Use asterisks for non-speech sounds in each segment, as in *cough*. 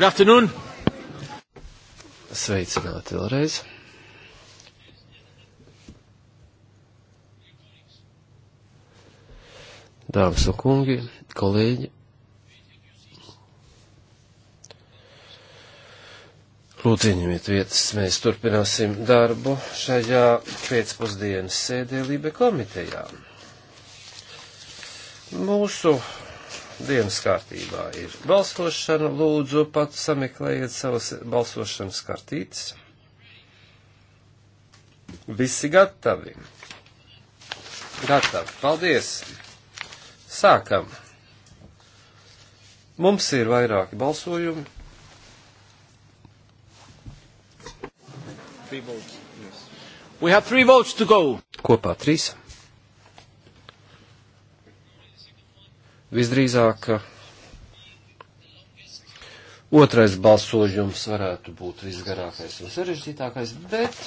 Good afternoon. Sveicināti vēlreiz. Dāmas un kungi, kolēģi. Lūdzu, ieņemiet vietas, mēs turpināsim darbu šajā pēcpusdienas sēdē Lībe komitejā. Mūsu dienas kārtībā ir balsošana. Lūdzu, pats sameklējiet savas balsošanas kartītes. Visi gatavi. Gatavi. Paldies. Sākam. Mums ir vairāki balsojumi. Yes. Kopā trīs. Visdrīzāk otrais balsojums varētu būt visgarākais un sarežģītākais, bet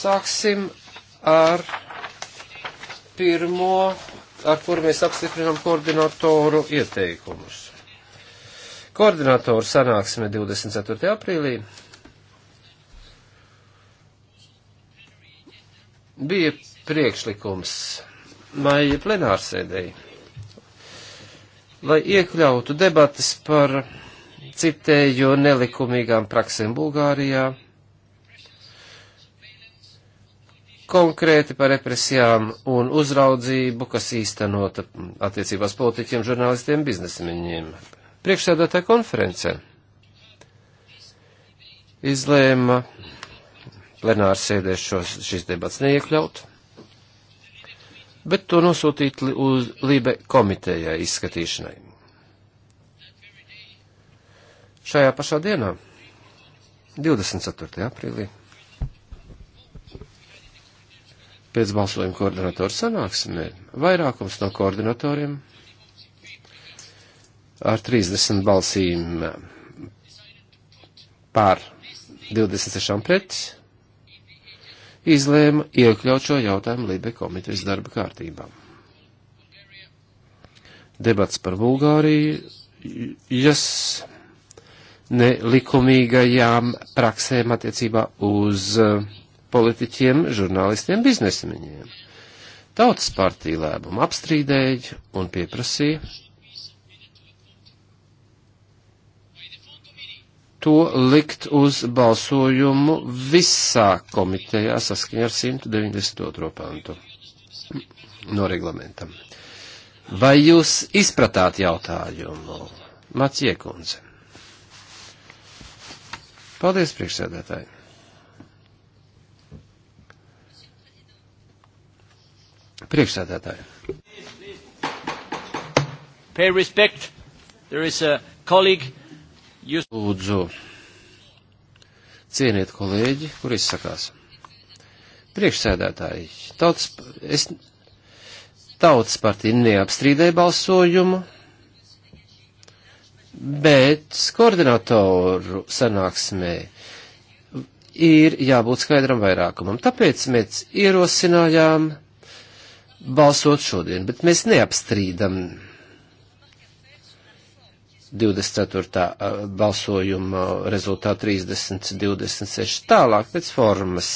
sāksim ar pirmo, ar kur mēs apstiprinām koordinatoru ieteikumus. Koordinatoru sanāksme 24. aprīlī bija priekšlikums maija plenārsēdēji, lai iekļautu debatas par citēju nelikumīgām praksēm Bulgārijā, konkrēti par represijām un uzraudzību, kas īstenota attiecībās politiķiem, žurnālistiem, biznesmeņiem. Priekšsēdētā konference izlēma plenāru sēdē šos, šis debats neiekļaut bet to nosūtīt uz Lībe komitejai izskatīšanai. Šajā pašā dienā, 24. aprīlī, pēc balsojuma koordinatoru sanāksmē, vairākums no koordinatoriem ar 30 balsīm pār 26 pret izlēma iekļaut šo jautājumu Libe komitejas darba kārtībā. Debats par Bulgāriju, jas nelikumīgajām praksēm attiecībā uz eh, politiķiem, žurnālistiem, biznesmeņiem. Tautas partija lēmumu apstrīdēja un pieprasīja to likt uz balsojumu visā komitejā saskaņā ar 192. pantu no reglamentam. Vai jūs izpratāt jautājumu, Macie kundze? Paldies, priekšsēdētāji. Priekšsēdētāji. Pay respect. There is a colleague Jūs lūdzu, cieniet kolēģi, kur izsakās. Priekšsēdētāji, tautas, es, tautas partija neapstrīdēja balsojumu, bet koordinatoru sanāksmē ir jābūt skaidram vairākumam. Tāpēc mēs ierosinājām balsot šodien, bet mēs neapstrīdam 24. balsojuma rezultātu 30, 26 tālāk pēc formas.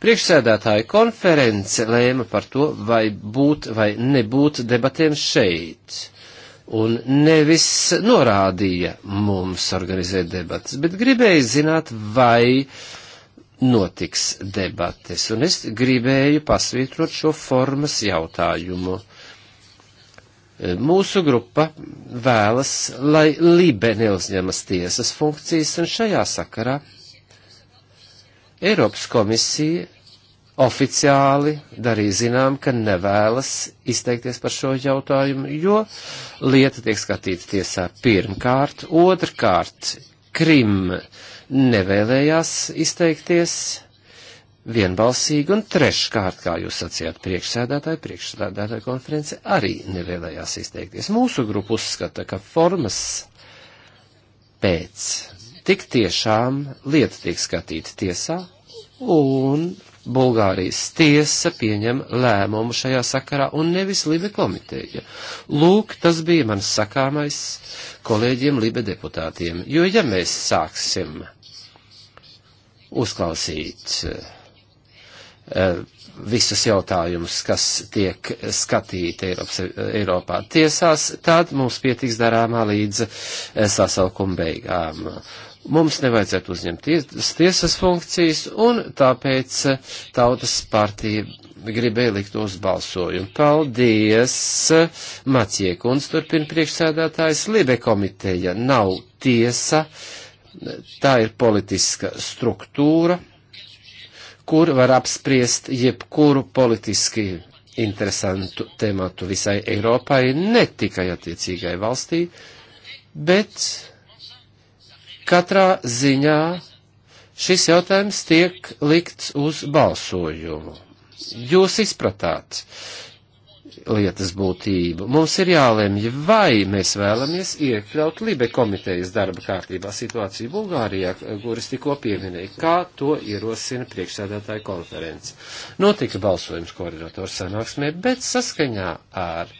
Priekšsēdētāja konference lēma par to, vai būt vai nebūt debatēm šeit. Un nevis norādīja mums organizēt debatas, bet gribēja zināt, vai notiks debates. Un es gribēju pasvītrot šo formas jautājumu Mūsu grupa vēlas, lai Libe neuzņemas tiesas funkcijas, un šajā sakarā Eiropas komisija oficiāli darīja zinām, ka nevēlas izteikties par šo jautājumu, jo lieta tiek skatīta tiesā pirmkārt, otrkārt, Krim nevēlējās izteikties vienbalsīgi, un treškārt, kā jūs sacījāt, priekšsēdētāji, priekšsēdētāja konference arī nevēlējās izteikties. Mūsu grupa uzskata, ka formas pēc tik tiešām lieta tiek skatīta tiesā, un Bulgārijas tiesa pieņem lēmumu šajā sakarā un nevis Libe komiteja. Lūk, tas bija mans sakāmais kolēģiem Libe deputātiem, jo ja mēs sāksim uzklausīt Eh, visus jautājumus, kas tiek skatīti Eiropas, Eiropā tiesās, tad mums pietiks darāmā līdz eh, sasaukuma beigām. Mums nevajadzētu uzņemt ties, tiesas funkcijas, un tāpēc eh, tautas partija gribēja likt uz balsojumu. Paldies, Maciekums, turpina priekšsēdētājs, Libe komiteja nav tiesa, tā ir politiska struktūra kur var apspriest jebkuru politiski interesantu tematu visai Eiropai, ne tikai attiecīgai valstī, bet katrā ziņā šis jautājums tiek likts uz balsojumu. Jūs izpratāt, lietas būtību. Mums ir jālemj, vai mēs vēlamies iekļaut Libe komitejas darba kārtībā situāciju Bulgārijā, kuras tikko pieminēja, kā to ierosina priekšsēdētāja konference. Notika balsojums koordinatoru sanāksmē, bet saskaņā ar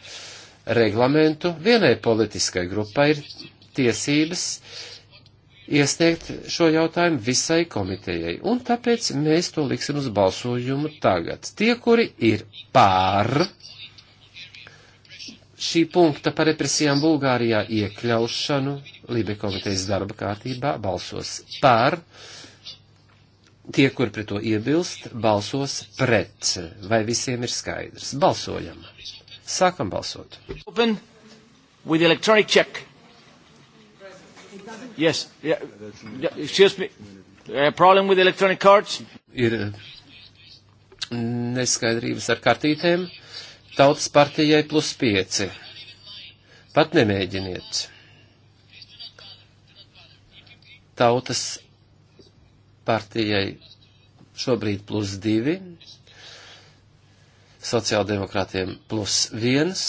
reglamentu vienai politiskai grupai ir tiesības iesniegt šo jautājumu visai komitejai, un tāpēc mēs to liksim uz balsojumu tagad. Tie, kuri ir pār šī punkta par represijām Bulgārijā iekļaušanu Lībe komitejas darba kārtībā balsos par, tie, kur pret to iebilst, balsos pret, vai visiem ir skaidrs. Balsojam. Sākam balsot. Open with electronic check. Yes, yeah, yeah, excuse me. A problem with electronic cards? Ir neskaidrības ar kartītēm tautas partijai plus pieci. Pat nemēģiniet. Tautas partijai šobrīd plus divi, sociāldemokrātiem plus viens,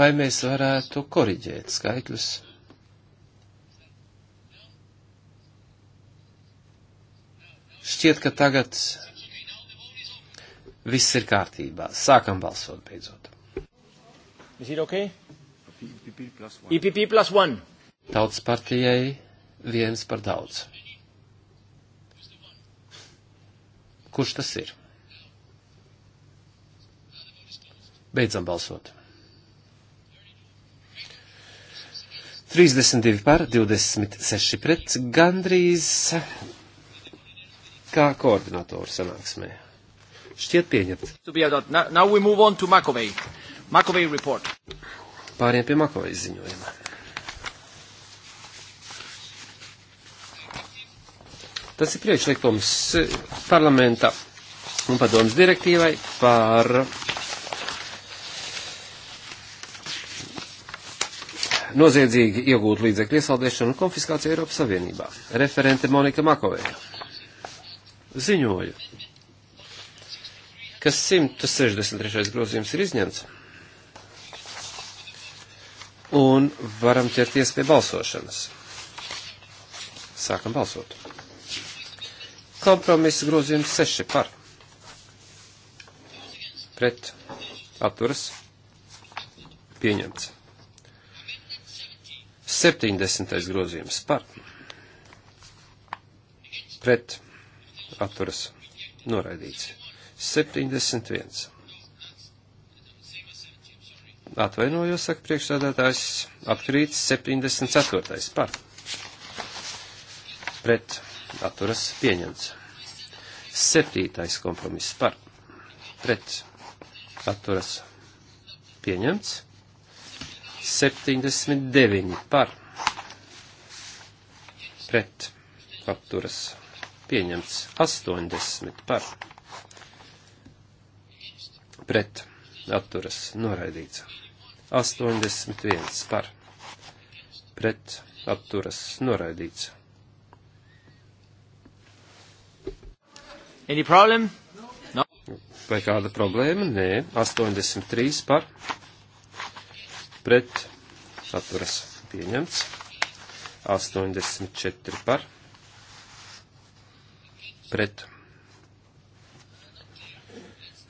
vai mēs varētu koriģēt skaitļus? Šķiet, ka tagad Viss ir kārtībā. Sākam balsot beidzot. Okay? EPP e plus one. Tautas partijai viens par daudz. Kurš tas ir? Beidzam balsot. 32 par 26 pret, gandrīz kā koordinatoru sanāksmē šķiet pieņemts. McAvey. McAvey Pāriem pie Makovejas ziņojuma. Tas ir priekšlikums parlamenta un padomas direktīvai par noziedzīgi iegūt līdzekļu iesaldēšanu un konfiskāciju Eiropas Savienībā. Referente Monika Makovēja ziņoju ka 163. grozījums ir izņemts. Un varam ķerties pie balsošanas. Sākam balsot. Kompromisa grozījums 6 par. Pret. Atturas. Pieņemts. 70. grozījums par. Pret. Atturas. Noraidīts. 71. Atvainojos, saka priekšsādātājs, atkrīt 74. par. Pret atturas pieņemts. 7. kompromiss par. Pret atturas pieņemts. 79 par. Pret atturas pieņemts. 80 par pret atturas noraidīts. 81 par pret atturas noraidīts. Any problem? No. Vai kāda problēma? Nē, 83 par pret atturas pieņemts. 84 par pret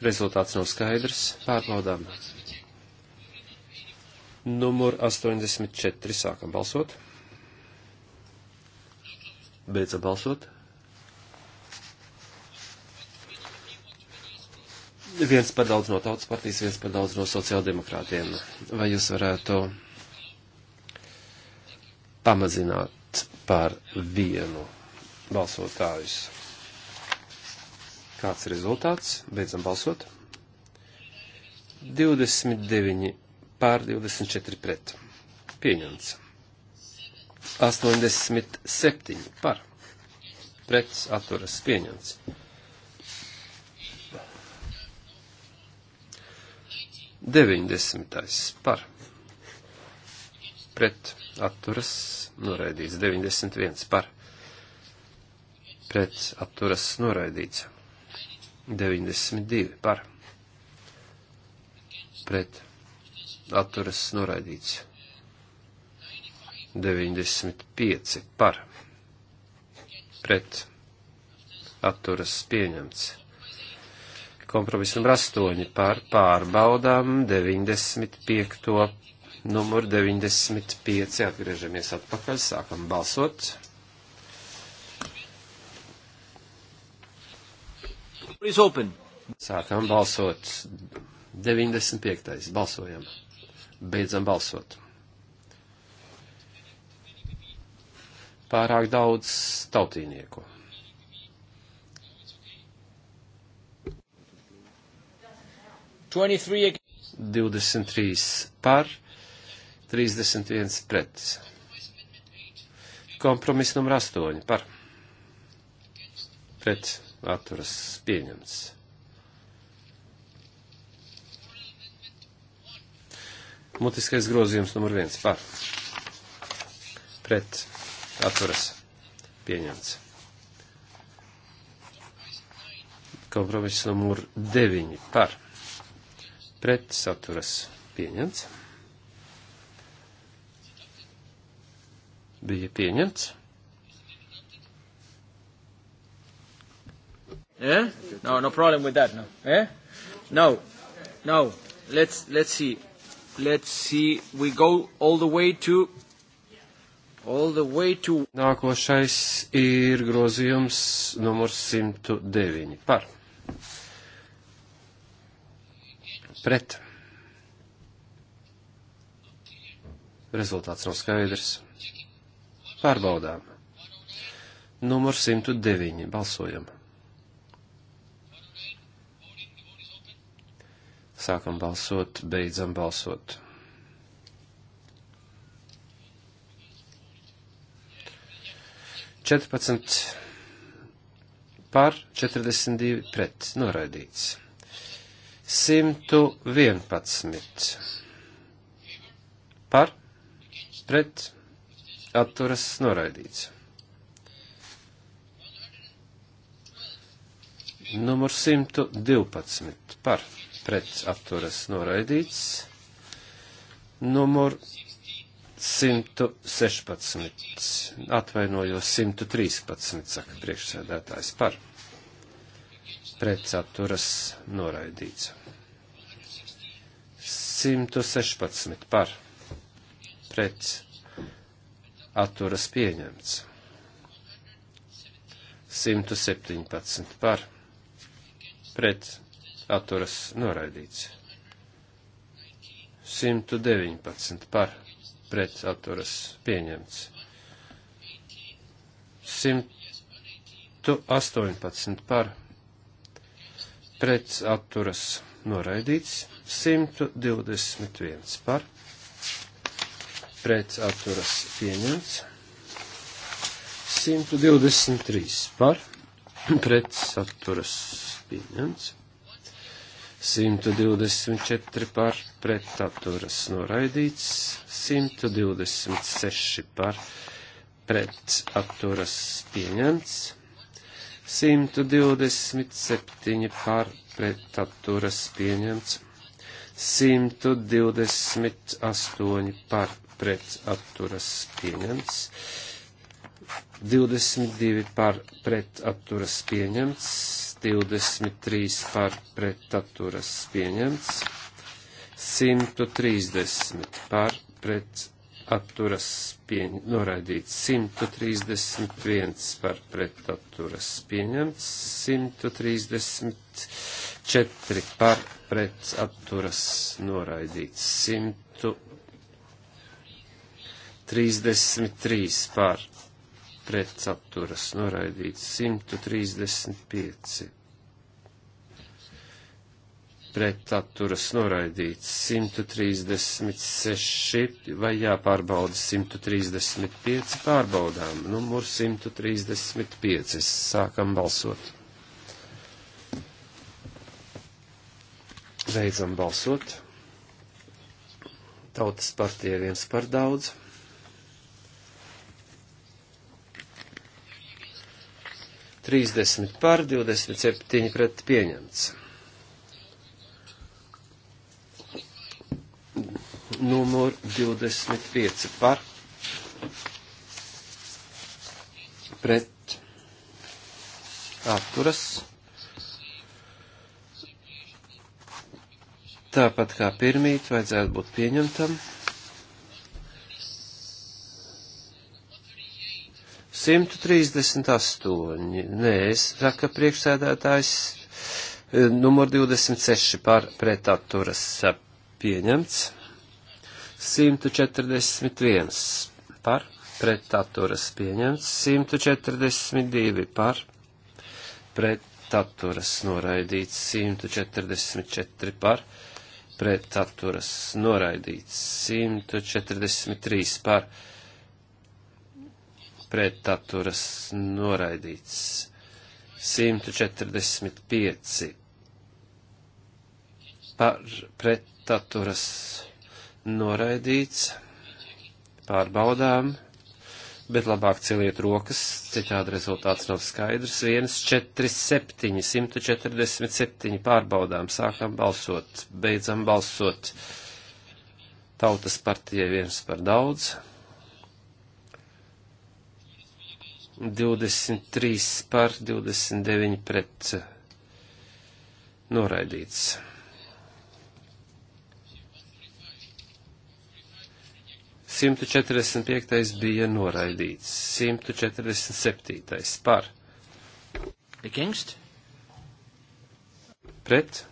Rezultāts nav skaidrs. Pārbaudām. Numur 84. Sākam balsot. Beidzam balsot. Viens par daudz no tautas partijas, viens par daudz no sociāldemokrātiem. Vai jūs varētu pamazināt par vienu balsotājus? Kāds ir rezultāts? Beidzam balsot. 29 pār 24 pret. Pieņemts. 87 par. Pret atturas pieņemts. 90. par. Pret atturas noraidīts. 91 par. Pret atturas noraidīts. 92 par pret atturas noraidīts 95 par pret atturas pieņemts kompromisam 8 par pārbaudām 95. numur 95 atgriežamies atpakaļ, sākam balsot. Sākam balsot. 95. Balsojam. Beidzam balsot. Pārāk daudz tautīnieku. Divdesmit trīs par, trīsdesmit viens pret. Kompromiss numur astoņi par. Pret atturas pieņemts. Mutiskais grozījums numur viens par pret atturas pieņemts. Kompromiss numur 9 par pret saturas pieņemts. Bija pieņemts. Eh? No, no problem with that. No. Eh? No. No. Let's let's see. Let's see. We go all the way to all the way to Nākošais ir grozījums numurs 109 par pret. Rezultāts nav skaidrs. Pārbaudām. Numurs 109. Balsojam. Sākam balsot, beidzam balsot. Četrpadsmit par, četrdesmit divi pret, noraidīts. Simtu vienpadsmit par, pret, atturas noraidīts. Numur 112 par pret apturas noraidīts. Numur 116, atvainojos 113, saka priekšsēdētājs par. Pretsaturas noraidīts. 116 par. Pret atturas pieņemts. 117 par. Pret atturas noraidīts. 119 par pret atturas pieņemts. 118 par pret atturas noraidīts. 121 par pret atturas pieņemts. 123 par *laughs* pret atturas pieņemts. 124 par pretaturas noraidīts, 126 par pretaturas pieņemts, 127 par pretaturas pieņemts, 128 par pretaturas pieņemts, 22 par pretaturas pieņemts, 23 par pretaturas pieņemts, 130 par pretaturas pieņ... noraidīts, 131 par pretaturas pieņemts, 134 par pretaturas noraidīts, 133 par pret apturas noraidīts 135 pretaturas noraidīts 136 vai jāpārbauda 135 pārbaudām. Numur 135. Sākam balsot. Beidzam balsot. Tautas partija viens par daudz. 30 pār 27 pret pieņemts. Numur 25 par pret atturas. Tāpat kā pirmīt, vajadzētu būt pieņemtam. 138. Nē, es saka priekšsēdētājs e, numur 26 par pretaturas pieņemts. 141 par pretaturas pieņemts. 142 par pretaturas noraidīts. 144 par pretaturas noraidīts. 143 par pretaturas pret atturas noraidīts. 145 par pret atturas noraidīts. Pārbaudām bet labāk celiet rokas, citādi rezultāts nav skaidrs. 1, 4, 7, 147 pārbaudām, sākam balsot, beidzam balsot. Tautas partijai viens par daudz. 23 par 29 pret noraidīts. Simtu četrdesmit piektais bija noraidīts, simtu četrdesmit septītais par. Against? Pret?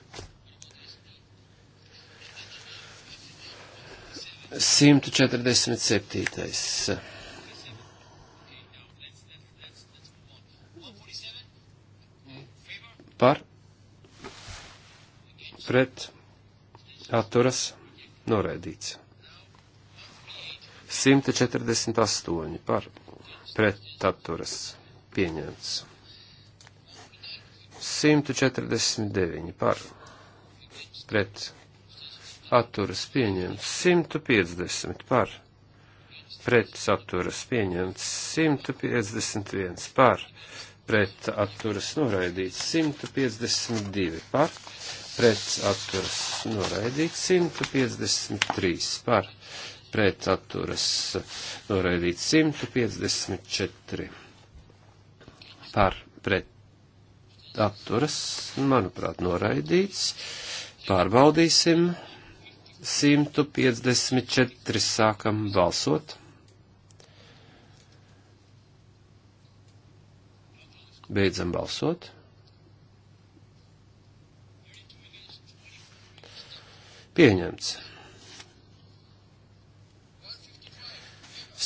147. par pret atturas noraidīts. 148 par pret atturas pieņemts. 149 par pret atturas pieņemts. 150 par pret atturas pieņemts. 151 par pret pret atturas noraidīts 152 par, pret atturas noraidīts 153 par, pret atturas noraidīts 154 par, pret atturas, manuprāt, noraidīts. Pārbaudīsim 154, sākam balsot. Beidzam balsot. Pieņemts.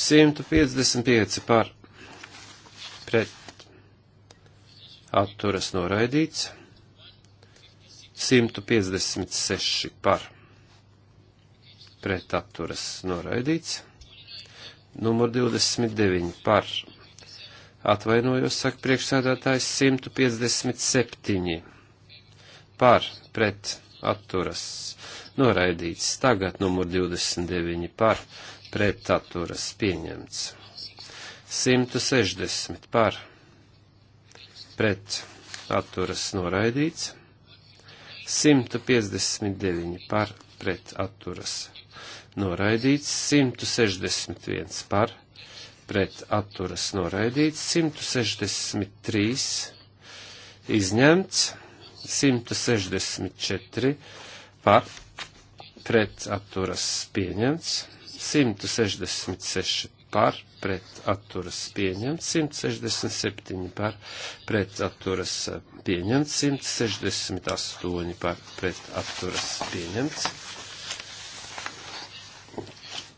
155 par pret atturas noraidīts, 156 par pret atturas noraidīts, numur 29 par pret Atvainojos, saka priekšsēdētājs 157 par pret atturas noraidīts. Tagad numur 29 par pret atturas pieņemts. 160 par pret atturas noraidīts. 159 par pret atturas noraidīts. 161 par pret pret atturas noraidīts, 163 izņemts, 164 par pret atturas pieņemts, 166 par pret atturas pieņemts, 167 par pret atturas pieņemts, 168 par pret atturas pieņemts.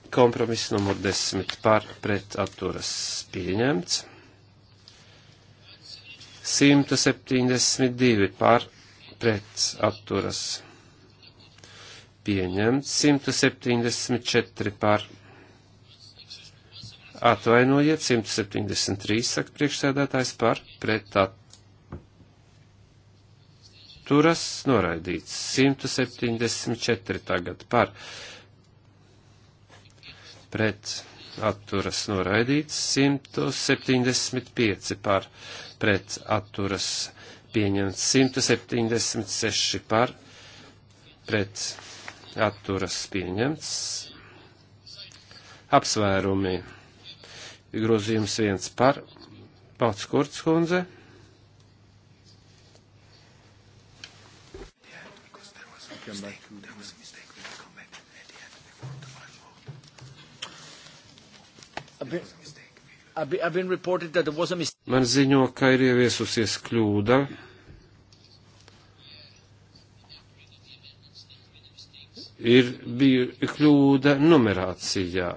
Kompromiss numur 10 par pret atturas pieņemts. 172 par pret atturas pieņemts. 174 par atvainojiet. 173 saka priekšsēdētājs par pret atturas noraidīts. 174 tagad par pret pret atturas noraidīts, 175 par pret atturas pieņemts, 176 par pret atturas pieņemts. Apsvērumi. Grozījums viens par Pats Kurts kundze. Come back. Man ziņo, ka ir ieviesusies kļūda. Ir bija kļūda numerācijā.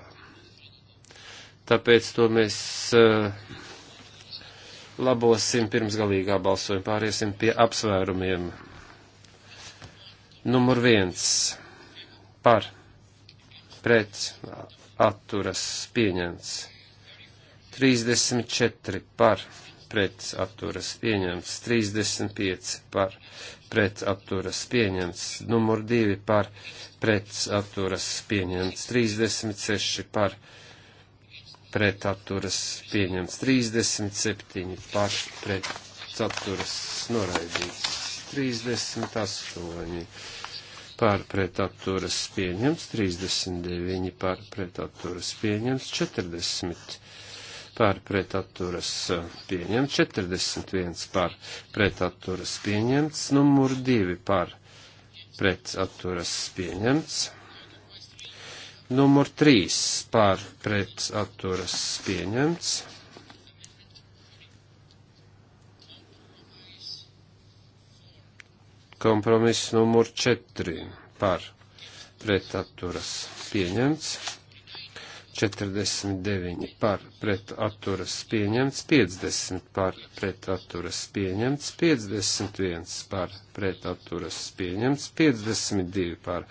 Tāpēc to mēs eh, labosim pirms galīgā balsojuma. Pāriesim pie apsvērumiem. Numur viens par pret atturas pieņemts. 34 par pret atturas pieņemts, 35 par pret atturas pieņemts, numur 2 par pret atturas pieņemts, 36 par pret atturas pieņemts, 37 par pret atturas noraidīts, 38 par pret atturas pieņemts, 39 par pret atturas pieņemts, 40 par par pretaturas uh, pieņemts, 41 par pretaturas pieņemts, numur 2 par pretaturas pieņemts, numur 3 par pretaturas pieņemts. Kompromiss numur 4 par pretaturas pieņemts. 49 par pretaturas pieņemts, 50 par pretaturas pieņemts, 51 par pretaturas pieņemts, 52 par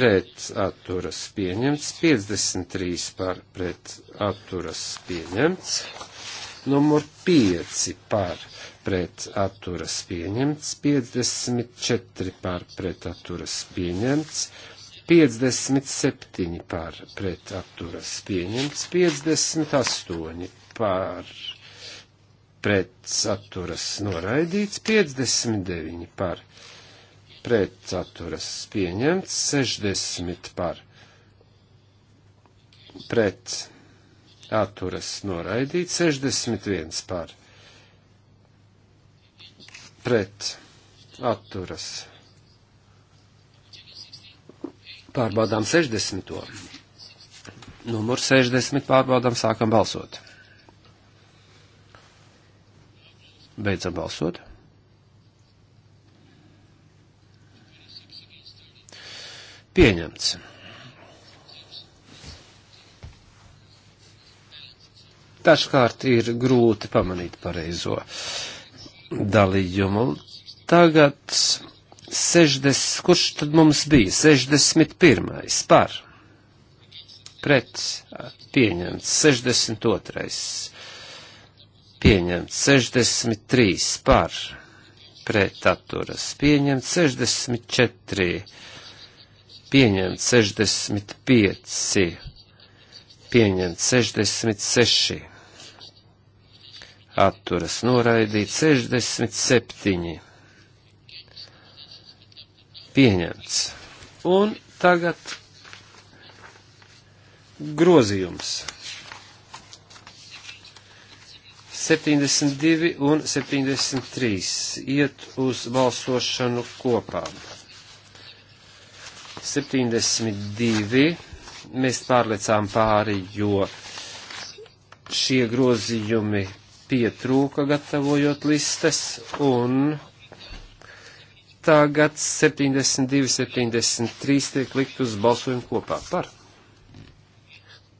pretaturas pieņemts, 53 par pretaturas pieņemts, numur 5 par pretaturas pieņemts, 54 par pretaturas pieņemts, 57 par pret atturas pieņemts, 58 par pret atturas noraidīts, 59 par pret atturas pieņemts, 60 par pret atturas noraidīts, 61 par pret atturas noraidīts Pārbaudām 60. Numur 60 pārbaudām, sākam balsot. Beidzam balsot. Pieņemts. Dažkārt ir grūti pamanīt pareizo dalījumu. Tagad 60, kurš tad mums bija? 61. par, pret, pieņemts, 62. pieņemts, 63. par, pret, atturas, pieņemts, 64. pieņemts, 65. pieņemts, 66 atturas noraidīt 67 pieņemts. Un tagad grozījums. 72 un 73 iet uz balsošanu kopā. 72 mēs pārlecām pāri, jo šie grozījumi pietrūka gatavojot listes un tagad 72, 73 tiek likt uz balsojumu kopā par.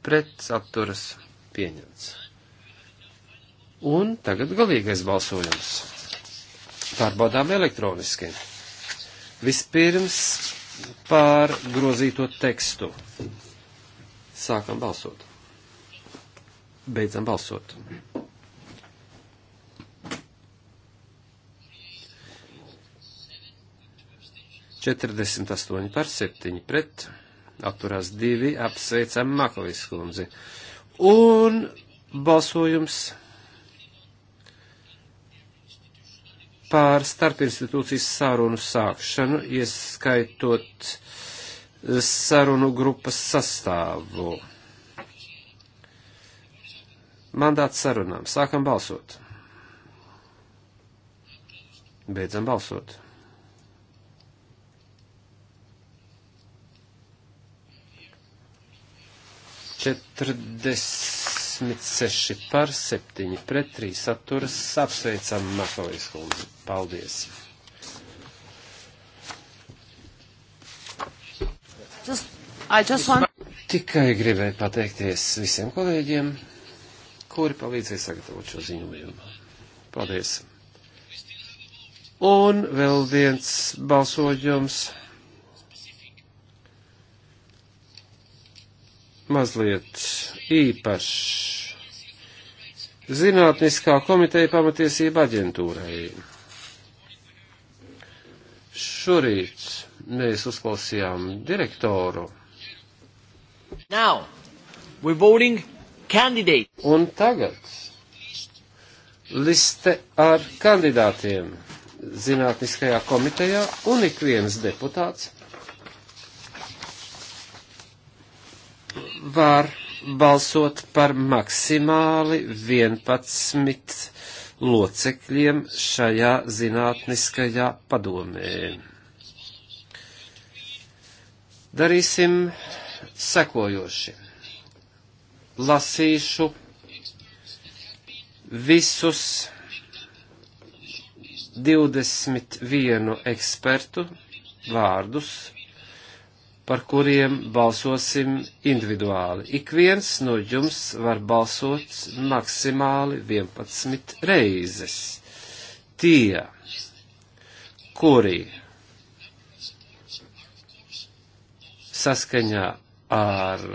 Pret apturas pieņemts. Un tagad galīgais balsojums. Pārbaudām elektroniski. Vispirms pār grozīto tekstu. Sākam balsot. Beidzam balsot. 48 par 7 pret, atturās 2, apsveicam Makovis kundzi. Un balsojums pār starpinstitūcijas sarunu sākšanu, ieskaitot eh, sarunu grupas sastāvu. Mandāts sarunām. Sākam balsot. Beidzam balsot. 46 par 7 pret 3 saturas. Apsveicam Makovijas kundzi. Paldies! Just, just want... Tikai gribēju pateikties visiem kolēģiem, kuri palīdzēja sagatavot šo ziņojumu. Paldies! Un vēl viens balsojums. mazliet īpašs. Zinātniskā komiteja pamatiesība aģentūrai. Šorīt mēs uzklausījām direktoru. Now, we're voting candidate. Un tagad liste ar kandidātiem zinātniskajā komitejā un ik viens deputāts var balsot par maksimāli 11 locekļiem šajā zinātniskajā padomē. Darīsim sekojoši. Lasīšu visus 21 ekspertu vārdus par kuriem balsosim individuāli. Ik viens no jums var balsot maksimāli 11 reizes. Tie, kuri saskaņā ar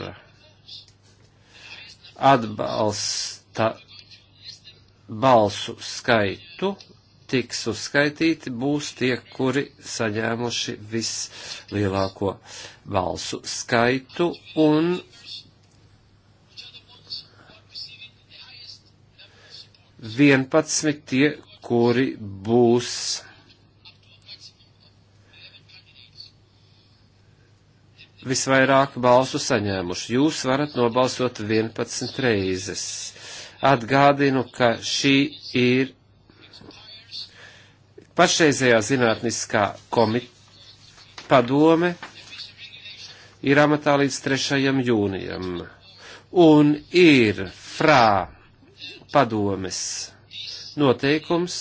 atbalsta balsu skaitu tiks uzskaitīti, būs tie, kuri saņēmuši vislielāko balsu skaitu un vienpadsmit tie, kuri būs visvairāk balsu saņēmuši. Jūs varat nobalsot 11 reizes. Atgādinu, ka šī ir Pašreizējā zinātniskā komit padome ir amatā līdz 3. jūnijam. Un ir frā padomes noteikums,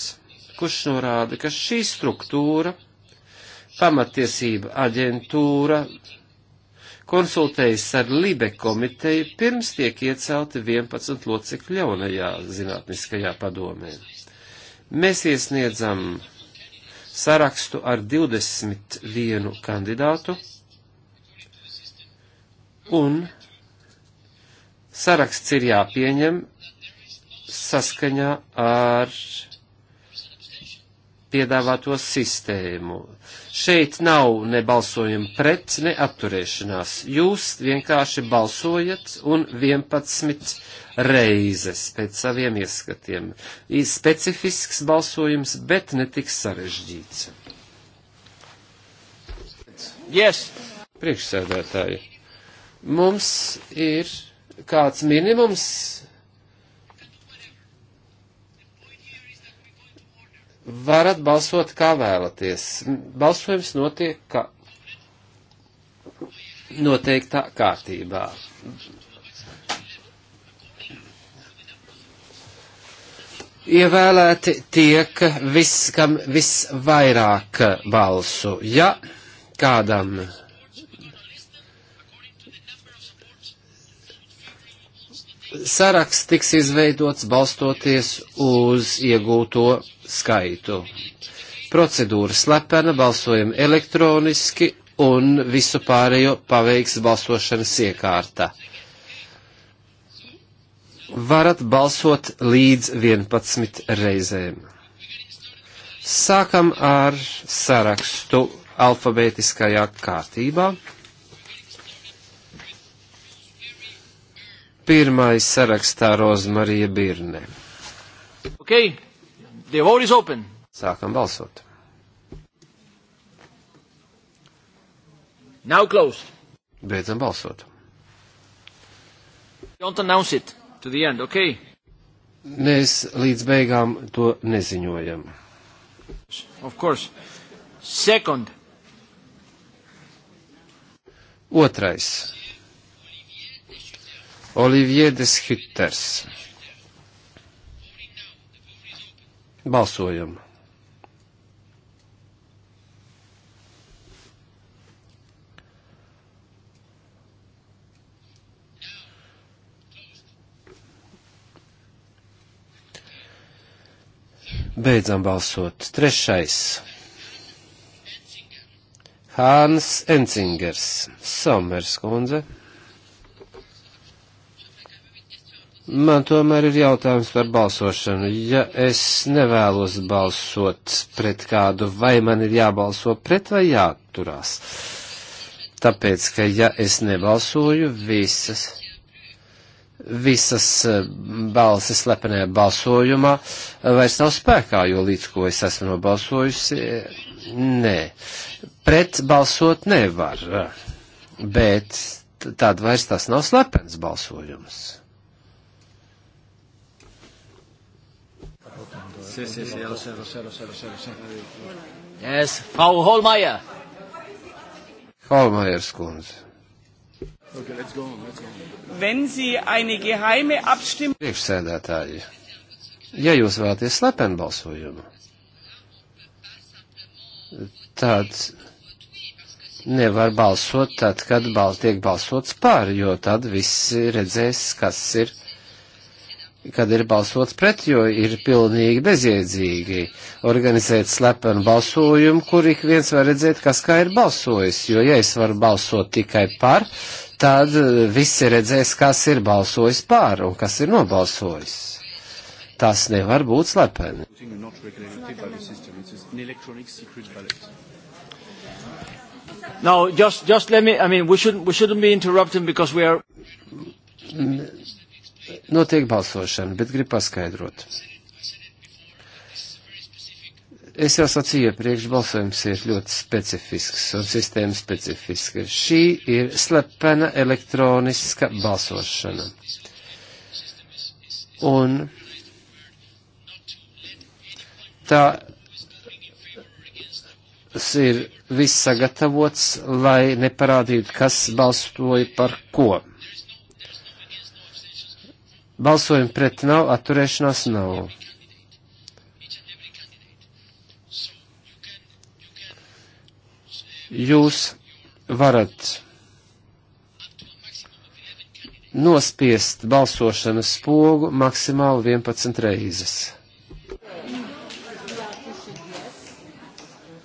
kurš norāda, ka šī struktūra, pamatiesība aģentūra, konsultējas ar Libe komiteju pirms tiek iecelti 11 locekļi jaunajā zinātniskajā padomē. Mēs iesniedzam sarakstu ar 21 kandidātu un saraksts ir jāpieņem saskaņā ar piedāvāto sistēmu. Šeit nav ne balsojuma pret, ne atturēšanās. Jūs vienkārši balsojat un 11 reizes pēc saviem ieskatiem. Ir specifisks balsojums, bet netik sarežģīts. Yes. Priekšsēdētāji, mums ir kāds minimums varat balsot, kā vēlaties. Balsojums notiek kā noteiktā kārtībā. Ievēlēti tiek viss, kam visvairāk balsu. Ja kādam saraksts tiks izveidots balstoties uz iegūto skaitu. Procedūra slepena, balsojam elektroniski un visu pārējo paveiks balsošanas iekārta. Varat balsot līdz 11 reizēm. Sākam ar sarakstu alfabētiskajā kārtībā. Pirmais sarakstā Rozmarija Birne. Okay. The vote is open. Sākam balsot. Now closed. Beidzam balsot. Don't announce it to the end, okay? Mēs līdz beigām to neziņojam. Of course. Second. Otrais. Olivier Deshitters Balsojam. Beidzam balsot. Trešais. Hāns Encingers, Somers kundze. Man tomēr ir jautājums par balsošanu. Ja es nevēlos balsot pret kādu, vai man ir jābalso pret vai jāturās? Tāpēc, ka ja es nebalsoju, visas, visas eh, balsis lepenajā balsojumā eh, vairs nav spēkā, jo līdz ko es esmu nobalsojusi, eh, nē. Pret balsot nevar, bet tad vairs tas nav slepens balsojums. sì, sì, sì, lo so, lo so, lo so, lo so, lo so. Yes, Frau Holmeier. Holmeier, skundze. Okay, let's go on, let's go on. Wenn Sie eine geheime Abstimmung. Priekšsēdētāji, ja jūs vēlaties slepenu balsojumu, tad nevar balsot tad, kad bal tiek balsots par, jo tad visi redzēs, kas ir kad ir balsots pret, jo ir pilnīgi bezjēdzīgi organizēt slepenu balsojumu, kur ik viens var redzēt, kas kā ir balsojis. Jo, ja es varu balsot tikai par, tad e, visi redzēs, kas ir balsojis par un kas ir nobalsojis. Tas nevar būt slepeni. No, just, just let me, I mean, we shouldn't, we shouldn't be interrupting because we are Notiek balsošana, bet gribu paskaidrot. Es jau sacīju iepriekš, balsojums ir ļoti specifisks un sistēma specifiska. Šī ir slepena elektroniska balsošana. Un tā tas ir viss sagatavots, lai neparādītu, kas balsoja par ko. Balsojumi pret nav, atturēšanās nav. Jūs varat nospiest balsošanas spogu maksimāli 11 reizes.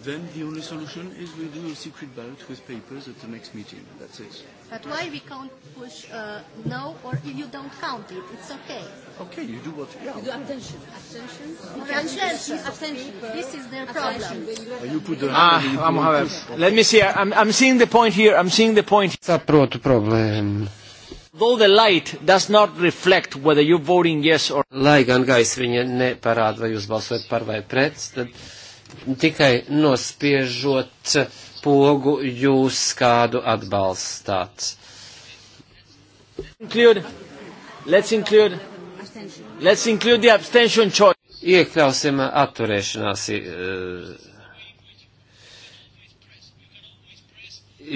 Then the only solution is we do a secret ballot with papers at the next meeting. That's it. But why we can't push uh, no or if you don't count it? It's okay. Okay, you do what you count. You do abstention. Abstention. Abstention. abstention. This is their problem. You put the ah, I'm, uh, let me see. I'm, I'm seeing the point here. I'm seeing the point. Saprotu problēmu. Though the light does not reflect whether you're voting yes or... Lai gan gaisriņa neparāda, vai jūs balsojat par vai pret, tad tikai nospiežot pogu jūs kādu atbalstāt. Include, let's include, let's include the abstention choice. Iekļausim atturēšanās e,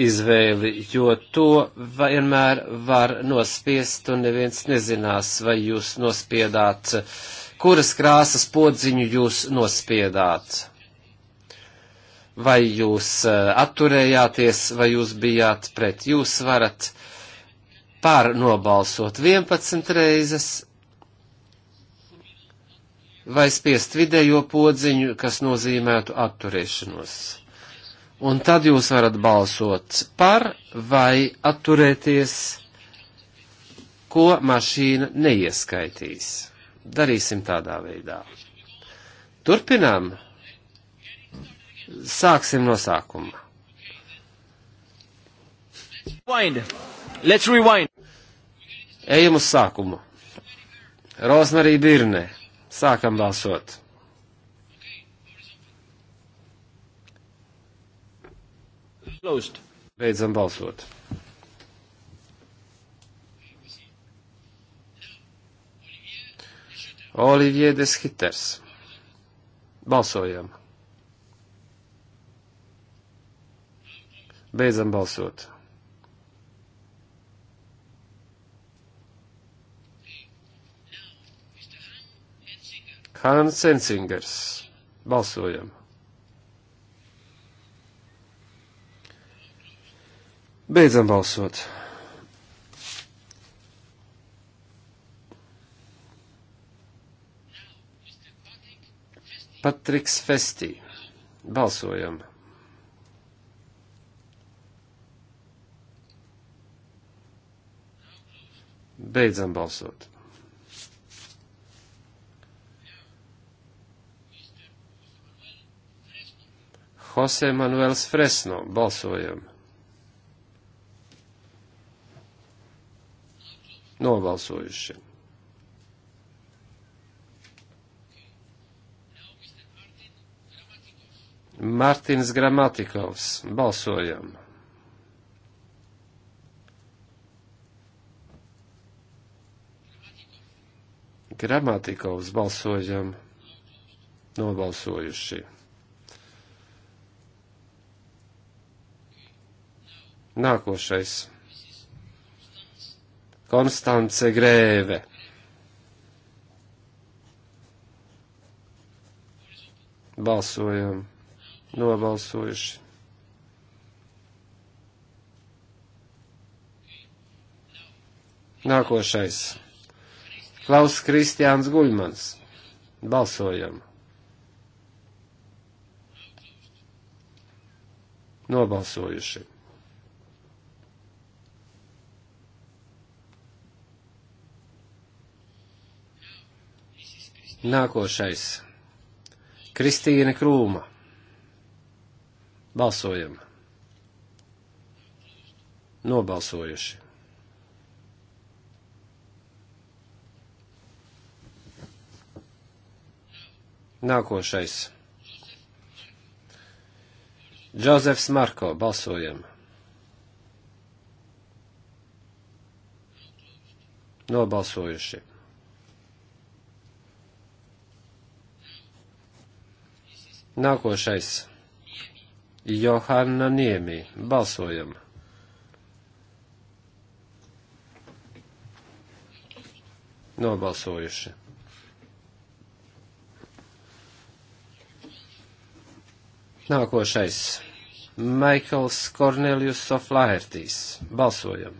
izvēli, jo to vienmēr var nospiest un neviens nezinās, vai jūs nospiedāt, kuras krāsas podziņu jūs nospiedāt vai jūs eh, atturējāties, vai jūs bijāt pret. Jūs varat pār nobalsot 11 reizes, vai spiest vidējo podziņu, kas nozīmētu atturēšanos. Un tad jūs varat balsot par vai atturēties, ko mašīna neieskaitīs. Darīsim tādā veidā. Turpinām Sāksim no sākuma. Rewind. Let's rewind. Ejam uz sākumu. Rozmarī Birne. Sākam balsot. Closed. Beidzam balsot. Olivier Deshiters. Balsojam. Beidzam balsot. Hans Sensingers. Balsojam. Beidzam balsot. Patriks Festī. Balsojam. Beidzam balsot. Jose Manuels Fresno. Balsojam. Nobalsojuši. Martins Gramatikovs. Balsojam. Gramatikovs balsojam nobalsojuši. Nākošais. Konstance Grēve. Balsojam. Nobalsojuši. Nākošais. Klaus Kristiāns Guļmans. Balsojam. Nobalsojuši. Nākošais. Kristīna Krūma. Balsojam. Nobalsojuši. Nākošais. Džozefs Marko, balsojam. Nobalsojuši. Nākošais. Johanna Niemi, balsojam. Nobalsojuši. Nākošais. Maikls Kornelius Soflahertīs. Balsojam.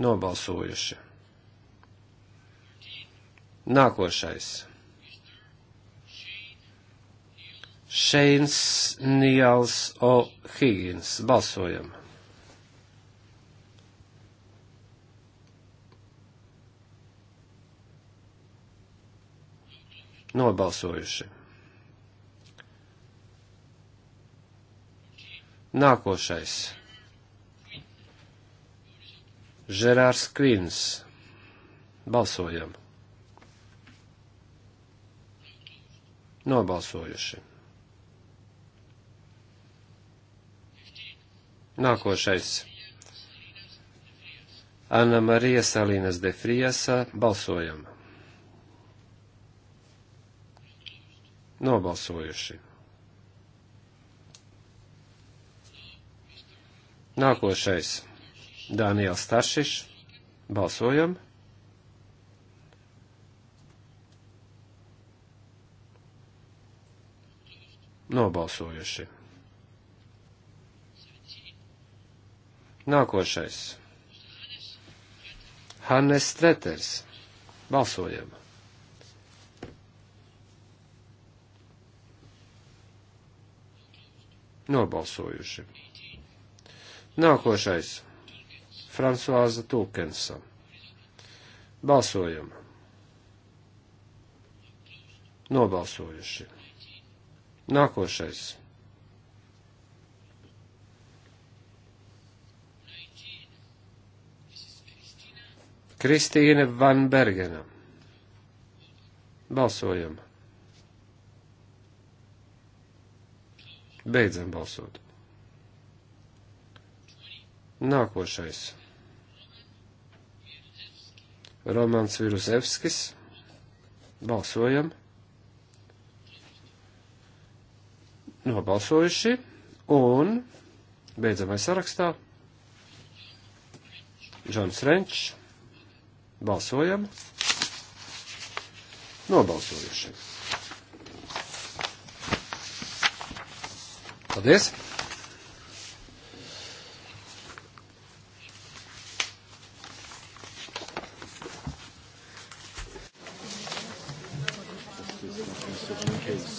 Nobalsojuši. Nākošais. Šeins Nijals O'Higgins. Balsojam. nobalsojuši. Nākošais. Žerārs Krīns. Balsojam. Nobalsojuši. Nākošais. Anna Marija Salinas de Friasa. Balsojam. nobalsojuši. Nākošais Dānijas Tašiš. Balsojam. Nobalsojuši. Nākošais. Hannes Streters. Balsojam. Nobalsojuši. Nākošais. Fransuāza Tūkensa. Balsojam. Nobalsojuši. Nākošais. Kristīne Van Bergena. Balsojam. Beidzam balsot. Nākošais. Romans Virusevskis. Balsojam. Nobalsojuši un beidzamais sarakstā. Džons Renčs. Balsojam. Nobalsojuši. Paldies!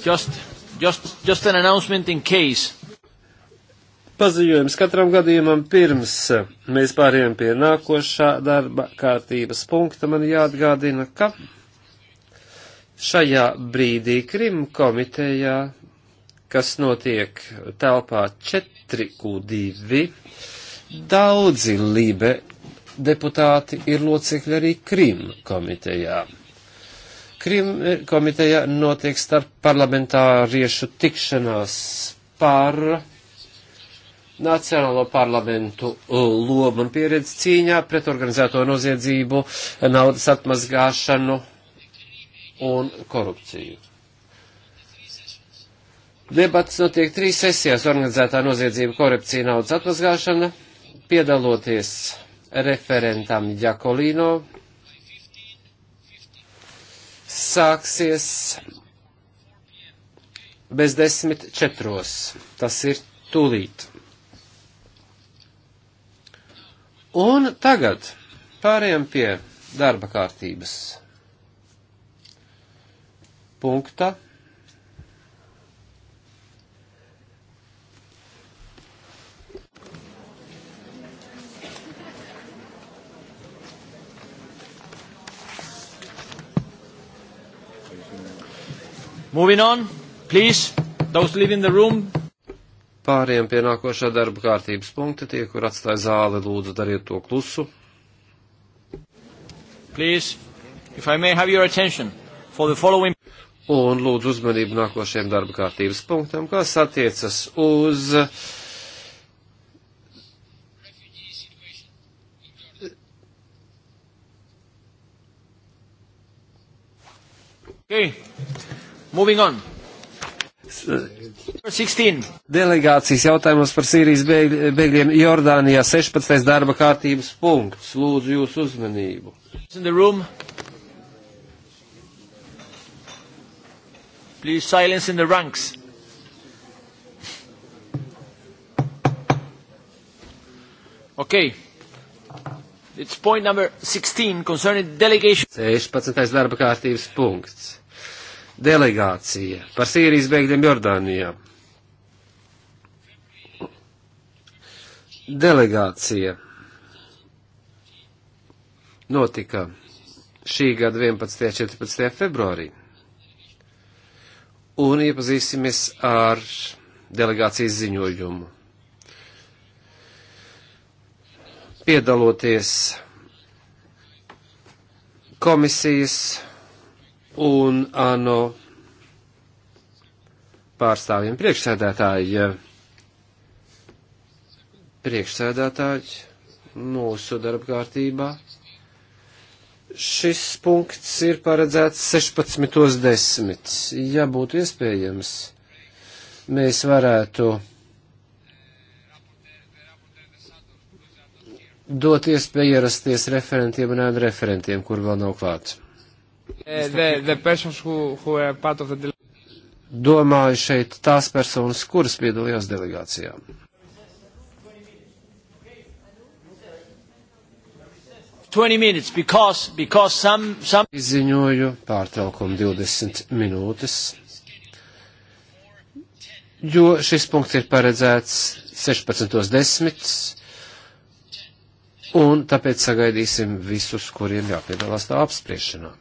Just, just, just an announcement in case. Paziņojums katram gadījumam pirms mēs pārējām pie nākošā darba kārtības punkta. Man jāatgādina, ka šajā brīdī Krim komitejā kas notiek telpā 4Q2. Daudzi Lībe deputāti ir locekļi arī Krim komitejā. Krim komitejā notiek starp parlamentāriešu tikšanās par Nacionālo parlamentu lomu un pieredzi cīņā pret organizēto noziedzību, naudas atmazgāšanu un korupciju. Debats notiek trīs sesijās - organizētā noziedzība, korupcija, naudas atmazgāšana, piedaloties referentam Jakolino. Sāksies bez desmit četros. Tas ir tūlīt. Un tagad pārējām pie darba kārtības punkta. Moving on, please, those leaving the room. Pāriem pie nākošā darba kārtības punkta, tie, kur atstāja zāli, lūdzu dariet to klusu. Please, if I may have your attention for the following. Un lūdzu uzmanību nākošajam darba kārtības punktam, kas attiecas uz Okay. Moving on. Delegācijas jautājumos par Sīrijas bēgļiem Jordānijā 16. darba kārtības punkts. Lūdzu jūsu uzmanību. Please silence in the ranks. Okay. It's point number 16 concerning delegation. 16. darba kārtības punkts delegācija par Sīrijas bēgļiem Jordānijā. Delegācija notika šī gada 11. un 14. februārī. Un iepazīsimies ar delegācijas ziņojumu. Piedaloties komisijas un ANO pārstāvjiem priekšsēdētāji. Priekšsēdētāji mūsu darbkārtībā. Šis punkts ir paredzēts 16.10. Ja būtu iespējams, mēs varētu dot iespēju ierasties referentiem un referentiem, kur vēl nav klāts. Eh, the, the who, who the... Domāju šeit tās personas, kuras piedalījās delegācijā. Minutes, because, because some, some... Izziņoju pārtraukumu 20 minūtes, jo šis punkts ir paredzēts 16.10. Un tāpēc sagaidīsim visus, kuriem jāpiedalās tā apspriešanā.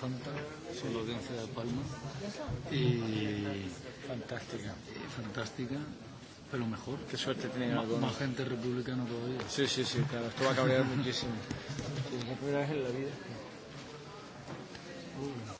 Santa, su Lorenzo de la Palma, y fantástica, fantástica, pero mejor. Qué suerte tiene Ma, Más gente republicana todavía. Sí, sí, sí, claro, esto va a cabrear muchísimo. Sí, *laughs* es la primera vez en la vida. Uy.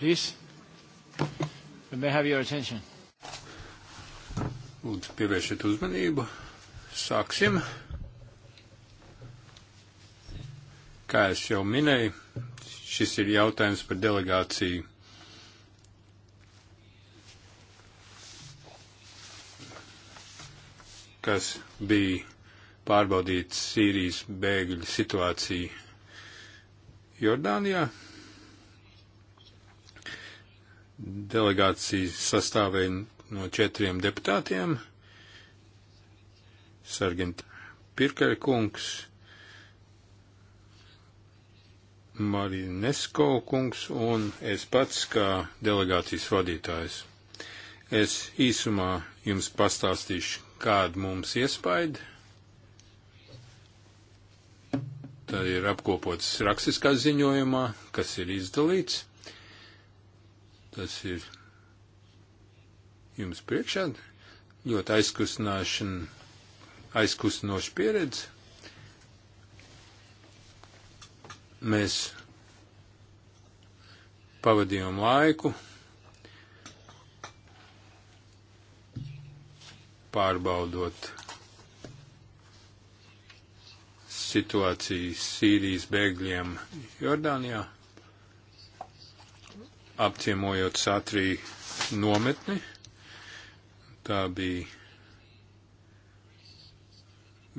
Please, we may have your attention. Lūdzu, pievēršiet uzmanību. Sāksim. Kā es jau minēju, šis ir jautājums par delegāciju. kas bija pārbaudīt Sīrijas bēgļu situāciju Jordānijā. delegācija sastāvēja no četriem deputātiem. Sargent Pirkari kungs, Marinesko kungs un es pats kā delegācijas vadītājs. Es īsumā jums pastāstīšu, kāda mums iespaida tad ir apkopots rakstiskā ziņojumā, kas ir izdalīts. Tas ir jums priekšā ļoti aizkustinoša pieredze. Mēs pavadījām laiku, pārbaudot situāciju Sīrijas bēgļiem Jordānijā apciemojot Sātrī nometni. Tā bija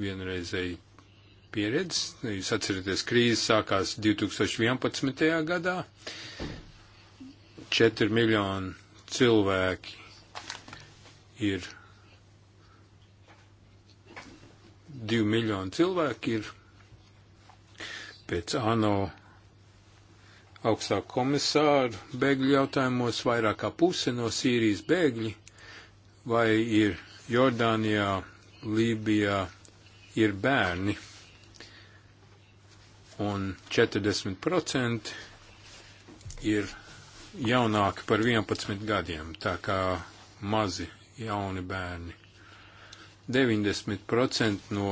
vienreizēji pieredze. Jūs atceraties, krīze sākās 2011. gadā. 4 miljoni cilvēki ir 2 miljoni cilvēki ir pēc ANO augstā komisāru bēgļu jautājumos vairāk kā puse no Sīrijas bēgļi vai ir Jordānijā, Lībijā ir bērni un 40% ir jaunāki par 11 gadiem, tā kā mazi jauni bērni. 90% no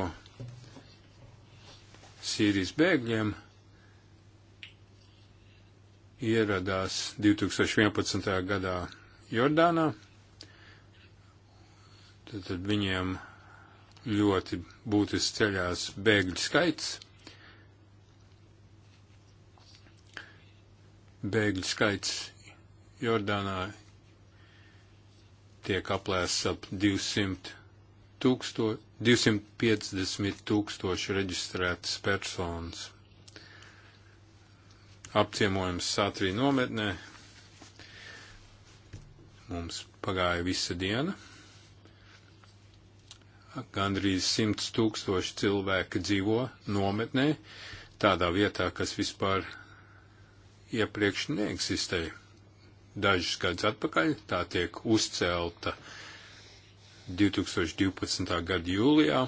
Sīrijas bēgļiem ieradās 2011. gadā Jordānā. Tad, tad viņiem ļoti būtiski ceļās bēgļu skaits. Bēgļu skaits Jordānā tiek aplēsts ap 200 tūksto, 250 tūkstoši reģistrētas personas apciemojums Sātrī nometnē. Mums pagāja visa diena. Gandrīz simts tūkstoši cilvēki dzīvo nometnē, tādā vietā, kas vispār iepriekš neeksistēja. Dažus gadus atpakaļ tā tiek uzcelta 2012. gada jūlijā.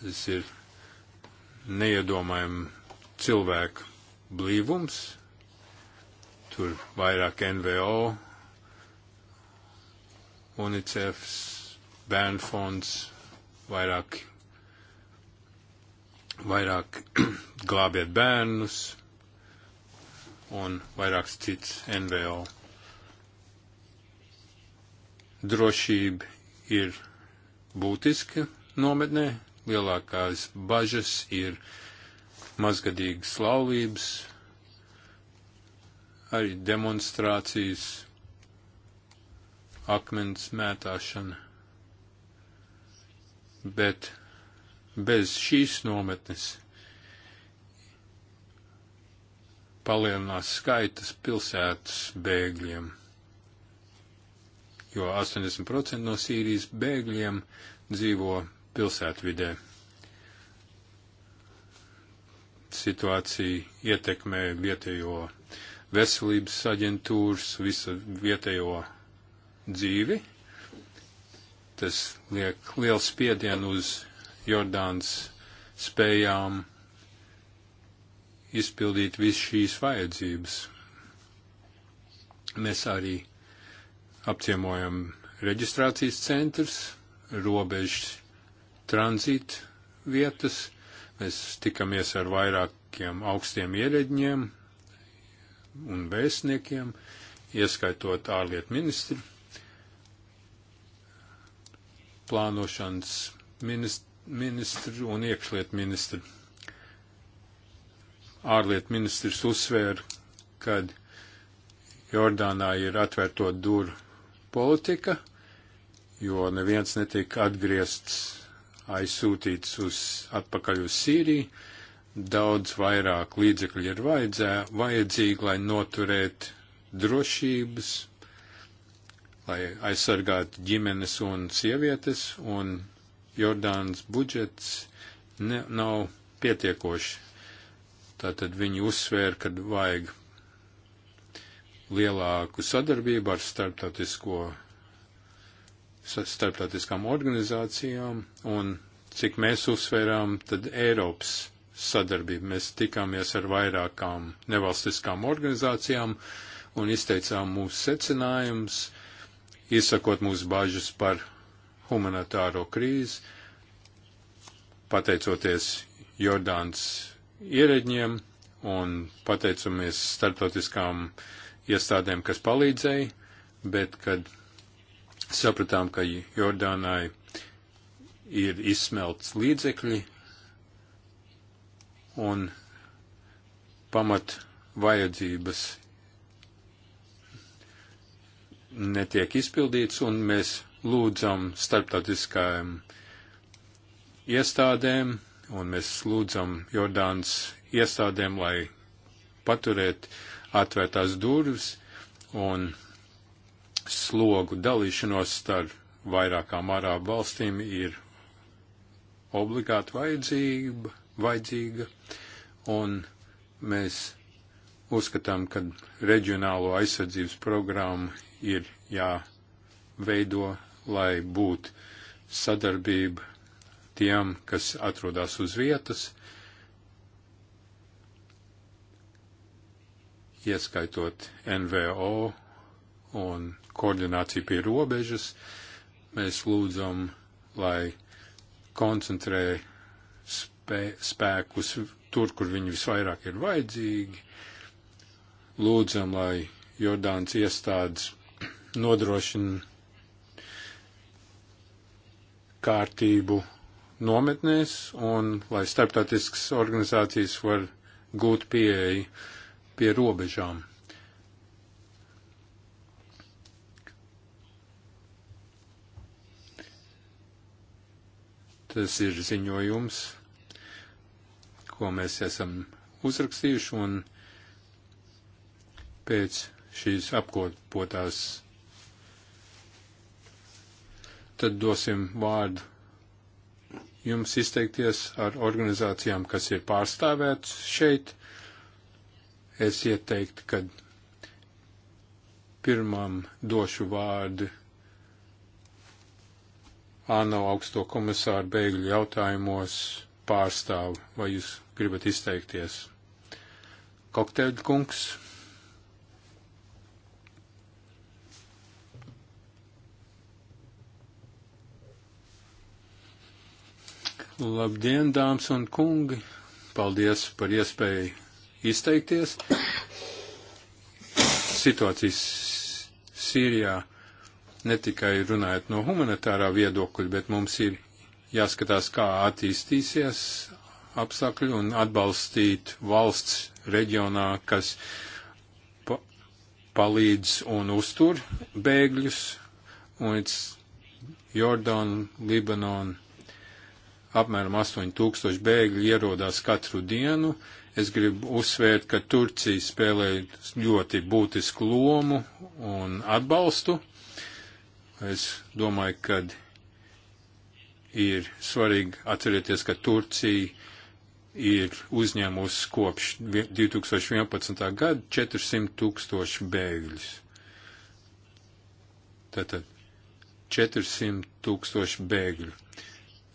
Tas ir neiedomājami cilvēku blīvums, tur vairāk NVO, UNICEFs, bērnu fonds, vairāk, vairāk *clears throat* glābiet bērnus un vairāks cits NVO. Drošība ir būtiska nometnē, lielākās bažas ir uh, mazgadīgas laulības, arī demonstrācijas, akmens mētāšana. Bet bez šīs nometnes palielinās skaitas pilsētas bēgļiem, jo 80% no Sīrijas bēgļiem dzīvo pilsētvidē situācija ietekmē vietējo veselības aģentūras, visu vietējo dzīvi. Tas liek lielu spiedienu uz Jordāns spējām izpildīt visu šīs vajadzības. Mēs arī apciemojam reģistrācijas centrs, robežas tranzīta vietas, Mēs tikamies ar vairākiem augstiem ierēģiem un vēstniekiem, ieskaitot ārlietu ministri, plānošanas ministru un iekšlietu ministru. Ārlietu ministrs uzsvēra, kad Jordānā ir atvērto duru politika, jo neviens netika atgriezts aizsūtīts uz, atpakaļ uz Sīriju, daudz vairāk līdzekļu ir vajadzē, vajadzīgi, lai noturētu drošības, lai aizsargātu ģimenes un sievietes, un Jordānas budžets ne, nav pietiekoši. Tātad viņi uzsvēra, ka vajag lielāku sadarbību ar starptautisko starptautiskām organizācijām, un cik mēs uzsvērām, tad Eiropas sadarbību. Mēs tikāmies ar vairākām nevalstiskām organizācijām un izteicām mūsu secinājumus, izsakot mūsu bažas par humanitāro krīzi, pateicoties Jordāns ierēģiem un pateicamies starptautiskām iestādēm, kas palīdzēja, bet kad sapratām, ka Jordānai ir izsmelts līdzekļi un pamat vajadzības netiek izpildīts, un mēs lūdzam starptautiskajām iestādēm, un mēs lūdzam Jordānas iestādēm, lai paturēt atvērtās durvis, un slogu dalīšanos starp vairākām arābu valstīm ir obligāti vajadzība, vajadzīga, un mēs uzskatām, ka reģionālo aizsardzības programmu ir jāveido, lai būtu sadarbība tiem, kas atrodas uz vietas, ieskaitot NVO un koordināciju pie robežas. Mēs lūdzam, lai koncentrē spē, spēkus tur, kur viņi visvairāk ir vajadzīgi. Lūdzam, lai Jordāns iestādes nodrošina kārtību nometnēs un lai starptautiskas organizācijas var gūt pieeju pie robežām. Tas ir ziņojums, ko mēs esam uzrakstījuši, un pēc šīs apkopotās tad dosim vārdu jums izteikties ar organizācijām, kas ir pārstāvēts šeit. Es ieteiktu, kad pirmam došu vārdu ANO augsto komisāru bēgļu jautājumos pārstāvu. Vai jūs gribat izteikties? Kokteļa kungs. Labdien, dāmas un kungi! Paldies par iespēju izteikties. Situācijas Sīrijā ne tikai runājot no humanitārā viedokļa, bet mums ir jāskatās, kā attīstīsies apstākļi un atbalstīt valsts reģionā, kas pa palīdz un uztur bēgļus, un līdz Jordānu, Libanonu apmēram 8000 bēgļi ierodās katru dienu. Es gribu uzsvērt, ka Turcija spēlē ļoti būtisku lomu un atbalstu Es domāju, ka ir svarīgi atcerēties, ka Turcija ir uzņēmusi kopš 2011. gada 400 tūkstoši bēgļus. Tātad 400 tūkstoši bēgļu.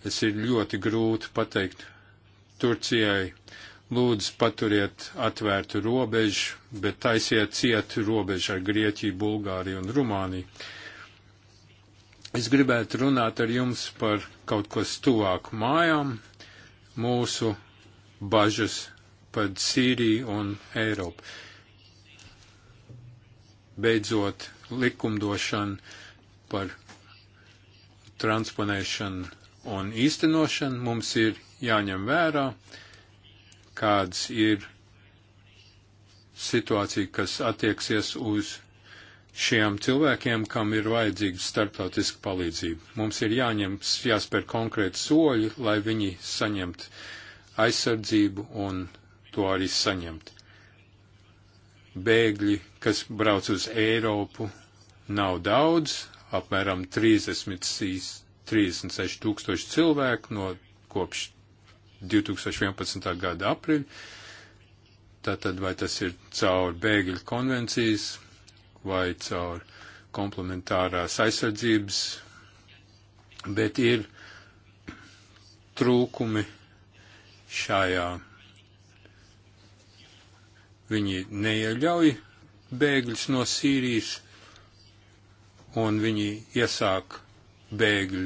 Tas ir ļoti grūti pateikt Turcijai, lūdzu paturiet atvērtu robežu, bet taisiet cietu robežu ar Grieķiju, Bulgāriju un Rumāniju Es gribētu runāt ar jums par kaut ko stuvāku mājām, mūsu bažas par Sīriju un Eiropu. Beidzot, likumdošana par transponēšanu un īstenošanu mums ir jāņem vērā, kāds ir situācija, kas attieksies uz šiem cilvēkiem, kam ir vajadzīga starptautiska palīdzība. Mums ir jāņem, jāspēr konkrēti soļi, lai viņi saņemtu aizsardzību un to arī saņemt. Bēgļi, kas brauc uz Eiropu, nav daudz, apmēram 36, 36 tūkstoši cilvēku no kopš 2011. gada aprīļa. Tātad vai tas ir caur bēgļu konvencijas vai caur komplementārās aizsardzības, bet ir trūkumi šajā. Viņi neieļauj bēgļus no Sīrijas, un viņi iesāk bēgļu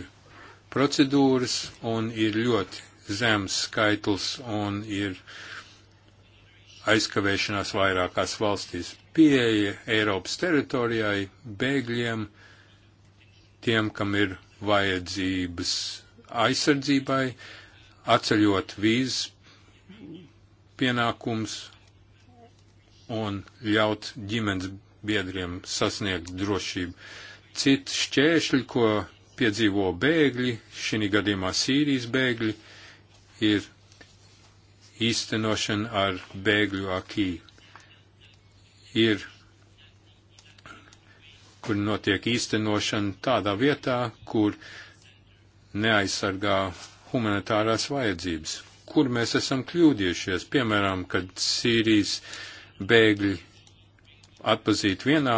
procedūras, un ir ļoti zems skaitlis, un ir aizkavēšanās vairākās valstīs pieeja Eiropas teritorijai, bēgļiem, tiem, kam ir vajadzības aizsardzībai, atceļot vīzes pienākums un ļaut ģimenes biedriem sasniegt drošību. Citi šķēršļi, ko piedzīvo bēgļi, šī gadījumā Sīrijas bēgļi, ir īstenošana ar bēgļu akī ir, kur notiek īstenošana tādā vietā, kur neaizsargā humanitārās vajadzības. Kur mēs esam kļūdījušies, piemēram, kad Sīrijas bēgļi atpazīt vienā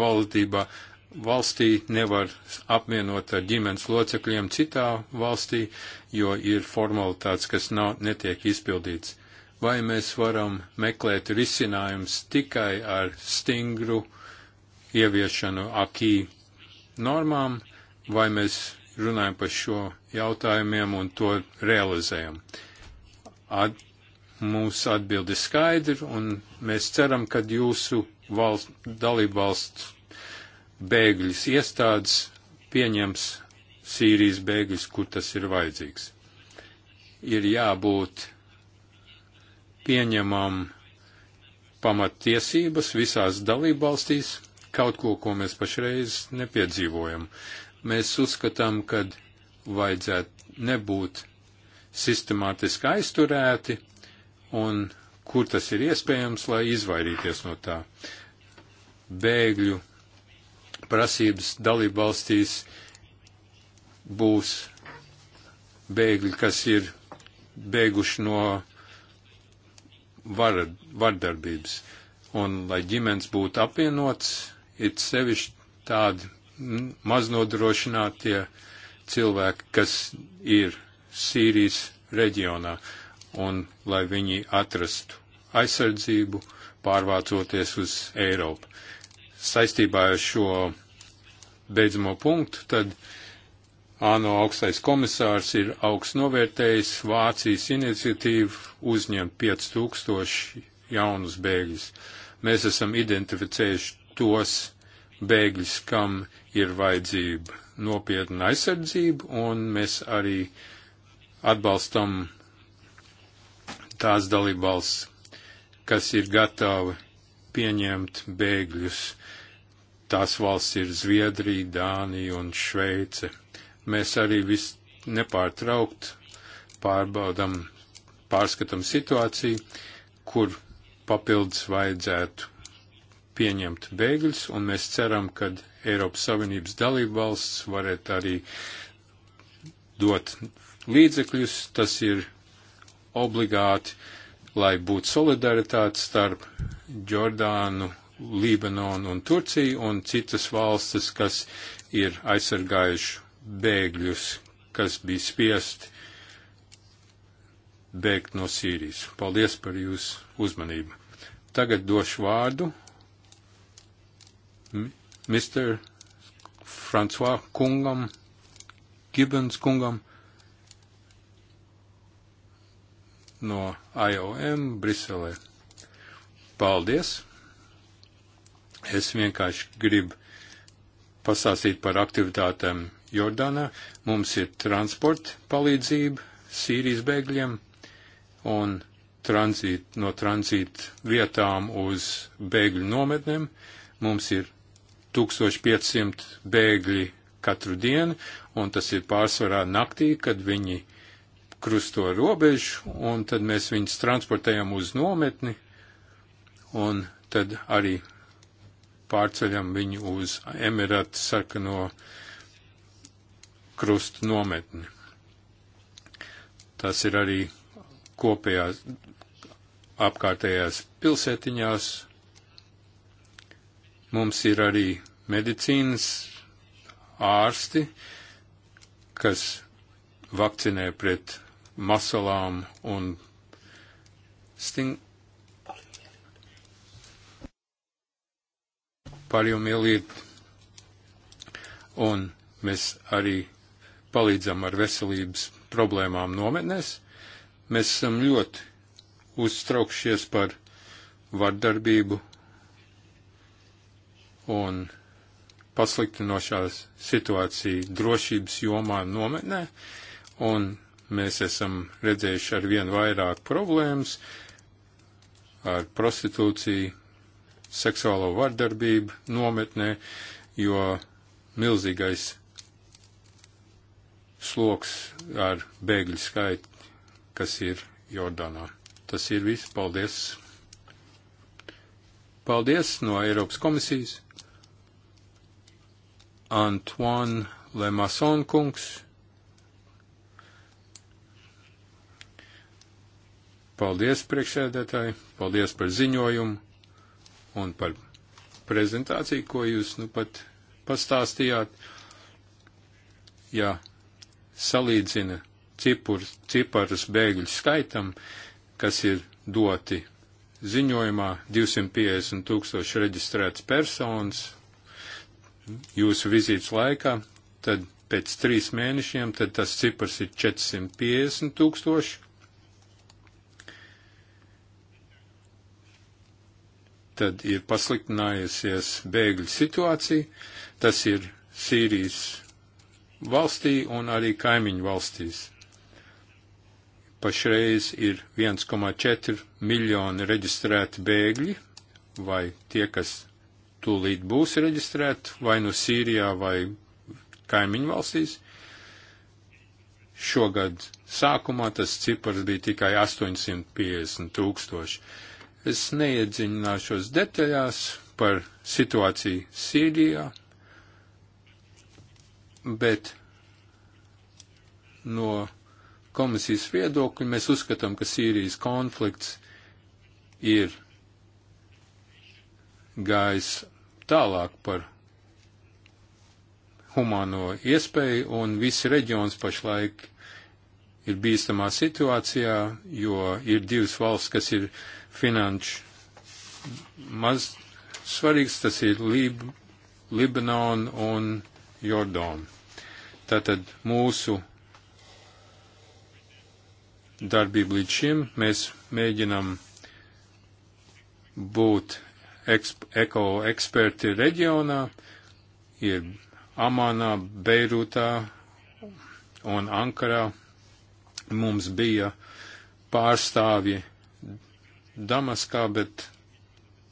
valdībā, valstī nevar apvienot ar ģimenes locekļiem citā valstī, jo ir formalitātes, kas nav, netiek izpildīts vai mēs varam meklēt risinājums tikai ar stingru ieviešanu akī normām, vai mēs runājam par šo jautājumiem un to realizējam. At, mūsu atbildi skaidri, un mēs ceram, ka jūsu valst, dalībvalsts bēgļas iestādes pieņems Sīrijas bēgļus, kur tas ir vajadzīgs. Ir jābūt pieņemam pamatiesības visās dalībvalstīs, kaut ko, ko mēs pašreiz nepiedzīvojam. Mēs uzskatām, ka vajadzētu nebūt sistemātiski aizturēti un kur tas ir iespējams, lai izvairīties no tā. Bēgļu prasības dalībvalstīs būs bēgļi, kas ir bēguši no var, vardarbības. Un, lai ģimenes būtu apvienots, ir sevišķi tādi maznodrošinātie cilvēki, kas ir Sīrijas reģionā, un lai viņi atrastu aizsardzību, pārvācoties uz Eiropu. Saistībā ar šo beidzamo punktu, tad uh, ANO augstais komisārs ir augsts novērtējis Vācijas iniciatīvu uzņemt 5000 jaunus bēgļus. Mēs esam identificējuši tos bēgļus, kam ir vajadzība nopietna aizsardzība, un mēs arī atbalstam tās dalībvalsts, kas ir gatavi pieņemt bēgļus. Tās valsts ir Zviedrija, Dānija un Šveice. Mēs arī vis nepārtraukt pārbaudam, pārskatam situāciju, kur papildus vajadzētu pieņemt bēgļus, un mēs ceram, ka Eiropas Savienības dalība valsts varētu arī dot līdzekļus, tas ir obligāti, lai būtu solidaritāte starp Jordānu, Lībanonu un Turciju un citas valstis, kas ir aizsargājuši bēgļus, kas bija spiesti bēgt no Sīrijas. Paldies par jūsu uzmanību. Tagad došu vārdu Mr. Francois kungam, Gibbons kungam no IOM Briselē. Paldies! Es vienkārši gribu pasāstīt par aktivitātēm Jordānā, mums ir transporta palīdzība Sīrijas bēgļiem un tranzīt, no tranzīta vietām uz bēgļu nometnēm. Mums ir 1500 bēgļi katru dienu, un tas ir pārsvarā naktī, kad viņi krusto robežu, un tad mēs viņus transportējam uz nometni, un tad arī pārceļam viņu uz Emirātu sarkano no krustu nometni. Tas ir arī kopējās apkārtējās pilsētiņās. Mums ir arī medicīnas ārsti, kas vakcinē pret masalām un sting. Paliumielīt. Un mēs arī palīdzam ar veselības problēmām nometnēs. Mēs esam ļoti uztraukšies par vardarbību un pasliktinošās situāciju drošības jomā nometnē, un mēs esam redzējuši ar vien vairāk problēmas ar prostitūciju, seksuālo vardarbību nometnē, jo milzīgais sloks ar bēgļu skaitu, kas ir Jordānā. Tas ir viss. Paldies! Paldies no Eiropas komisijas! Antoine Lemason kungs. Paldies priekšsēdētāji, paldies par ziņojumu un par prezentāciju, ko jūs nu pat pastāstījāt. Jā, salīdzina cipurs, ciparus bēgļu skaitam, kas ir doti ziņojumā 250 tūkstoši reģistrēts personas jūsu vizītes laikā, tad pēc trīs mēnešiem, tad tas cipars ir 450 tūkstoši. Tad ir pasliktinājusies bēgļu situācija, tas ir Sīrijas valstī un arī kaimiņu valstīs. Pašreiz ir 1,4 miljoni reģistrēti bēgļi, vai tie, kas tūlīt būs reģistrēti, vai nu no Sīrijā, vai kaimiņu valstīs. Šogad sākumā tas cipars bija tikai 850 tūkstoši. Es neiedziļināšos detaļās par situāciju Sīrijā, bet no komisijas viedokļa mēs uzskatām, ka Sīrijas konflikts ir gājis tālāk par humano iespēju, un viss reģions pašlaik ir bīstamā situācijā, jo ir divas valsts, kas ir finanšu maz svarīgs, tas ir Lib Libanon un Jordona. Tātad mūsu darbību līdz šim mēs mēģinam būt eksp eko eksperti reģionā, ir Amānā, Beirūtā un Ankarā. Mums bija pārstāvji Damaskā, bet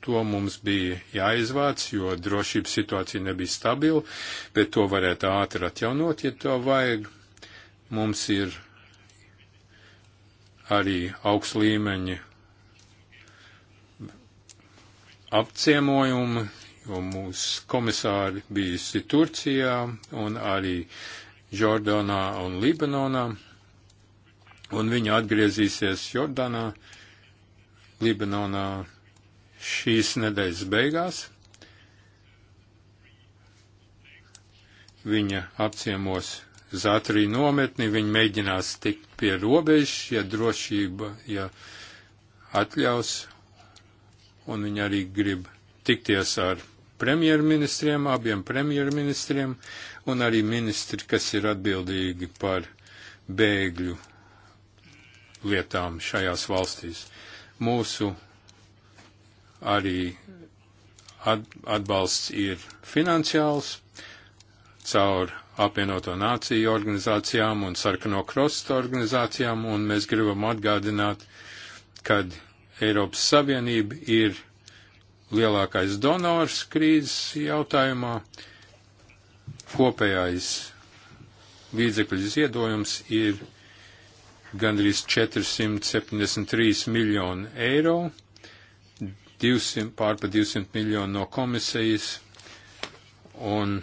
To mums bija jāizvāc, jo drošības situācija nebija stabila, bet to varētu ātri atjaunot, ja to vajag. Mums ir arī augsts līmeņi apciemojumi, jo mūsu komisāri bijusi Turcijā un arī Jordānā un Libanonā, un viņa atgriezīsies Jordānā, Libanonā šīs nedēļas beigās. Viņa apciemos Zātrī nometni, viņa mēģinās tikt pie robežas, ja drošība, ja atļaus, un viņa arī grib tikties ar premjerministriem, abiem premjerministriem, un arī ministri, kas ir atbildīgi par bēgļu lietām šajās valstīs. Mūsu arī atbalsts ir finansiāls caur apvienoto nāciju organizācijām un sarkano krosta organizācijām, un mēs gribam atgādināt, kad Eiropas Savienība ir lielākais donors krīzes jautājumā, kopējais līdzekļu ziedojums ir gandrīz 473 miljonu eiro 200, pārpa 200 miljonu no komisijas un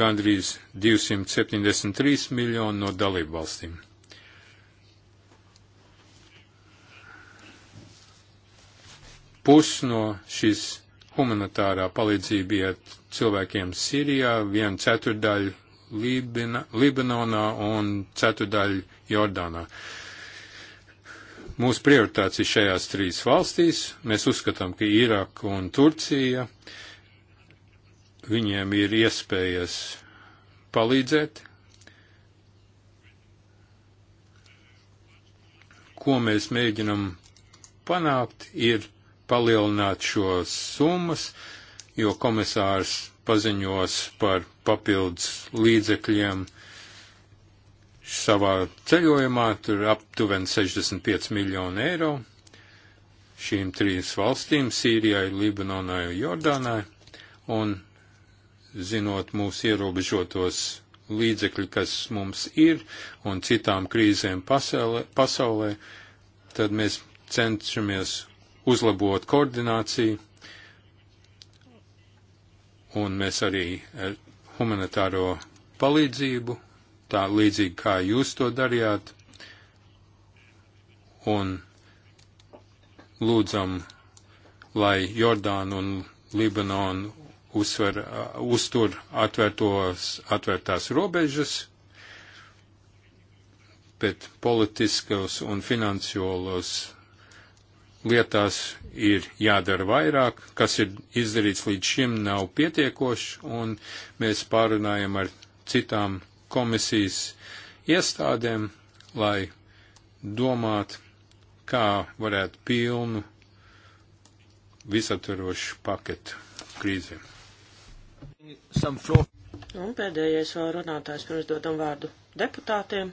gandrīz 273 miljonu no dalību valstīm. Pus no šīs humanitārā palīdzība iet cilvēkiem Sīrijā, viena ceturdaļa Libina, Libanonā un ceturdaļa Jordānā. Uh, Mūsu prioritāts ir šajās trīs valstīs. Mēs uzskatām, ka Irāka un Turcija, viņiem ir iespējas palīdzēt. Ko mēs mēģinam panākt, ir palielināt šo summas, jo komisārs paziņos par papildus līdzekļiem savā ceļojumā, tur aptuveni 65 miljonu eiro šīm trīs valstīm - Sīrijai, Libanonai un Jordānai, un zinot mūsu ierobežotos līdzekļi, kas mums ir, un citām krīzēm pasaulē, pasaulē tad mēs cenšamies uzlabot koordināciju, un mēs arī humanitāro palīdzību tā līdzīgi kā jūs to darījāt, un lūdzam, lai Jordāna un Libanona uzsver, uztur atvērtos, atvērtās robežas, bet politiskos un finansiālos lietās ir jādara vairāk, kas ir izdarīts līdz šim nav pietiekoši, un mēs pārunājam ar citām komisijas iestādēm, lai domāt, kā varētu pilnu visaptvarošu paketu krīzēm. Un pēdējais vēl runātājs, pirms dodam vārdu deputātiem.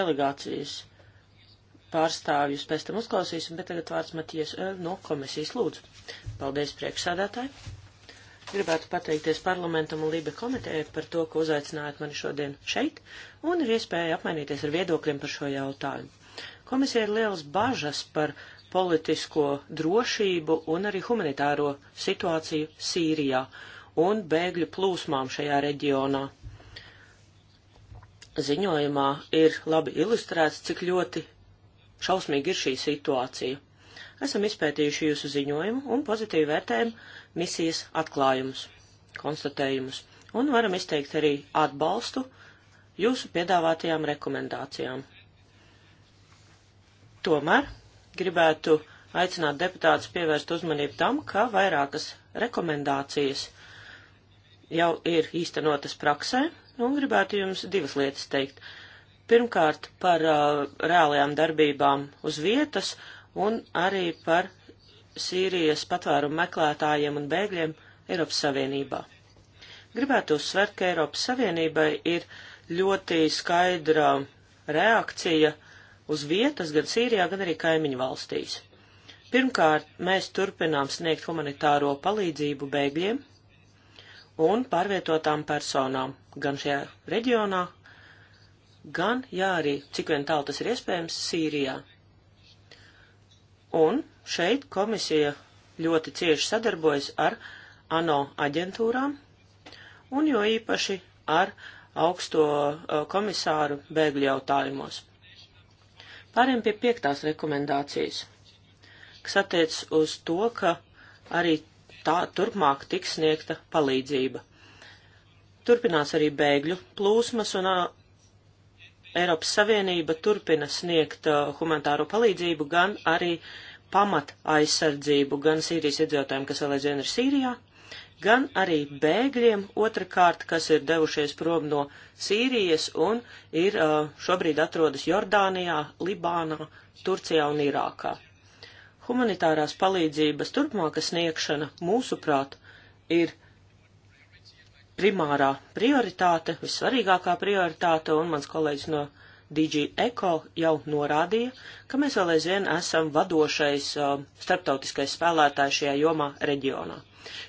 Delegācijas pārstāvjus pēc tam uzklausīsim, bet tagad vārds Matijas Öl no komisijas lūdzu. Paldies priekšsādātāji! Gribētu pateikties parlamentam un Lībe komitejai par to, ka uzaicinājāt mani šodien šeit un ir iespēja apmainīties ar viedokļiem par šo jautājumu. Komisija ir lielas bažas par politisko drošību un arī humanitāro situāciju Sīrijā un bēgļu plūsmām šajā reģionā. Ziņojumā ir labi ilustrēts, cik ļoti šausmīgi ir šī situācija. Esam izpētījuši jūsu ziņojumu un pozitīvi vērtējam misijas atklājumus, konstatējumus, un varam izteikt arī atbalstu jūsu piedāvātajām rekomendācijām. Tomēr gribētu aicināt deputātus pievērst uzmanību tam, ka vairākas rekomendācijas jau ir īstenotas praksē, un gribētu jums divas lietas teikt. Pirmkārt, par uh, reālajām darbībām uz vietas un arī par Sīrijas patvērumu meklētājiem un bēgļiem Eiropas Savienībā. Gribētu uzsvert, ka Eiropas Savienībai ir ļoti skaidra reakcija uz vietas gan Sīrijā, gan arī kaimiņu valstīs. Pirmkārt, mēs turpinām sniegt humanitāro palīdzību bēgļiem un pārvietotām personām gan šajā reģionā, gan, jā, arī, cik vien tālu tas ir iespējams, Sīrijā. Un šeit komisija ļoti cieši sadarbojas ar ANO aģentūrām un jo īpaši ar augsto komisāru bēgļu jautājumos. Pāriem pie piektās rekomendācijas, kas attiec uz to, ka arī tā turpmāk tiks sniegta palīdzība. Turpinās arī bēgļu plūsmas un Eiropas Savienība turpina sniegt uh, humanitāro palīdzību, gan arī pamat aizsardzību gan Sīrijas iedzīvotājiem, kas vēl aizvien ir Sīrijā, gan arī bēgļiem otrkārt, kas ir devušies prom no Sīrijas un ir uh, šobrīd atrodas Jordānijā, Libānā, Turcijā un Irākā. Humanitārās palīdzības turpmāka sniegšana, mūsuprāt, ir uh, primārā prioritāte, vissvarīgākā prioritāte, un mans kolēģis no DG Eco jau norādīja, ka mēs vēl aizvien esam vadošais uh, starptautiskais spēlētājs šajā jomā reģionā.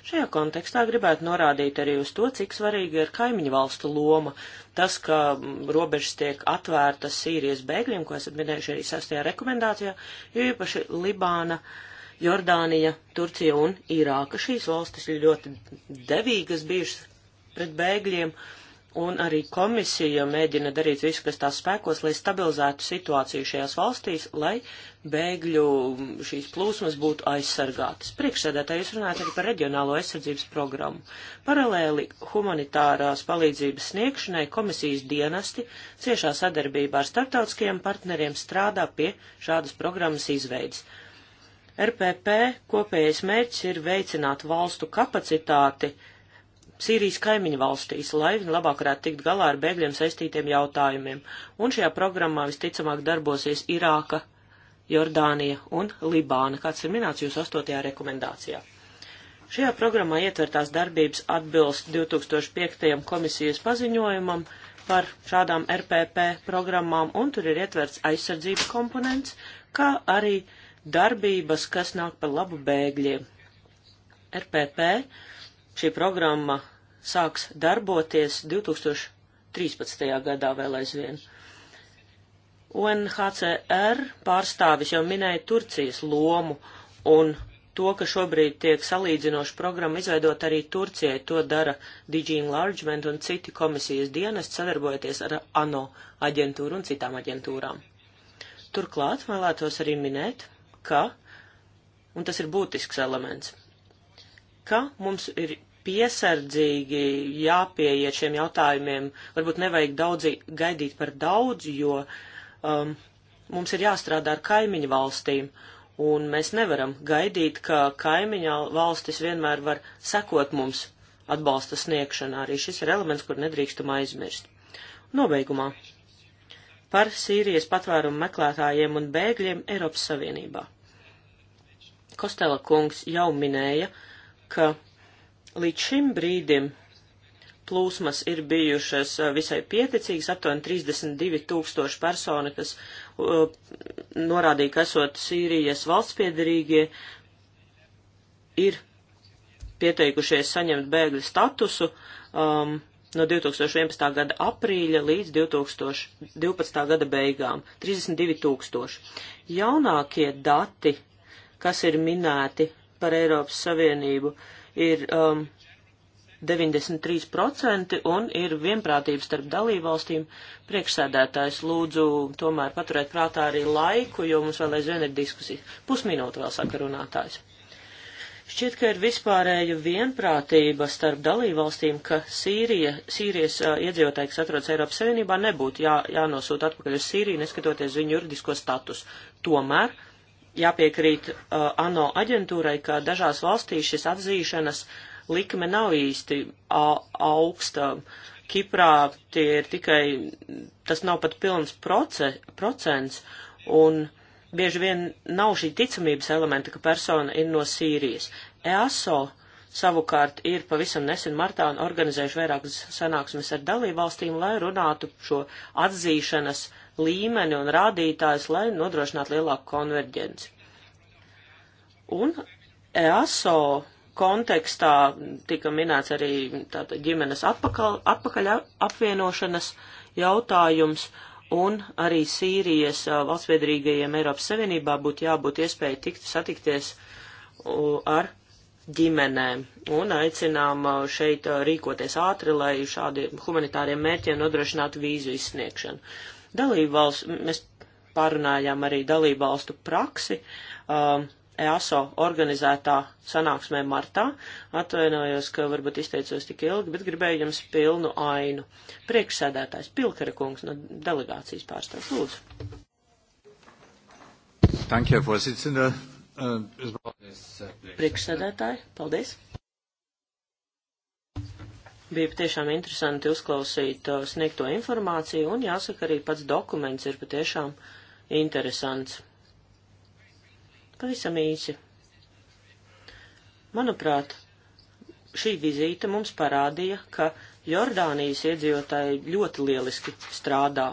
Šajā kontekstā gribētu norādīt arī uz to, cik svarīga ir kaimiņu valstu loma. Tas, ka mm, robežas tiek atvērtas Sīrijas bēgļiem, ko esat minējuši arī sastajā rekomendācijā, jo īpaši Libāna, Jordānija, Turcija un Irāka. Šīs valstis ir ļoti devīgas bijušas pret bēgļiem, un arī komisija mēģina darīt visu, kas tās spēkos, lai stabilizētu situāciju šajās valstīs, lai bēgļu šīs plūsmas būtu aizsargātas. Priekšsēdētāji, jūs runājat arī par reģionālo aizsardzības programmu. Paralēli humanitārās palīdzības sniegšanai komisijas dienesti ciešā sadarbībā ar starptautiskajiem partneriem strādā pie šādas programmas izveidas. RPP kopējais mērķis ir veicināt valstu kapacitāti Sīrijas kaimiņu valstīs, lai viņi labāk varētu tikt galā ar bēgļiem saistītiem jautājumiem, un šajā programmā visticamāk darbosies Irāka, Jordānija un Libāna, kāds ir minēts jūsu astotajā rekomendācijā. Šajā programmā ietvertās darbības atbilst 2005. komisijas paziņojumam par šādām RPP programmām, un tur ir ietverts aizsardzības komponents, kā arī darbības, kas nāk par labu bēgļiem. RPP šī programma sāks darboties 2013. gadā vēl aizvien. UNHCR pārstāvis jau minēja Turcijas lomu un to, ka šobrīd tiek salīdzinoša programma izveidot arī Turcijai, to dara DG Enlargement un citi komisijas dienesti sadarbojoties ar ANO aģentūru un citām aģentūrām. Turklāt vēlētos arī minēt, ka, un tas ir būtisks elements, ka mums ir piesardzīgi jāpieiet šiem jautājumiem. Varbūt nevajag daudz gaidīt par daudz, jo um, mums ir jāstrādā ar kaimiņu valstīm, un mēs nevaram gaidīt, ka kaimiņa valstis vienmēr var sekot mums atbalsta sniegšanā. Arī šis ir elements, kur nedrīkstam aizmirst. Nobeigumā par Sīrijas patvērumu meklētājiem un bēgļiem Eiropas Savienībā. Kostela kungs jau minēja, ka Līdz šim brīdim plūsmas ir bijušas uh, visai pieticīgas, aptuveni 32 tūkstoši personi, kas uh, norādīja, ka esot Sīrijas valsts piedarīgie, ir pieteikušies saņemt bēgļu statusu um, no 2011. gada aprīļa līdz 2012. gada beigām - 32 tūkstoši. Jaunākie dati, kas ir minēti par Eiropas Savienību, uh, ir um, 93% un ir vienprātības starp dalībvalstīm. Priekšsēdētājs lūdzu tomēr paturēt prātā arī laiku, jo mums vēl aizvien ir diskusijas. Pusminūte vēl saka runātājs. Šķiet, ka ir vispārēja vienprātība starp dalībvalstīm, ka Sīrija, Sīrijas uh, iedzīvotāji, kas atrodas Eiropas Savienībā, nebūtu jā, jānosūta atpakaļ uz Sīriju, neskatoties viņu juridisko statusu. Tomēr jāpiekrīt uh, ANO aģentūrai, ka dažās valstīs šis atzīšanas likme nav īsti augsta. Kiprā tie ir tikai, tas nav pat pilns proce, procents, un bieži vien nav šī ticamības elementa, ka persona ir no Sīrijas. EASO savukārt ir pavisam nesen martā un organizējuši vairākas sanāksmes ar dalībvalstīm, lai runātu šo atzīšanas uh, līmeni un rādītājus, lai nodrošinātu lielāku konverģenci. Un EASO kontekstā tika minēts arī tātad, ģimenes atpakaļ, atpakaļ apvienošanas jautājums, un arī Sīrijas valstsviedrīgajiem Eiropas Savienībā būtu jābūt iespēja tikt satikties ar ģimenēm, un aicinām šeit rīkoties ātri, lai šādiem humanitāriem mērķiem nodrošinātu vīzu izsniegšanu. Dalībvalsts, mēs pārunājām arī dalībvalstu praksi um, EASO organizētā sanāksmē martā. Atvainojos, ka varbūt izteicos tik ilgi, bet gribēju jums pilnu ainu. Priekšsēdētājs Pilkara kungs no delegācijas pārstāvs lūdzu. Danke, Herr Vorsitzender. Äh, Priekšsēdētāji, paldies. Bija patiešām interesanti uzklausīt uh, sniegto informāciju, un jāsaka, arī pats dokuments ir patiešām interesants. Pavisam īsi. Manuprāt, šī vizīte mums parādīja, ka Jordānijas iedzīvotāji ļoti lieliski strādā,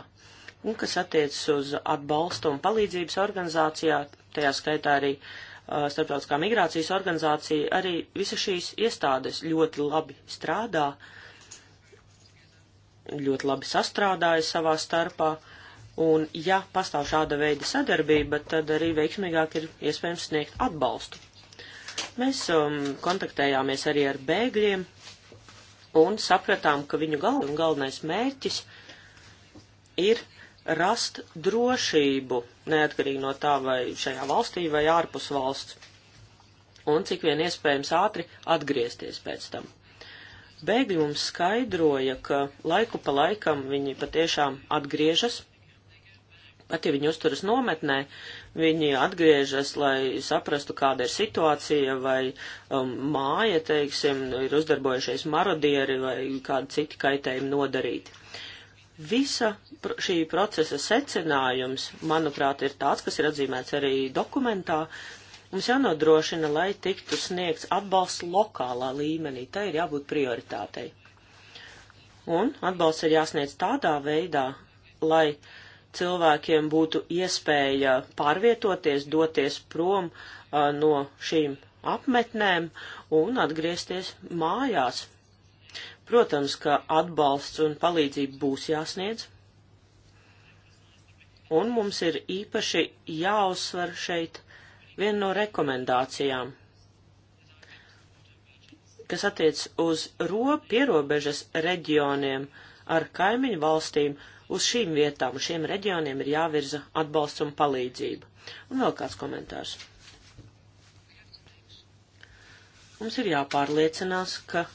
un kas attiecas uz atbalstu un palīdzības organizācijā, tajā skaitā arī uh, Uh, starptautiskā migrācijas organizācija, arī visas šīs iestādes ļoti labi strādā, ļoti labi sastrādājas savā starpā. Un, ja pastāv šāda veida sadarbība, tad arī veiksmīgāk ir iespējams sniegt atbalstu. Mēs um, kontaktējāmies arī ar bēgļiem un sapratām, ka viņu gal galvenais mērķis ir rast drošību, neatkarīgi no tā, vai šajā valstī vai ārpus valsts, un cik vien iespējams ātri atgriezties pēc tam. Bēgļi mums skaidroja, ka laiku pa laikam viņi patiešām atgriežas, pat ja viņi uzturas nometnē, viņi atgriežas, lai saprastu, kāda ir situācija, vai um, māja, teiksim, ir uzdarbojušies marodieri vai kādi citi kaitējumi nodarīti. Visa šī procesa secinājums, manuprāt, ir tāds, kas ir atzīmēts arī dokumentā. Mums jānodrošina, lai tiktu sniegts atbalsts lokālā līmenī. Tā ir jābūt prioritātei. Un atbalsts ir jāsniedz tādā veidā, lai cilvēkiem būtu iespēja pārvietoties, doties prom uh, no šīm apmetnēm un atgriezties mājās, Protams, ka atbalsts un palīdzība būs jāsniedz. Un mums ir īpaši jāuzsver šeit viena no rekomendācijām, kas attiec uz ro pierobežas reģioniem ar kaimiņu valstīm, uz šīm vietām, uz šiem reģioniem ir jāvirza atbalsts un palīdzība. Un vēl kāds komentārs. Mums ir jāpārliecinās, ka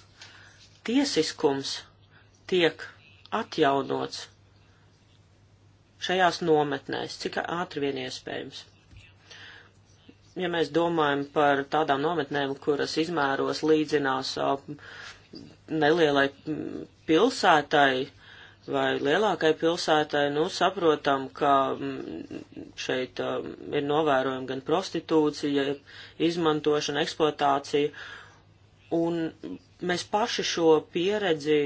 tiesiskums tiek atjaunots šajās nometnēs, cik ātri vien iespējams. Ja mēs domājam par tādām nometnēm, kuras izmēros līdzinās nelielai pilsētai vai lielākai pilsētai, nu saprotam, ka mm, šeit ir novērojama gan prostitūcija, izmantošana, eksploatācija, un mēs paši šo pieredzi,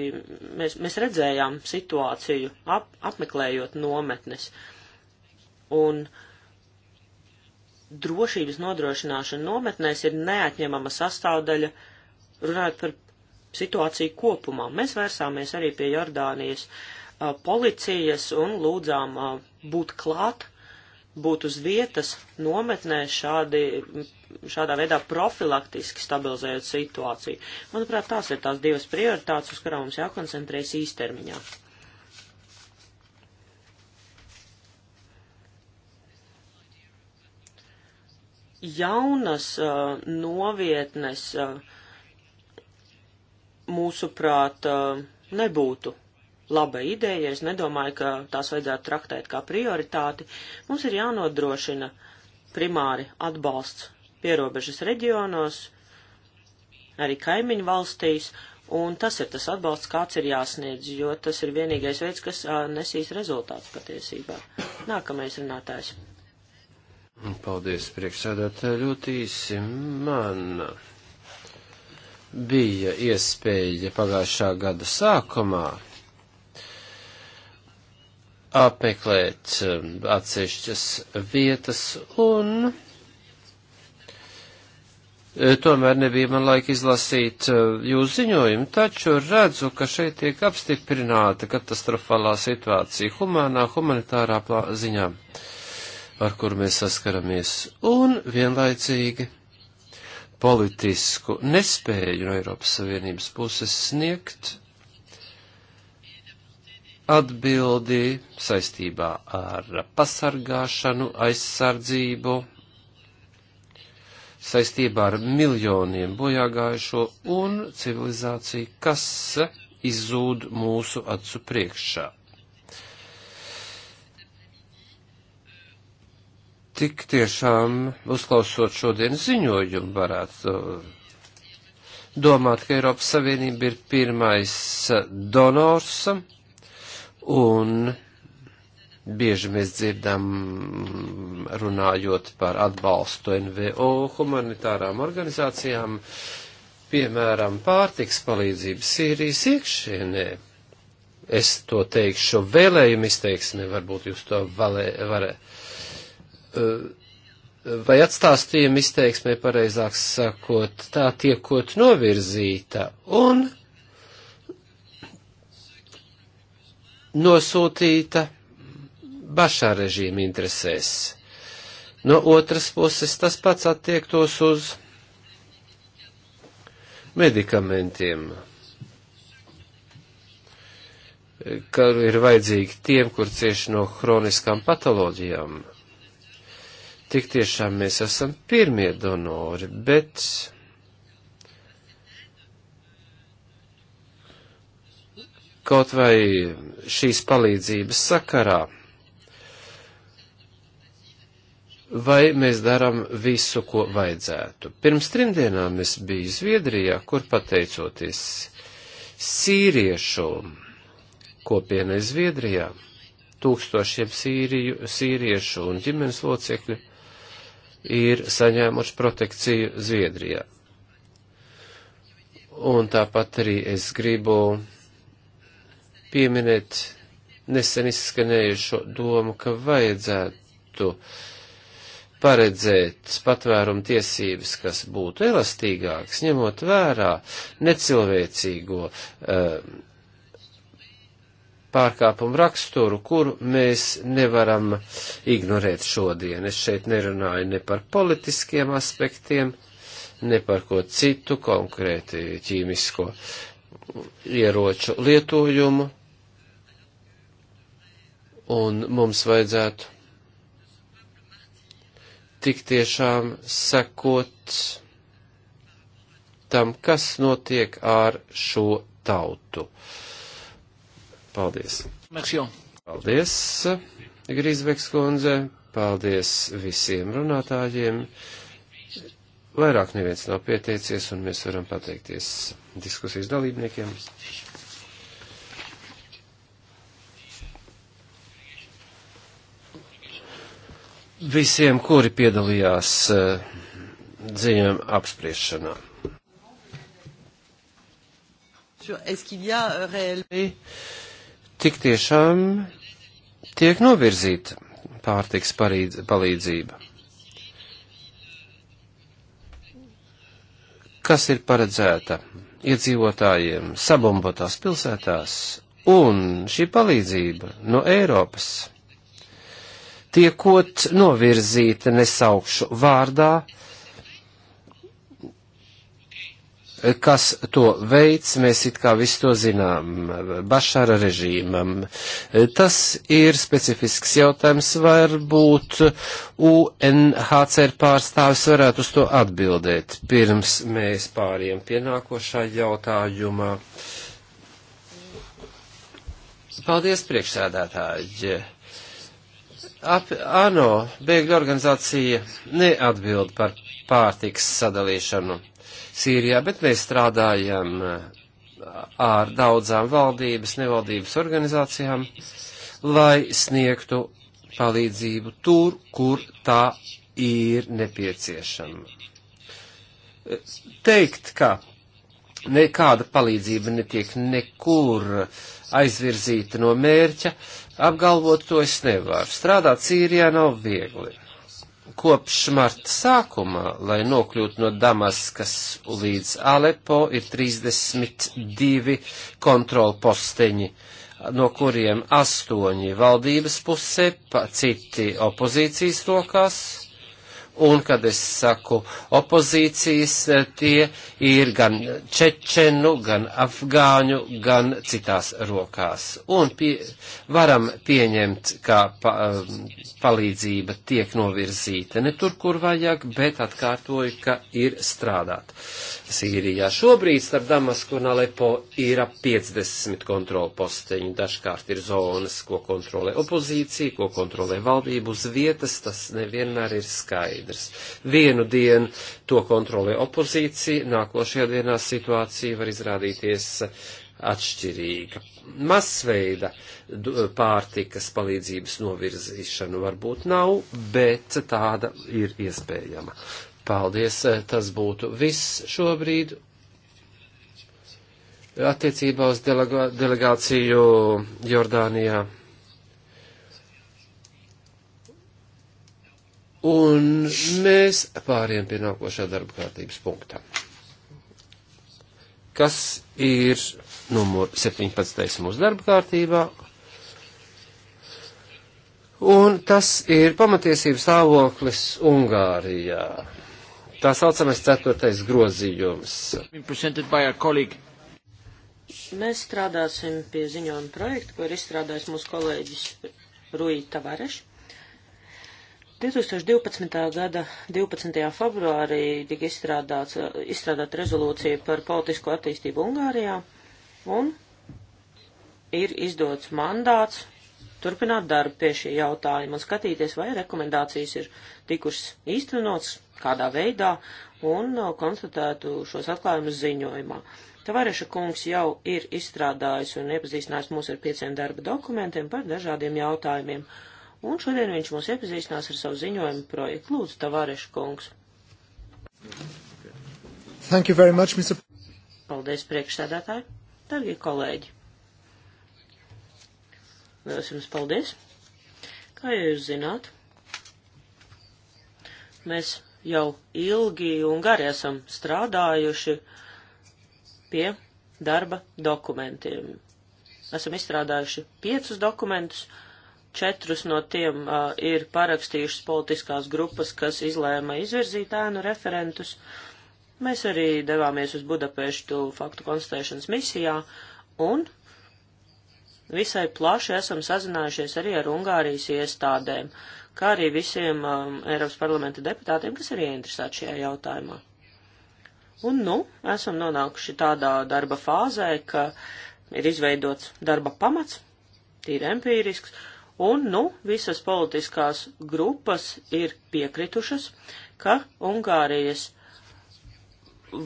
mēs, mēs redzējām situāciju, ap, apmeklējot nometnes. Un drošības nodrošināšana nometnēs ir neatņemama sastāvdaļa, runājot par situāciju kopumā. Mēs vērsāmies arī pie Jordānijas uh, policijas un lūdzām uh, būt klāt būt uz vietas nometnē šādi, šādā veidā profilaktiski stabilizējot situāciju. Manuprāt, tās ir tās divas prioritātes, uz kurām mums jākoncentrējas īstermiņā. Jaunas uh, novietnes, uh, mūsuprāt, uh, nebūtu laba ideja, es nedomāju, ka tās vajadzētu traktēt kā prioritāti. Mums ir jānodrošina primāri atbalsts pierobežas reģionos, arī kaimiņu valstīs, un tas ir tas atbalsts, kāds ir jāsniedz, jo tas ir vienīgais veids, kas a, nesīs rezultāts patiesībā. Nākamais runātājs. Paldies, priekšsēdētāji, ļoti īsi. Man bija iespēja pagājušā gada sākumā apmeklēt um, atsevišķas vietas un eh, tomēr nebija man laika izlasīt eh, jūsu ziņojumu, taču redzu, ka šeit tiek apstiprināta katastrofālā situācija humānā, humanitārā ziņā, ar kuru mēs saskaramies, un vienlaicīgi politisku nespēju no Eiropas Savienības puses sniegt atbildi saistībā ar pasargāšanu, aizsardzību, saistībā ar miljoniem bojāgājušo un civilizāciju, kas izzūd mūsu acu priekšā. Tik tiešām, uzklausot šodien ziņojumu, varētu domāt, ka Eiropas Savienība ir pirmais donors Un bieži mēs dzirdam, runājot par atbalstu NVO humanitārām organizācijām, piemēram, pārtiks palīdzību Sīrijas iekšienē. Es to teikšu vēlējumu izteiksmi, varbūt jūs to valē, varē. E, vai atstāstījumu izteiksmē pareizāk sakot, tā tiekot novirzīta un nosūtīta Bašā režīma interesēs. No otras puses tas pats attiektos uz medikamentiem, ka ir vajadzīgi tiem, kur cieši no hroniskām patoloģijām. Tik tiešām mēs esam pirmie donori, bet kaut vai šīs palīdzības sakarā, vai mēs darām visu, ko vajadzētu. Pirms trim dienām es biju Zviedrijā, kur pateicoties sīriešu kopienai Zviedrijā, tūkstošiem sīriju, sīriešu un ģimenes locekļu ir saņēmuši protekciju Zviedrijā. Un tāpat arī es gribu pieminēt nesen izskanējušo domu, ka vajadzētu paredzēt patvērumu tiesības, kas būtu elastīgāks, ņemot vērā necilvēcīgo um, pārkāpumu raksturu, kuru mēs nevaram ignorēt šodien. Es šeit nerunāju ne par politiskiem aspektiem, ne par ko citu, konkrēti ķīmisko ieroču lietojumu, Un mums vajadzētu tik tiešām sekot tam, kas notiek ar šo tautu. Paldies! Merci. Paldies, Grīsbeks kundze! Paldies visiem runātājiem! Vairāk neviens nav pieteicies, un mēs varam pateikties diskusijas dalībniekiem. visiem, kuri piedalījās eh, ziņām apspriešanā. Euh, tik tiešām tiek novirzīta pārtiks parīdz, palīdzība. Kas ir paredzēta iedzīvotājiem sabombotās pilsētās, un šī palīdzība no Eiropas tiekot novirzīta nesaukšu vārdā, kas to veids, mēs it kā visu to zinām, Bašara režīmam. Tas ir specifisks jautājums, varbūt UNHCR pārstāvis varētu uz to atbildēt, pirms mēs pāriem pie nākošā jautājuma. Paldies, priekšsēdētāji! Ap, ANO bēgļu organizācija neatbild par pārtiks sadalīšanu Sīrijā, bet mēs strādājam eh, ar daudzām valdības, nevaldības organizācijām, lai sniegtu palīdzību tur, kur tā ir nepieciešama. Teikt, ka nekāda palīdzība netiek nekur aizvirzīta no mērķa, Apgalvot to es nevaru. Strādāt Sīrijā nav viegli. Kopš marta sākumā, lai nokļūtu no Damaskas līdz Alepo, ir 32 kontrolposteņi, no kuriem astoņi valdības pusē, citi opozīcijas rokās un kad es saku opozīcijas, e, tie ir gan čečenu, gan afgāņu, gan citās rokās. Un pie, varam pieņemt, kā pa, e, palīdzība tiek novirzīta ne tur, kur vajag, bet atkārtoju, ka ir strādāt. Sīrijā. Šobrīd starp Damasku un Alepo ir ap 50 kontrolu posteņu. Dažkārt ir zonas, ko kontrolē opozīcija, ko kontrolē valdība uz vietas, tas nevienmēr ir skaidrs. Vienu dienu to kontrolē opozīcija, nākošajā dienā situācija var izrādīties atšķirīga. Masveida pārtikas palīdzības novirzīšana varbūt nav, bet tāda ir iespējama. Paldies, eh, tas būtu viss šobrīd. Attiecībā uz delega delegāciju Jordānijā. Un mēs pāriem pie nākošā darba kārtības punkta. Kas ir numur 17. mūsu darba kārtībā? Un tas ir pamatiesības stāvoklis Ungārijā tā saucamais ceturtais grozījums. Mēs strādāsim pie ziņojuma projekta, ko ir izstrādājis mūsu kolēģis Rui Tavareš. 2012. gada 12. februārī tika izstrādāta rezolūcija par politisko attīstību Ungārijā un ir izdots mandāts turpināt darbu pie šī jautājuma un skatīties, vai rekomendācijas ir tikušas īstenotas kādā veidā un uh, konstatētu šos atklājumus ziņojumā. Tavareša kungs jau ir izstrādājis un iepazīstinājis mūs ar pieciem darba dokumentiem par dažādiem jautājumiem, un šodien viņš mūs iepazīstinās ar savu ziņojumu projektu. Lūdzu, Tavareša kungs. Thank you very much, Mr. Paldies, priekšsēdētāji. Dargie kolēģi. Lielas jums paldies. Kā jūs zināt, mēs jau ilgi un gari esam strādājuši pie darba dokumentiem. Esam izstrādājuši piecus dokumentus, četrus no tiem uh, ir parakstījušas politiskās grupas, kas izlēma izvirzīt ēnu referentus. Mēs arī devāmies uz Budapeštu faktu konstatēšanas misijā un visai plaši esam sazinājušies arī ar Ungārijas iestādēm, kā arī visiem um, Eiropas parlamenta deputātiem, kas ir ieinteresēti šajā jautājumā. Un, nu, esam nonākuši tādā darba fāzē, ka ir izveidots darba pamats, tīri empīrisks, un, nu, visas politiskās grupas ir piekritušas, ka Ungārijas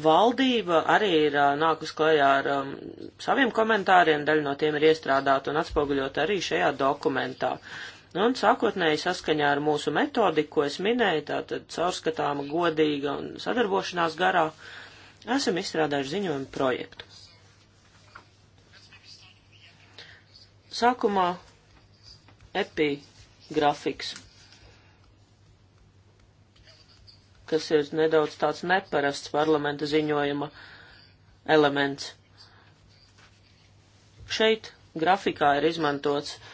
valdība arī ir uh, nākus klajā ar um, saviem komentāriem, daļa no tiem ir iestrādāta un atspoguļota arī šajā dokumentā. Un sākotnēji saskaņā ar mūsu metodiku, ko es minēju, tātad caurskatāma, godīga un sadarbošanās garā, esam izstrādājuši ziņojumu projektu. Sākumā epigrafiks, kas ir nedaudz tāds neparasts parlamenta ziņojuma elements. Šeit grafikā ir izmantots uh,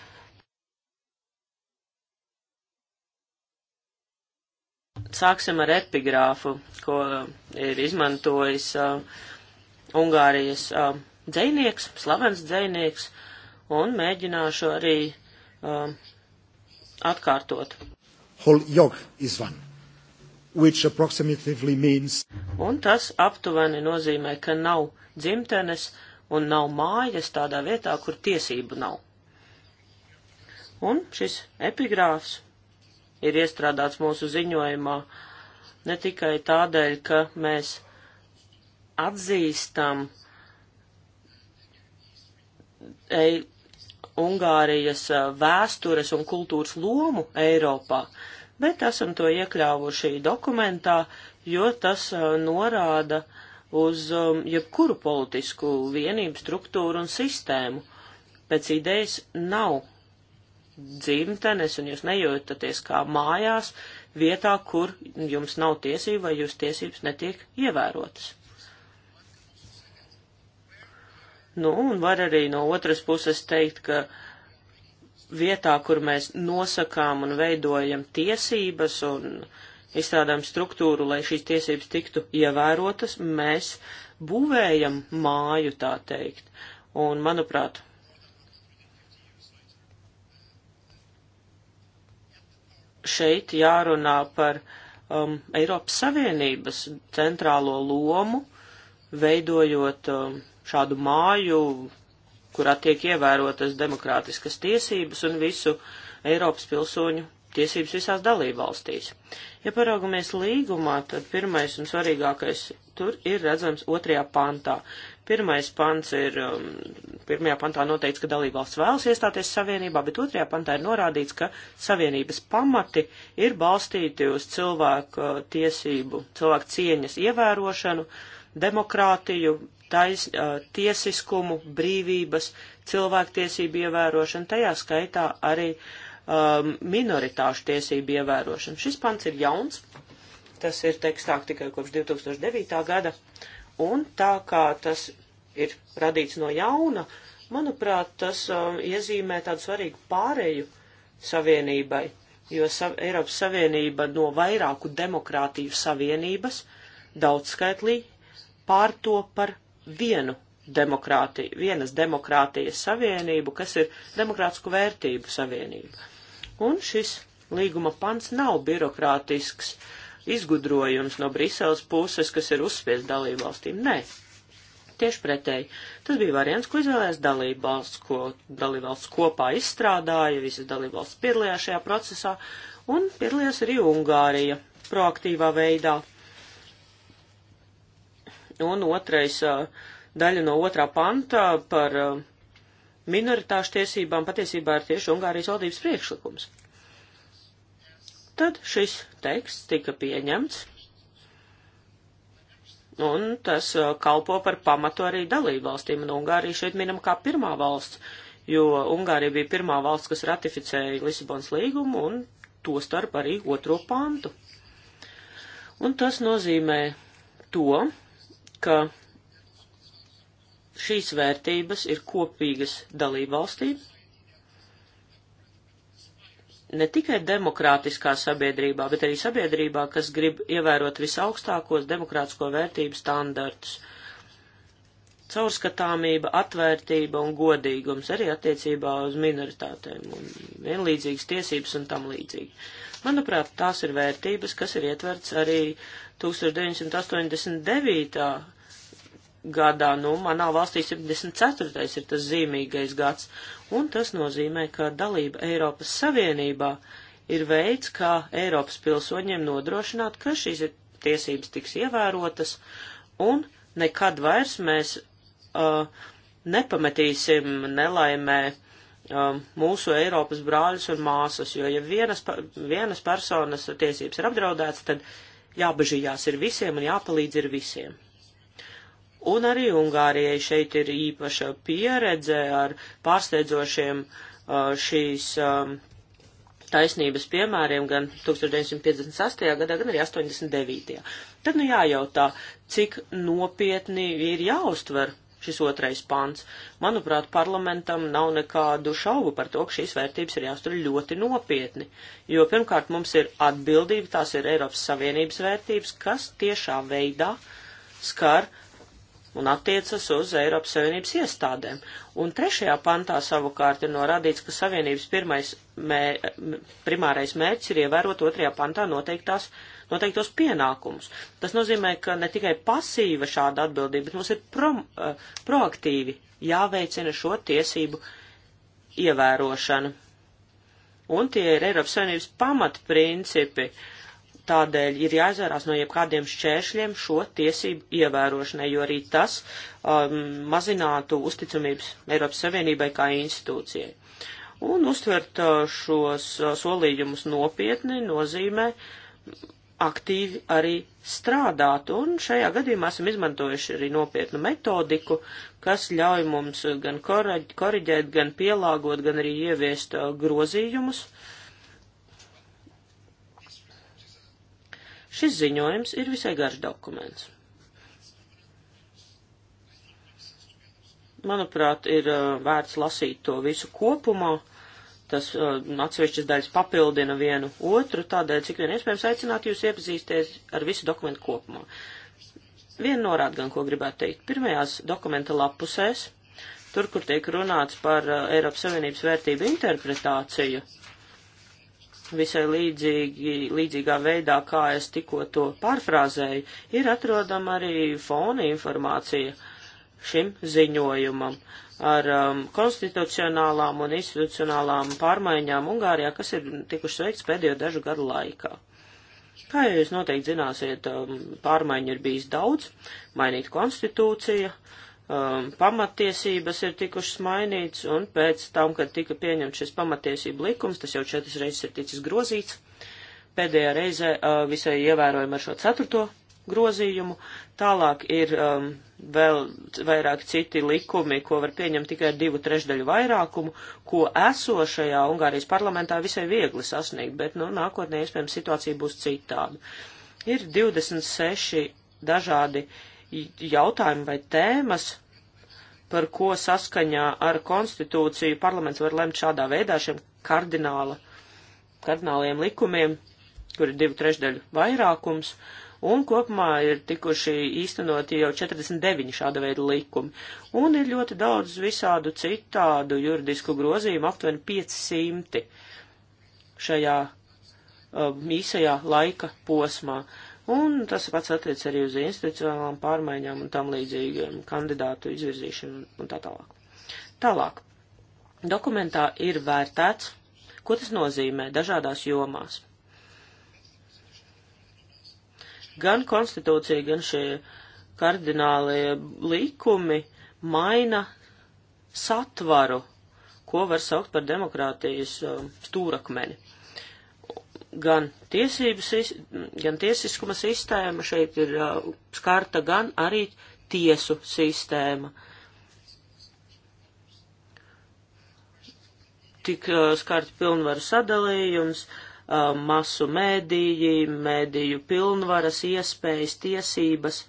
Sāksim ar epigrāfu, ko ir izmantojis uh, Ungārijas uh, dzēnieks, slavens dzēnieks, un mēģināšu arī uh, atkārtot. Hol jog izvan, which approximately means. Un tas aptuveni nozīmē, ka nav dzimtenes un nav mājas tādā vietā, kur tiesību nav. Un šis epigrāfs ir iestrādāts mūsu ziņojumā ne tikai tādēļ, ka mēs atzīstam ei, Ungārijas vēstures un kultūras lomu Eiropā, bet esam to iekļāvuši dokumentā, jo tas norāda uz jebkuru politisku vienību struktūru un sistēmu. Pēc idejas nav dzimtenes un jūs nejūtaties kā mājās vietā, kur jums nav tiesība vai jūs tiesības netiek ievērotas. Nu, un var arī no otras puses teikt, ka vietā, kur mēs nosakām un veidojam tiesības un izstrādājam struktūru, lai šīs tiesības tiktu ievērotas, mēs būvējam māju, tā teikt. Un, manuprāt, šeit jārunā par um, Eiropas Savienības centrālo lomu, veidojot um, šādu māju, kurā tiek ievērotas demokrātiskas tiesības un visu Eiropas pilsoņu tiesības visās dalībvalstīs. Ja paraugamies līgumā, tad pirmais un svarīgākais tur ir redzams otrajā pantā, Pirmais pants ir, um, pirmajā pantā noteikts, ka dalībvalsts vēlas iestāties savienībā, bet otrajā pantā ir norādīts, ka savienības pamati ir balstīti uz cilvēku uh, tiesību, cilvēku cieņas ievērošanu, demokrātiju, tais, uh, tiesiskumu, brīvības, cilvēktiesību ievērošanu, tajā skaitā arī um, minoritāšu tiesību ievērošanu. Šis pants ir jauns, tas ir tekstāk tikai kopš 2009. gada, Un tā kā tas ir radīts no jauna, manuprāt, tas um, iezīmē tādu svarīgu pāreju savienībai, jo sav Eiropas Savienība no vairāku demokrātiju savienības daudzskaitlī pārto par vienu demokrātiju, vienas demokrātijas savienību, kas ir demokrātisku vērtību savienība. Un šis līguma pants nav birokrātisks. Uh, izgudrojums no Briseles puses, kas ir uzspiest dalību valstīm. Nē, tieši pretēji. Tas bija variants, ko izvēlējās dalību valsts, ko dalību valsts kopā izstrādāja, visas dalību valsts piedalījās šajā procesā, un piedalījās arī Ungārija proaktīvā veidā. Un otrais daļa no otrā panta par minoritāšu tiesībām patiesībā ir tieši Ungārijas valdības priekšlikums. Tad šis teksts tika pieņemts, un tas uh, kalpo par pamatu arī dalībvalstīm, un Ungārija šeit minam kā pirmā valsts, jo Ungārija bija pirmā valsts, kas ratificēja Lisabons līgumu, un to starp arī otro pantu. Un tas nozīmē to, ka šīs vērtības ir kopīgas dalībvalstīm, ne tikai demokrātiskā sabiedrībā, bet arī sabiedrībā, kas grib ievērot visaugstākos demokrātisko vērtību standartus. Caurskatāmība, atvērtība un godīgums arī attiecībā uz minoritātēm un vienlīdzīgas tiesības un tam līdzīgi. Manuprāt, tās ir vērtības, kas ir ietverts arī 1989 gadā. Nu, manā valstī 74. ir tas zīmīgais gads, un tas nozīmē, ka dalība Eiropas Savienībā ir veids, kā Eiropas pilsoņiem nodrošināt, ka šīs tiesības tiks ievērotas, un nekad vairs mēs uh, nepametīsim nelaimē uh, mūsu Eiropas brāļus un māsas, jo ja vienas, vienas personas tiesības ir apdraudētas, tad jābažījās ir visiem un jāpalīdz ir visiem. Un arī Ungārijai šeit ir īpaša pieredze ar pārsteidzošiem uh, šīs um, taisnības piemēriem gan 1958. gadā, gan arī 89. Tad nu jājautā, cik nopietni ir jāuztver šis otrais pants. Manuprāt, parlamentam nav nekādu šaubu par to, ka šīs vērtības ir jāuztur ļoti nopietni, jo pirmkārt mums ir atbildība, tās ir Eiropas Savienības vērtības, kas tiešā veidā skar uh, un attiecas uz Eiropas Savienības iestādēm. Un trešajā pantā savukārt ir norādīts, ka Savienības pirmais mē, primārais mērķis ir ievērot otrajā pantā noteiktās, noteiktos pienākumus. Tas nozīmē, ka ne tikai pasīva šāda atbildība, bet mums ir pro, eh, proaktīvi jāveicina šo tiesību ievērošana. Un tie ir Eiropas Savienības pamatprincipi. Uh, Tādēļ ir jāizvērās no jebkādiem šķēršļiem šo tiesību ievērošanai, jo arī tas um, mazinātu uzticamības Eiropas Savienībai kā institūcijai. Un uztvert uh, šos uh, solījumus nopietni nozīmē aktīvi arī strādāt, un šajā gadījumā esam izmantojuši arī nopietnu metodiku, kas ļauj mums gan koriģēt, gan pielāgot, gan arī ieviest uh, grozījumus uh, Šis ziņojums ir visai garš dokuments. Manuprāt, ir uh, vērts lasīt to visu kopumā. Tas uh, atsevišķas daļas papildina vienu otru, tādēļ cik vien iespējams aicināt jūs iepazīsties ar visu dokumentu kopumā. Vienu norādu gan, ko gribētu teikt. Pirmajās dokumenta lapusēs, tur, kur tiek runāts par uh, Eiropas Savienības vērtību interpretāciju, uh, visai līdzīgi, līdzīgā veidā, kā es tikko to pārfrāzēju, ir atrodama arī fona informācija šim ziņojumam ar um, konstitucionālām un institucionālām pārmaiņām Ungārijā, kas ir tikušas veikts pēdējo dažu gadu laikā. Kā jūs noteikti zināsiet, um, pārmaiņu ir bijis daudz, mainīt konstitūcija, uh, um, pamatiesības ir tikušas mainītas, un pēc tam, kad tika pieņemts šis pamatiesību likums, tas jau četras reizes ir ticis grozīts, pēdējā reize uh, visai ievērojami ar šo ceturto grozījumu, tālāk ir um, vēl vairāk citi likumi, ko var pieņemt tikai ar divu trešdaļu vairākumu, ko esošajā Ungārijas parlamentā visai viegli sasniegt, bet, nu, nākotnē, iespējams, situācija būs citāda. Ir 26 dažādi uh, jautājumi vai tēmas, par ko saskaņā ar konstitūciju parlaments var lemt šādā veidā šiem kardināla, kardināliem likumiem, kur ir divu trešdaļu vairākums, un kopumā ir tikuši īstenoti jau 49 šāda veida likumi. Un ir ļoti daudz visādu citādu juridisku grozījumu, aptuveni 500 šajā um, īsajā laika posmā. Uh, Un tas pats attiec arī uz institucionālām pārmaiņām un tam līdzīgiem kandidātu izvirzīšanu un tā tālāk. Tālāk. Dokumentā ir vērtēts, ko tas nozīmē dažādās jomās. Gan konstitūcija, gan šie kardinālie likumi maina satvaru, ko var saukt par demokrātijas um, stūrakmeni. Um, gan, tiesības, gan tiesiskuma sistēma, šeit ir uh, skarta gan arī tiesu sistēma. Tik uh, skarta pilnvaru sadalījums, uh, masu mēdīji, mēdīju pilnvaras, iespējas, tiesības.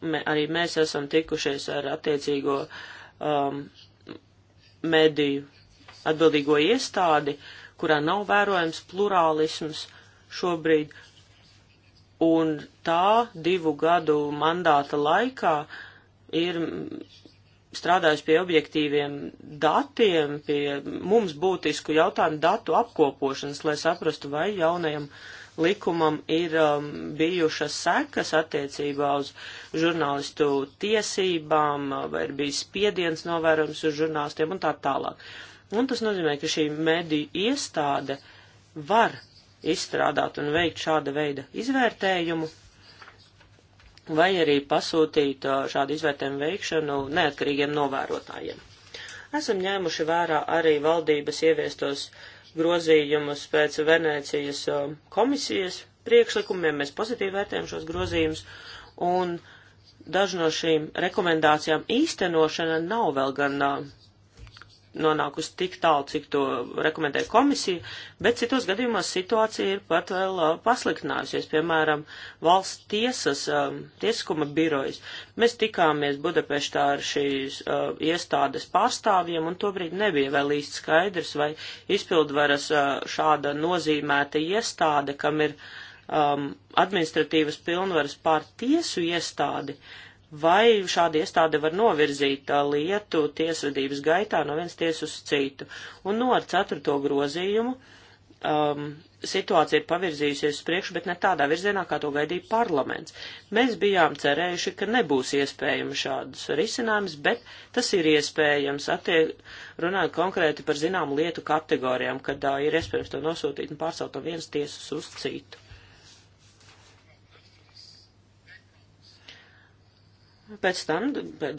Mē, arī mēs esam tikušies ar attiecīgo um, mediju atbildīgo iestādi, kurā nav vērojams plurālisms šobrīd, un tā divu gadu mandāta laikā ir strādājusi pie objektīviem datiem, pie mums būtisku jautājumu datu apkopošanas, lai saprastu, vai jaunajam uh, likumam ir um, bijušas sekas attiecībā uz žurnālistu tiesībām, uh, vai ir bijis spiediens novērojams uz žurnālistiem un tā tālāk. Un tas nozīmē, ka šī mediju iestāde var izstrādāt un veikt šāda veida izvērtējumu, vai arī pasūtīt uh, šādu izvērtējumu veikšanu neatkarīgiem novērotājiem. Esam ņēmuši vērā arī valdības ieviestos uh, grozījumus pēc Venēcijas uh, komisijas priekšlikumiem. Mēs pozitīvi vērtējam šos grozījumus, un daži no šīm rekomendācijām īstenošana nav vēl gan uh, nonākusi tik tālu, cik to rekomendē komisija, bet citos gadījumos situācija ir pat vēl uh, pasliktinājusies, piemēram, valsts tiesas, um, tiesiskuma birojas. Mēs tikāmies Budapeštā ar šīs uh, iestādes pārstāvjiem, un tobrīd nebija vēl īsti skaidrs, vai izpildvaras uh, šāda nozīmēta iestāde, kam ir um, administratīvas pilnvaras pār tiesu iestādi, uh, vai šāda iestāde var novirzīt lietu tiesvedības gaitā no vienas tiesas uz citu. Un no ar ceturto grozījumu um, situācija ir pavirzījusies uz priekšu, bet ne tādā virzienā, kā to gaidīja parlaments. Mēs bijām cerējuši, ka nebūs iespējams šādas risinājums, bet tas ir iespējams, attiek, runājot konkrēti par zinām lietu kategorijām, kad uh, ir iespējams to nosūtīt un pārcelt no vienas tiesas uz citu. Pēc tam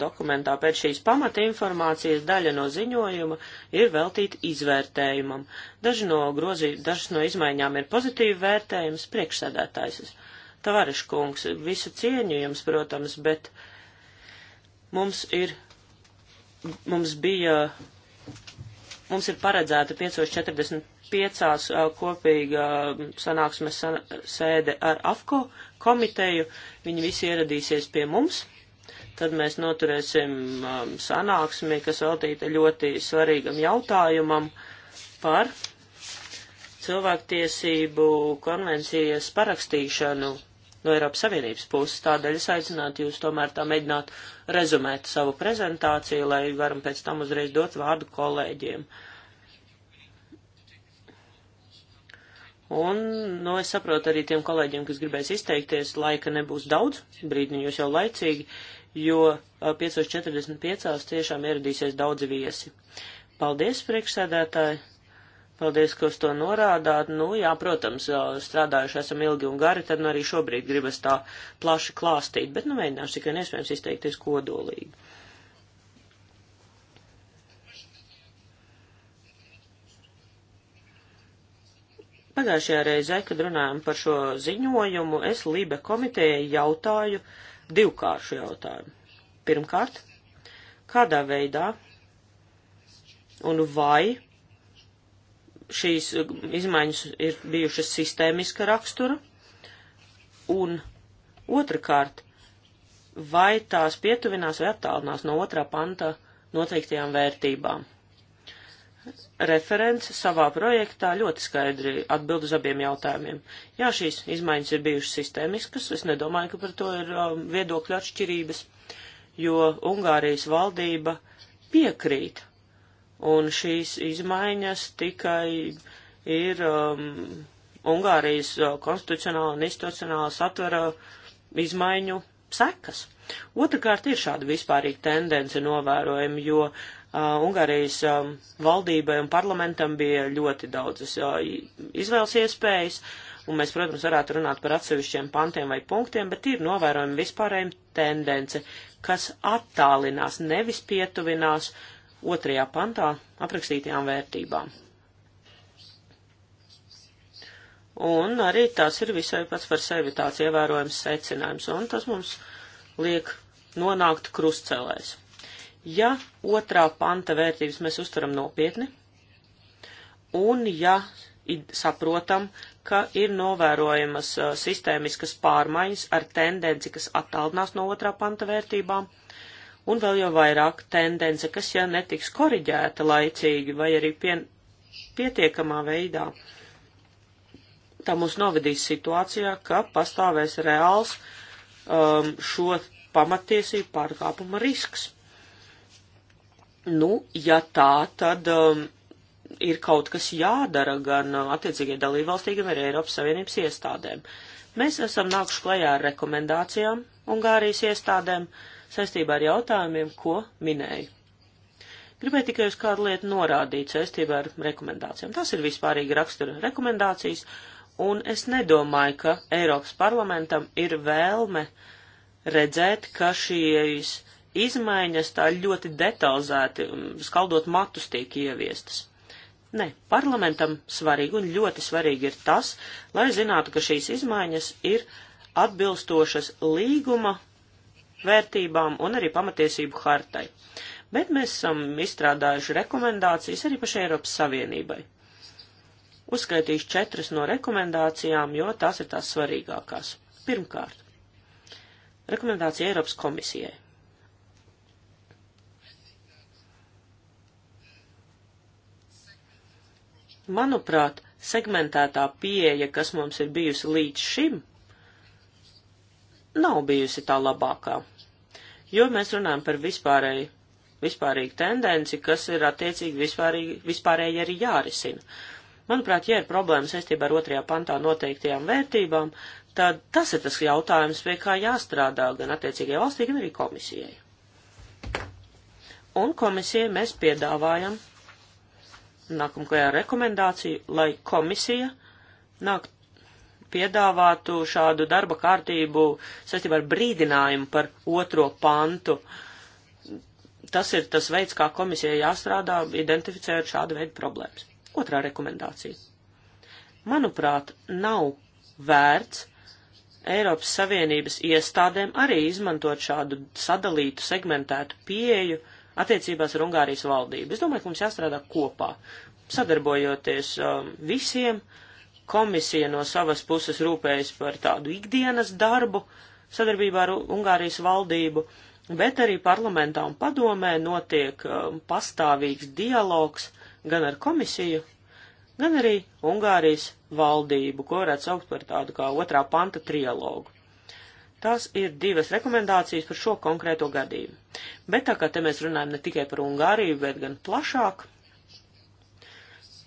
dokumentā pēc šīs pamata informācijas daļa no ziņojuma ir veltīta izvērtējumam. Daži no grozī, dažas no izmaiņām ir pozitīvi vērtējums priekšsēdētājs. Tavariš kungs, visu cieņu jums, protams, bet mums ir, mums bija, mums ir paredzēta 5.45 kopīga sanāksmes sēde ar AFKO komiteju. Viņi visi ieradīsies pie mums tad mēs noturēsim um, sanāksmi, kas veltīta ļoti svarīgam jautājumam par cilvēktiesību konvencijas parakstīšanu no Eiropas Savienības puses. Tādēļ es aicinātu jūs tomēr tā mēģināt rezumēt savu prezentāciju, lai varam pēc tam uzreiz dot vārdu kolēģiem. Un, nu, es saprotu arī tiem kolēģiem, kas gribēs izteikties, laika nebūs daudz, brīdni jūs jau laicīgi jo 5.45 tiešām ieradīsies daudzi viesi. Paldies, priekšsēdētāji! Paldies, ka uz to norādāt. Nu, jā, protams, strādājuši esam ilgi un gari, tad nu arī šobrīd gribas tā plaši klāstīt, bet nu mēģināšu tikai neiespējams izteikties kodolīgi. Pagājušajā reizē, kad runājām par šo ziņojumu, es Lībe komiteja jautāju, uh, divkāršu jautājumu. Pirmkārt, kādā veidā un vai šīs izmaiņas ir bijušas sistēmiska rakstura, un otrkārt, vai tās pietuvinās vai attālinās no otrā panta noteiktajām vērtībām referents savā projektā ļoti skaidri atbild uz abiem jautājumiem. Jā, šīs izmaiņas ir bijušas sistēmiskas, es nedomāju, ka par to ir um, viedokļu atšķirības, jo Ungārijas valdība piekrīt, un šīs izmaiņas tikai ir um, Ungārijas uh, konstitucionāla un institucionāla satvera izmaiņu sekas. Otrakārt ir šāda vispārīga tendence novērojama, jo uh, Uh, Ungārijas um, valdībai un parlamentam bija ļoti daudzas uh, izvēles iespējas, un mēs, protams, varētu runāt par atsevišķiem pantiem vai punktiem, bet ir novērojama vispārējiem tendence, kas attālinās, nevis pietuvinās otrajā pantā aprakstītajām vērtībām. Un arī tas ir visai pats par sevi tāds ievērojams secinājums, un tas mums liek nonākt krustcelēs ja otrā panta vērtības mēs uztveram nopietni un ja saprotam, ka ir novērojamas uh, sistēmiskas pārmaiņas ar tendenci, kas attālinās no otrā panta vērtībām, un vēl jau vairāk tendence, kas ja netiks koriģēta laicīgi vai arī pie, pietiekamā veidā, tā mūs novedīs situācijā, ka pastāvēs reāls um, šo pamatiesību pārkāpuma risks. Nu, ja tā, tad um, ir kaut kas jādara gan uh, attiecīgajai dalībvalstī, gan arī Eiropas Savienības iestādēm. Mēs esam nākuši klajā ar rekomendācijām Ungārijas iestādēm saistībā ar jautājumiem, ko minēju. Gribēju tikai uz kādu lietu norādīt saistībā ar rekomendācijām. Tas ir vispārīgi rakstura rekomendācijas, un es nedomāju, ka Eiropas parlamentam ir vēlme redzēt, ka šīs izmaiņas tā ļoti detalizēti, mm, skaldot matus, tiek ieviestas. Nē, parlamentam svarīgi un ļoti svarīgi ir tas, lai zinātu, ka šīs izmaiņas ir atbilstošas līguma vērtībām un arī pamatiesību hartai. Bet mēs esam izstrādājuši rekomendācijas arī pašai Eiropas Savienībai. Uzskaitīšu četras no rekomendācijām, jo tās ir tās svarīgākās. Pirmkārt, rekomendācija Eiropas komisijai. Manuprāt, segmentētā pieeja, kas mums ir bijusi līdz šim, nav bijusi tā labākā, jo mēs runājam par vispārēju, vispārīgu tendenci, kas ir attiecīgi vispārīgi, vispārēji arī jārisina. Manuprāt, ja ir problēma saistībā ar otrajā pantā noteiktajām vērtībām, tad tas ir tas jautājums, pie kā jāstrādā gan attiecīgajai valstī, gan arī komisijai. Un komisijai mēs piedāvājam nākam klajā rekomendāciju, lai komisija nāk piedāvātu šādu darba kārtību saistībā ar brīdinājumu par otro pantu. Tas ir tas veids, kā komisijai jāstrādā, identificējot šādu veidu problēmas. Otrā rekomendācija. Manuprāt, nav vērts Eiropas Savienības iestādēm arī izmantot šādu sadalītu, segmentētu pieeju uh, attiecībās ar Ungārijas valdību. Es domāju, ka mums jāstrādā kopā, sadarbojoties um, visiem. Komisija no savas puses rūpējas par tādu ikdienas darbu sadarbībā ar Ungārijas valdību, bet arī parlamentā un padomē notiek um, pastāvīgs dialogs gan ar komisiju, gan arī Ungārijas valdību, ko varētu saukt par tādu kā otrā panta trialogu. Tās ir divas rekomendācijas par šo konkrēto gadījumu. Bet tā kā te mēs runājam ne tikai par Ungāriju, bet gan plašāk,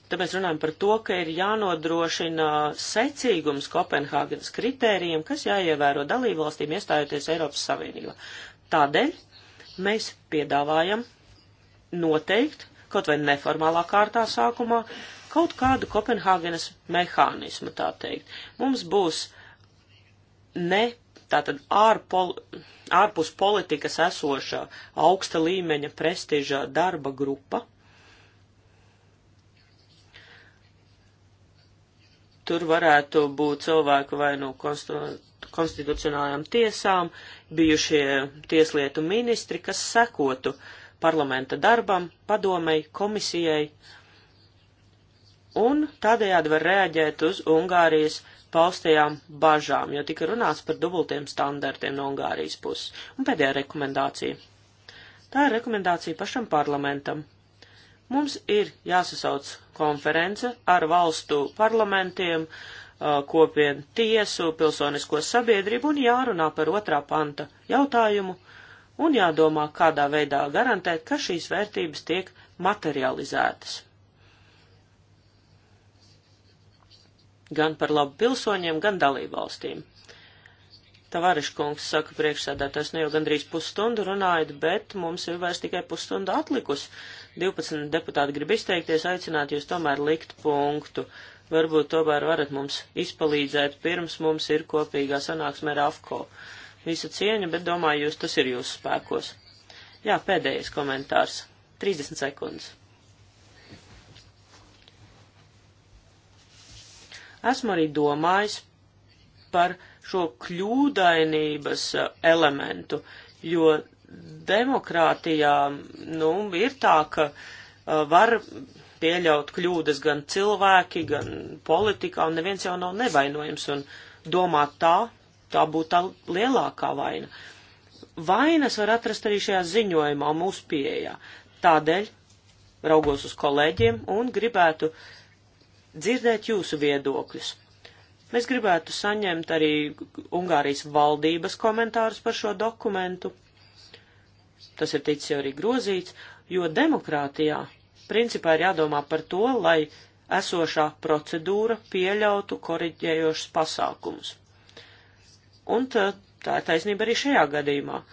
te mēs runājam par to, ka ir jānodrošina secīgums Kopenhāgenes kritērijiem, kas jāievēro dalībvalstīm iestājoties Eiropas Savienībā. Tādēļ mēs piedāvājam noteikt, kaut vai neformālā kārtā sākumā, kaut kādu Kopenhāgenes mehānismu, tā teikt. Mums būs ne tātad ārpol, ārpus politikas esošā augsta līmeņa prestižā darba grupa. Tur varētu būt cilvēki vai no konstitucionālajām tiesām, bijušie tieslietu ministri, kas sekotu parlamenta darbam, padomei, komisijai, un tādējādi var rēģēt uz Ungārijas paustajām bažām, jo tika runāts par dubultiem standartiem no Ungārijas puses. Un pēdējā rekomendācija. Tā ir rekomendācija pašam parlamentam. Mums ir jāsasauc konference ar valstu parlamentiem, kopienu tiesu, pilsonisko sabiedrību un jārunā par otrā panta jautājumu un jādomā, kādā veidā garantēt, ka šīs vērtības tiek materializētas. gan par labu pilsoņiem, gan dalībvalstīm. Tavareškungs saka priekšsēdētājs, nu jau gandrīz pusstundu runājat, bet mums ir vairs tikai pusstunda atlikus. 12 deputāti grib izteikties, aicināt jūs tomēr likt punktu. Varbūt tomēr varat mums izpalīdzēt, pirms mums ir kopīgā sanāksme ar AFCO. Visa cieņa, bet domāju, jūs tas ir jūsu spēkos. Jā, pēdējais komentārs. 30 sekundes. Esmu arī domājis par šo kļūdainības e, elementu, jo demokrātijā, nu, ir tā, ka e, var pieļaut kļūdas gan cilvēki, gan politikā, un neviens jau nav nevainojams, un domāt tā, tā būtu tā lielākā vaina. Vainas var atrast arī šajā ziņojumā mūsu pieejā. Tādēļ raugos uz kolēģiem un gribētu uh, dzirdēt jūsu viedokļus. Mēs gribētu saņemt arī Ungārijas valdības komentārus par šo dokumentu. Tas ir ticis jau arī grozīts, jo demokrātijā principā ir jādomā par to, lai esošā procedūra pieļautu koriģējošus pasākumus. Un tā ir taisnība arī šajā gadījumā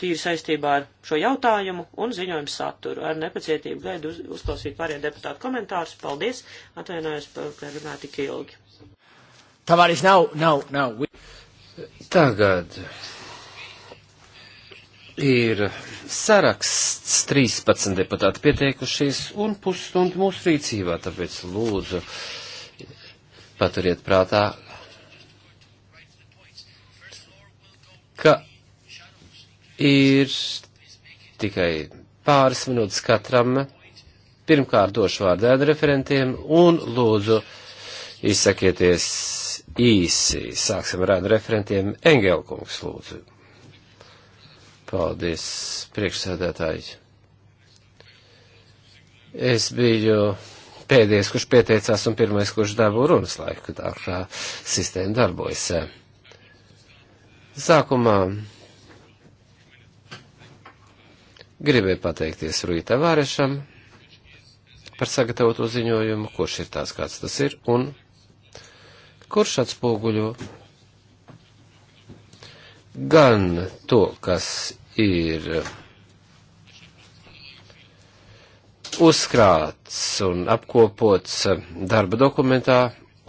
tīri saistībā ar šo jautājumu un ziņojumu saturu. Ar nepacietību gaidu uz, uzklausīt pārējie deputāti komentārus. Paldies! Atvainojos, ka runāju tik ilgi. Tavāris nav, nav, nav. Tagad ir saraksts 13 deputāti pieteikušies un pusstundu mūsu rīcībā, tāpēc lūdzu paturiet prātā, ka ir tikai pāris minūtes katram. Pirmkārt došu vārdu ēdu referentiem un lūdzu izsakieties īsi. Sāksim ar ēdu referentiem. Engelkungs lūdzu. Paldies, priekšsēdētāji. Es biju pēdējais, kurš pieteicās un pirmais, kurš dabū runas laiku, tā kā sistēma darbojas. Sākumā Gribēju pateikties Rītā Vārešam par sagatavoto ziņojumu, kurš ir tās, kāds tas ir, un kurš atspoguļo gan to, kas ir uzkrāts un apkopots darba dokumentā,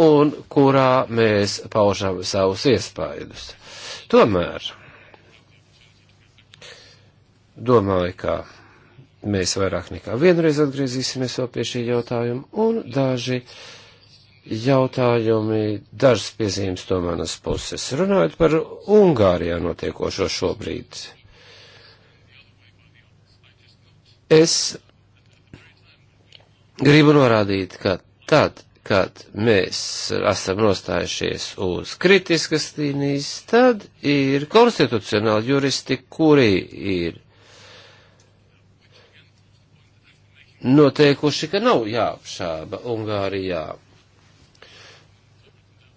un kurā mēs paužam savus iespaidus. Tomēr domāju, ka mēs vairāk nekā vienreiz atgriezīsimies vēl pie šī jautājuma, un daži jautājumi, dažas piezīmes no manas puses. Runājot par Ungārijā notiekošo šobrīd. Es gribu norādīt, ka tad, kad mēs esam nostājušies uz kritiskas līnijas, tad ir konstitucionāli juristi, kuri ir noteikuši, ka nav jāapšāba Ungārijā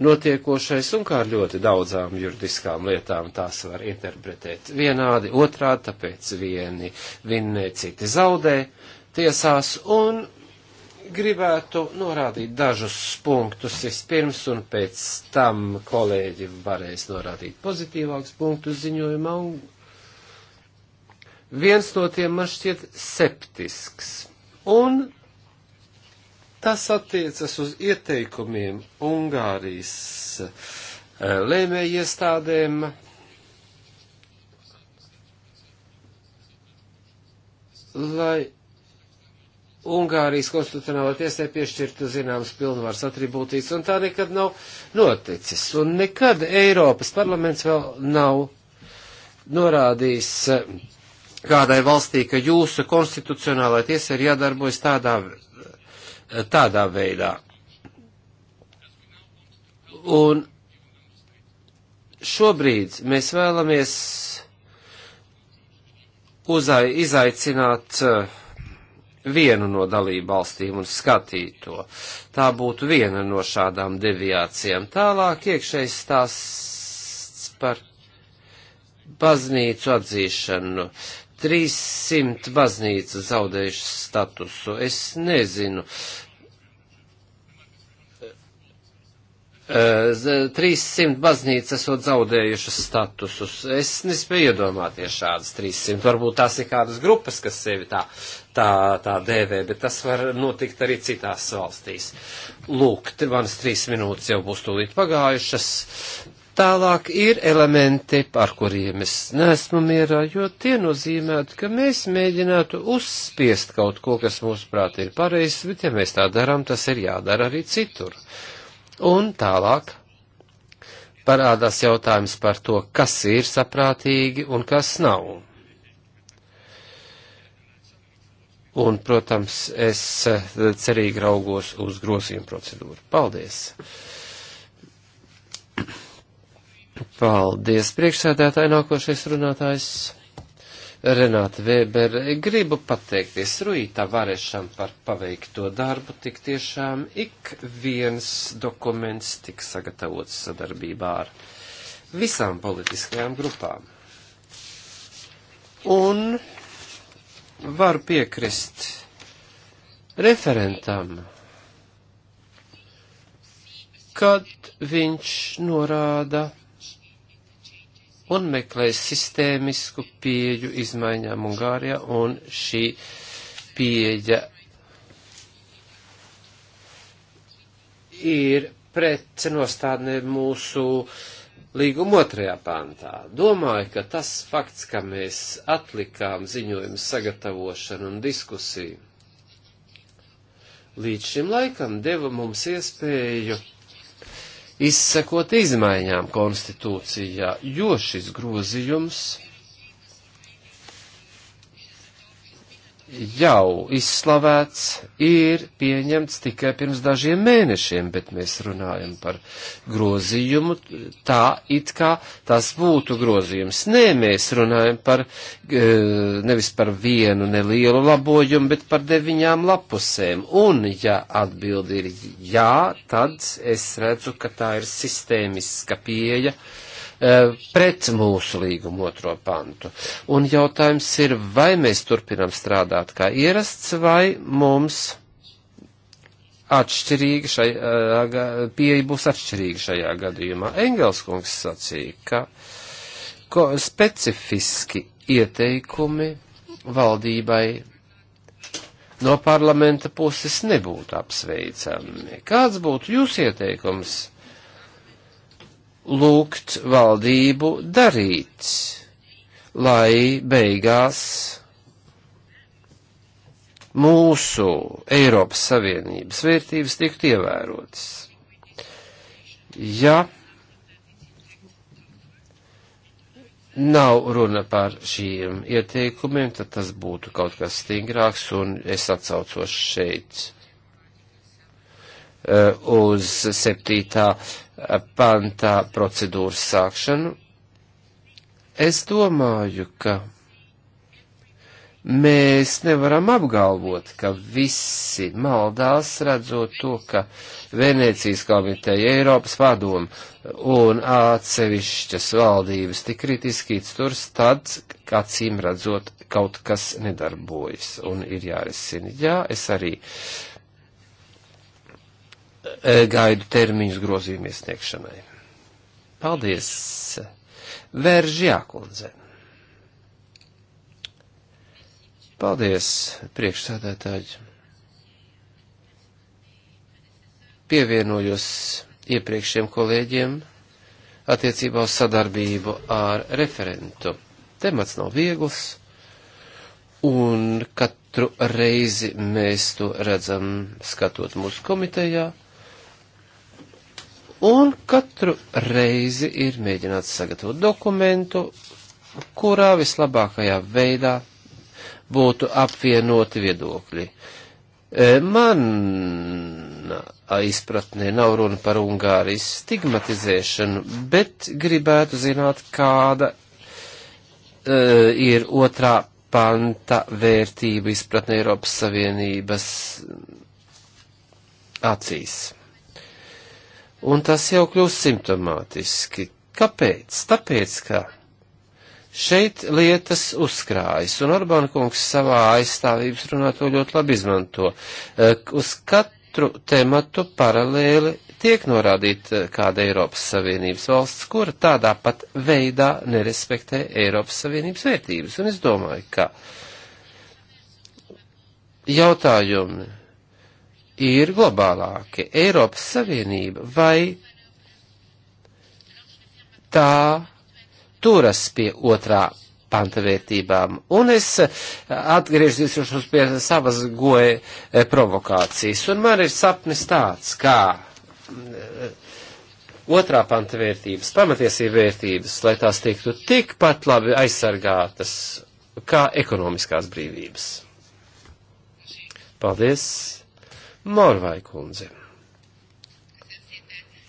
notiekošais un kā ar ļoti daudzām juridiskām lietām tās var interpretēt vienādi, otrādi, tāpēc vieni vinnē, citi zaudē tiesās un gribētu norādīt dažus punktus vispirms un pēc tam kolēģi varēs norādīt pozitīvākus punktus ziņojumā un viens no tiem man šķiet septisks Un tas attiecas uz ieteikumiem Ungārijas eh, lēmēji iestādēm. Lai Ungārijas konstitucionālā tiesē piešķirtu zināmas pilnvaras atribūtīs, un tā nekad nav noticis. Un nekad Eiropas parlaments vēl nav norādījis eh, kādai valstī, ka jūsu konstitucionālai tiesa ir jādarbojas tādā, tādā veidā. Un šobrīd mēs vēlamies uzai, izaicināt eh, vienu no dalību valstīm un skatīt to. Tā būtu viena no šādām deviācijām. Tālāk iekšējais stāsts par baznīcu atzīšanu. 300 baznīcas zaudējušas statusu. Es nezinu. 300 eh, baznīcas esot zaudējušas statusus. Es nespēju iedomāties šādas 300. Varbūt tās ir kādas grupas, kas sevi tā, tā, tā dēvē, bet tas var notikt arī citās valstīs. Lūk, manas trīs minūtes jau būs tūlīt pagājušas. Tālāk ir elementi, par kuriem es nesmu mierā, jo tie nozīmētu, ka mēs mēģinātu uzspiest kaut ko, kas mūsuprāt ir pareizs, bet ja mēs tā darām, tas ir jādara arī citur. Un tālāk parādās jautājums par to, kas ir saprātīgi un kas nav. Un, protams, es cerīgi raugos uz grozījumu procedūru. Paldies! Paldies, priekšsēdētāji, nākošais runātājs. Renāta Vēber, gribu pateikties Ruītā Varešam par paveikto darbu, tik tiešām ik viens dokuments tik sagatavots sadarbībā ar visām politiskajām grupām. Un varu piekrist referentam, kad viņš norāda un meklēs sistēmisku pieju izmaiņām Ungārijā, un šī pieeja ir pret nostādnē mūsu līguma otrajā pāntā. Domāju, ka tas fakts, ka mēs atlikām ziņojumu sagatavošanu un diskusiju, līdz šim laikam deva mums iespēju izsekot izmaiņām konstitūcijā, jo šis grozījums jau izslavēts, ir pieņemts tikai pirms dažiem mēnešiem, bet mēs runājam par grozījumu, tā it kā tas būtu grozījums. Nē, mēs runājam par e, nevis par vienu nelielu labojumu, bet par deviņām lapusēm. Un, ja atbildi ir jā, tad es redzu, ka tā ir sistēmiska pieeja. Uh, Eh, pret mūsu līgumu otro pantu. Un jautājums ir, vai mēs turpinam strādāt kā ierasts, vai mums atšķirīgi šai, eh, pieeja būs atšķirīga šajā gadījumā. Engelskungs sacīja, ka ko, specifiski ieteikumi valdībai no parlamenta puses nebūtu apsveicami. Kāds būtu jūs ieteikums? lūgt valdību darīt, lai beigās mūsu Eiropas Savienības vērtības tiktu ievērotas. Ja nav runa par šiem ieteikumiem, tad tas būtu kaut kas stingrāks, un es atsaucos šeit uh, uz septītā pantā procedūras sākšanu. Es domāju, ka mēs nevaram apgalvot, ka visi maldās redzot to, ka Venecijas komiteja, Eiropas padomu un atsevišķas valdības tik kritiski izturs tad, kā cīm redzot, kaut kas nedarbojas un ir jārisina. Jā, es arī uh, gaidu termiņus grozījumu iesniegšanai. Paldies, Vēržjā kundze. Paldies, priekšsēdētāji. Pievienojos iepriekšiem kolēģiem attiecībā uz sadarbību ar referentu. Temats nav viegls, un katru reizi mēs to redzam, skatot mūsu komitejā Un katru reizi ir mēģināts sagatavot dokumentu, kurā vislabākajā veidā būtu apvienoti viedokļi. E, Manā izpratnē nav runa par Ungārijas stigmatizēšanu, bet gribētu zināt, kāda uh, ir otrā panta vērtība izpratnē Eiropas Savienības acīs. Un tas jau kļūst simptomātiski. Kāpēc? Tāpēc, ka šeit lietas uzkrājas, un Orbán kungs savā aizstāvības runā to ļoti labi izmanto. Eh, uz katru tematu paralēli tiek norādīta eh, kāda Eiropas Savienības valsts, kura tādā pat veidā nerespektē Eiropas Savienības vērtības. Un es domāju, ka jautājumi ir globālāki. Eiropas Savienība vai tā turas pie otrā panta vērtībām. Un es atgriežos pie savas goja e, provokācijas. Un man ir sapnis tāds, kā e, otrā panta vērtības, pamatiesība vērtības, lai tās tiktu tikpat labi aizsargātas kā ekonomiskās brīvības. Paldies! Morvai kundze.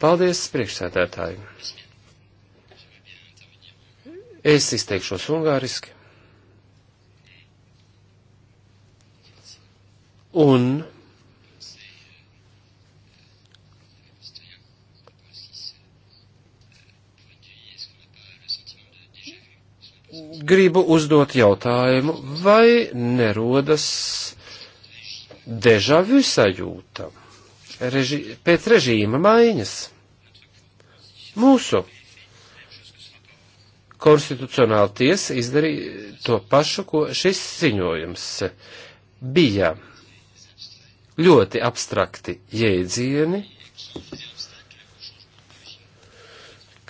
Paldies, priekšsēdētāji. Es izteikšos ungāriski. Un gribu uzdot jautājumu, vai nerodas dežavu sajūta reži, pēc režīma maiņas. Mūsu konstitucionāla tiesa izdarīja to pašu, ko šis ziņojums bija ļoti abstrakti jēdzieni,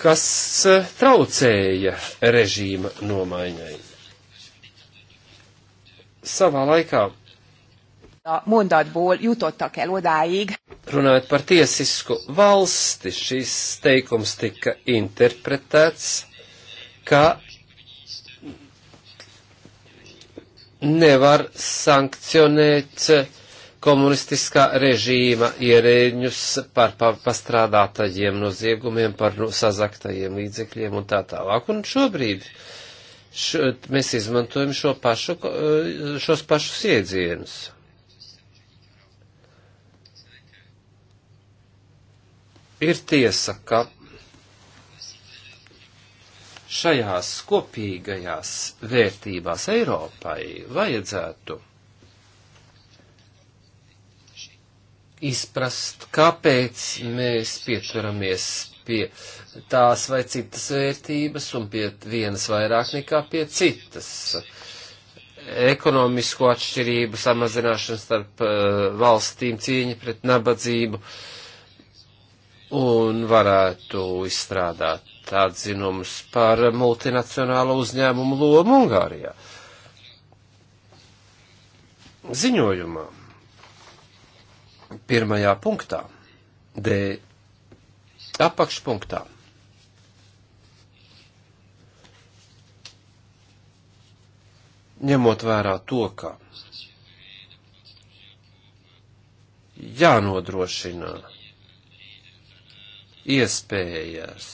kas e, traucēja režīma nomaiņai. Savā laikā a mondatból jutottak el odáig. Runājot par tiesisku valsti, šis teikums tika interpretēts, ka nevar sankcionēt komunistiskā režīma ierēģus par pastrādātajiem noziegumiem, par nu, sazaktajiem līdzekļiem un tā tālāk. Un šobrīd šo, mēs izmantojam šo pašu, šos pašus iedzienus. Ir tiesa, ka šajās kopīgajās vērtībās Eiropai vajadzētu izprast, kāpēc mēs pieturamies pie tās vai citas vērtības un pie vienas vairāk nekā pie citas. Ekonomisko atšķirību samazināšana starp uh, valstīm, cīņa pret nabadzību, uh, un varētu izstrādāt atzinumus par multinacionālo uzņēmumu lomu Ungārijā. Ziņojumā pirmajā punktā, D apakšpunktā. Ņemot vērā to, ka jānodrošina iespējas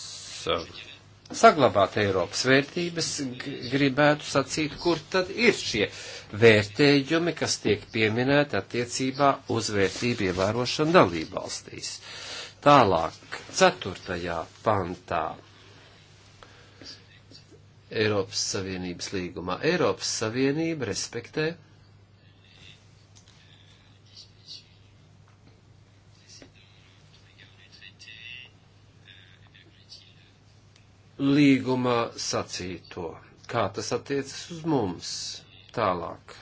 saglabāt Eiropas vērtības, gribētu sacīt, kur tad ir šie vērtējumi, kas tiek pieminēti attiecībā uz vērtību ievērošanu dalībvalstīs. Tālāk, ceturtajā pantā. Eiropas Savienības līgumā. Eiropas Savienība respektē līgumā sacīto. Kā tas attiecas uz mums tālāk?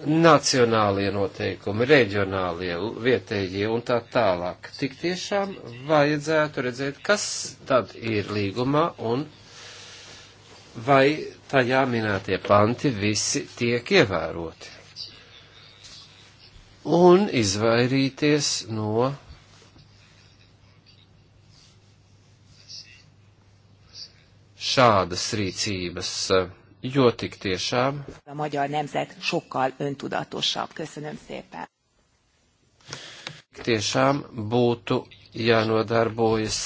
nacionālie noteikumi, reģionālie, vietējie un tā tālāk. Tik tiešām vajadzētu redzēt, kas tad ir līgumā un vai tajā minētie panti visi tiek ievēroti. Un izvairīties no šādas rīcības, jo tik tiešām. A magyar nemzet sokkal öntudatosabb. Köszönöm szépen. Tiešām būtu jānodarbojas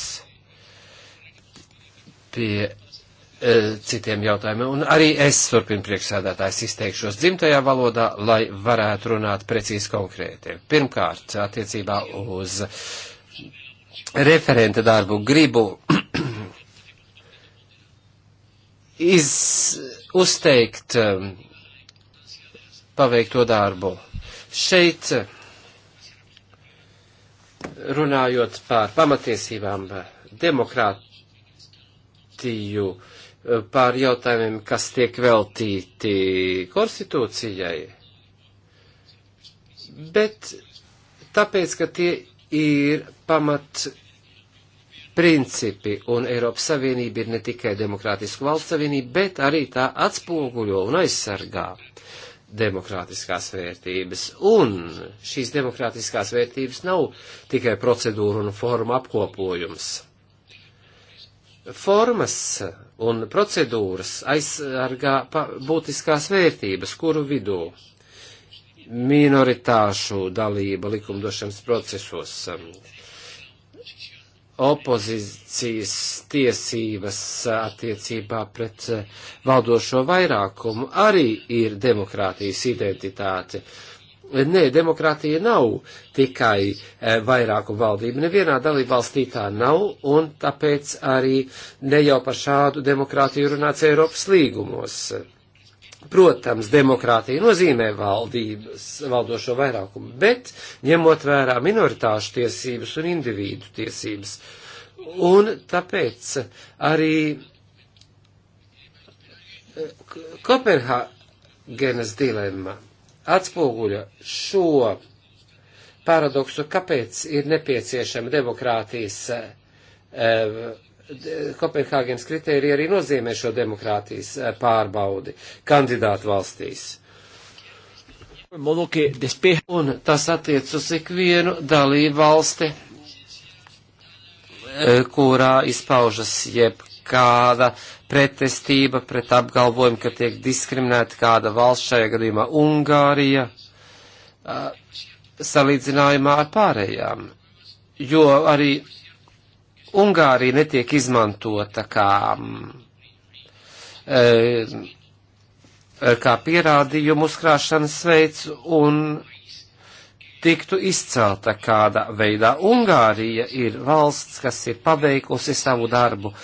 pie e, citiem jautājumiem. Un arī es, turpin priekšsēdētājs, izteikšos dzimtajā valodā, lai varētu runāt precīzi konkrēti. Pirmkārt, attiecībā uz referenta darbu gribu iz, uzteikt um, paveikto darbu. Šeit runājot par pamatiesībām, demokrātiju, par jautājumiem, kas tiek veltīti konstitūcijai, bet tāpēc, ka tie ir pamat principi, un Eiropas Savienība ir ne tikai demokrātiska valsts savienība, bet arī tā atspoguļo un aizsargā demokrātiskās vērtības. Un šīs demokrātiskās vērtības nav tikai procedūra un forma apkopojums. Formas un procedūras aizsargā būtiskās vērtības, kuru vidū minoritāšu dalība likumdošanas procesos, um, opozīcijas tiesības attiecībā pret eh, valdošo vairākumu arī ir demokrātijas identitāte. Nē, demokrātija nav tikai eh, vairāku valdību. Nevienā dalībvalstī tā nav, un tāpēc arī ne jau par šādu demokrātiju runāts Eiropas līgumos. Protams, demokrātija nozīmē valdības, valdošo vairākumu, bet ņemot vērā minoritāšu tiesības un individu tiesības. Un tāpēc arī eh, Kopenhāgenes dilemma atspoguļo šo paradoksu, kāpēc ir nepieciešama demokrātijas eh, Kopenhāgenes kritērija arī nozīmē šo demokrātijas eh, pārbaudi kandidātu valstīs. Un tas attiec uz ikvienu dalību valsti, eh, kurā izpaužas jebkāda pretestība pret apgalvojumu, ka tiek diskriminēta kāda valsts, šajā gadījumā Ungārija, eh, salīdzinājumā ar pārējām. Jo arī Ungārija netiek izmantota kā, e, kā pierādījumu uzkrāšanas veids un tiktu izcelta kādā veidā. Ungārija ir valsts, kas ir paveikusi savu darbu,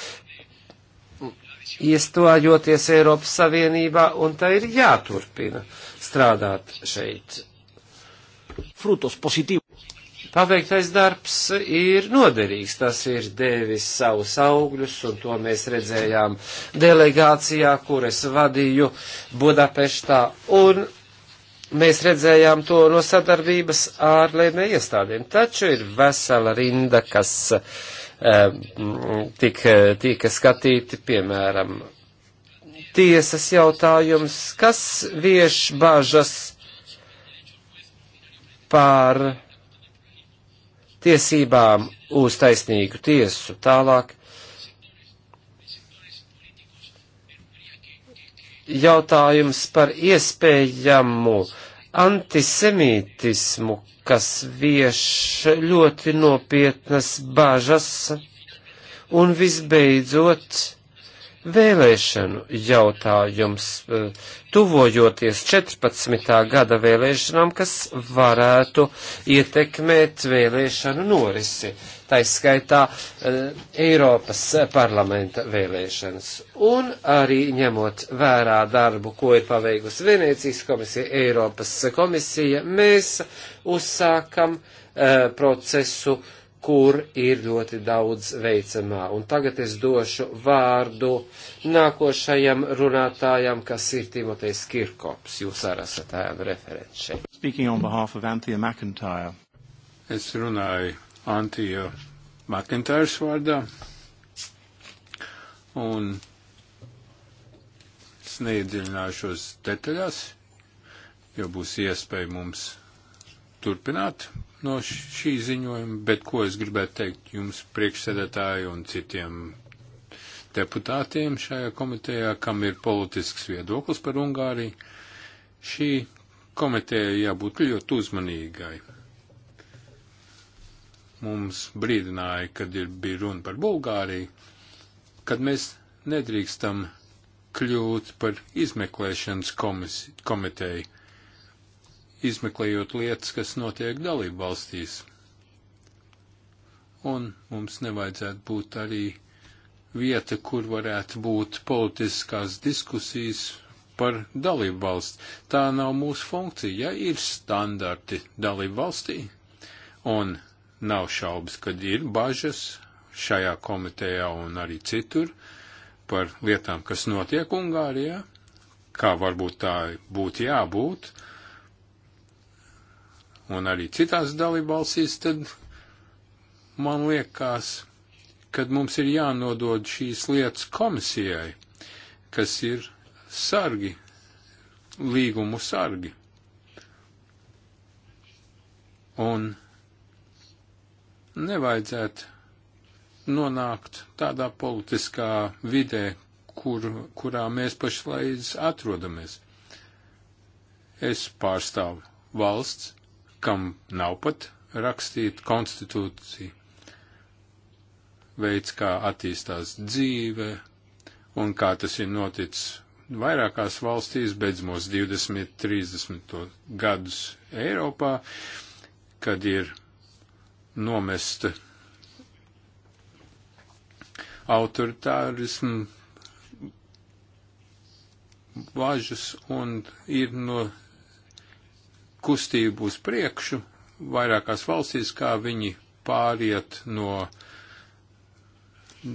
iestājoties Eiropas Savienībā, un tā ir jāturpina strādāt šeit. Frutos pozitīvi. Paveiktais darbs ir noderīgs, tas ir devis savus augļus, un to mēs redzējām delegācijā, kur es vadīju Budapeštā, un mēs redzējām to no sadarbības ar lēmē iestādēm. Taču ir vesela rinda, kas eh, tika, tika skatīti, piemēram, tiesas jautājums, kas vieš bažas par tiesībām uz taisnīgu tiesu tālāk. Jautājums par iespējamu antisemītismu, kas vieš ļoti nopietnas bažas, un visbeidzot, Vēlēšanu jautājums, eh, tuvojoties 14. gada vēlēšanām, kas varētu ietekmēt vēlēšanu norisi, tā izskaitā eh, Eiropas parlamenta vēlēšanas. Un arī ņemot vērā darbu, ko ir paveikusi Venēcijas komisija, Eiropas komisija, mēs uzsākam uh, procesu uh, kur ir ļoti daudz veicamā. Un tagad es došu vārdu nākošajam runātājam, kas ir Timotejs Kirkops. Jūs arī esat ēnu referents šeit. Es runāju Antija Makintājas vārdā un es neiedziļināšos detaļās, jo būs iespēja mums turpināt no šī ziņojuma, bet ko es gribētu teikt jums priekšsēdētāju un citiem deputātiem šajā komitejā, kam ir politisks viedoklis par Ungāriju, šī komiteja jābūt ļoti uzmanīgai. Mums brīdināja, kad ir, bija runa par Bulgāriju, kad mēs nedrīkstam kļūt par izmeklēšanas komiteju izmeklējot lietas, kas notiek dalību valstīs. Un mums nevajadzētu būt arī vieta, kur varētu būt politiskās diskusijas par dalību valsts. Tā nav mūsu funkcija. Ja ir standarti dalību valstī, un nav šaubas, kad ir bažas šajā komitejā un arī citur par lietām, kas notiek Ungārijā, kā varbūt tā būtu jābūt, un arī citās dalībvalstīs, tad man liekas, ka mums ir jānodod šīs lietas komisijai, kas ir sargi, līgumu sargi. Un nevajadzētu nonākt tādā politiskā vidē, kur, kurā mēs pašlaik atrodamies. Es pārstāvu valsts, kam nav pat rakstīta konstitūcija, veids, kā attīstās dzīve un kā tas ir noticis vairākās valstīs, beidzamos 20, 30 gadus Eiropā, kad ir nomesta autoritārismu važas un ir no kustību uz priekšu vairākās valstīs, kā viņi pāriet no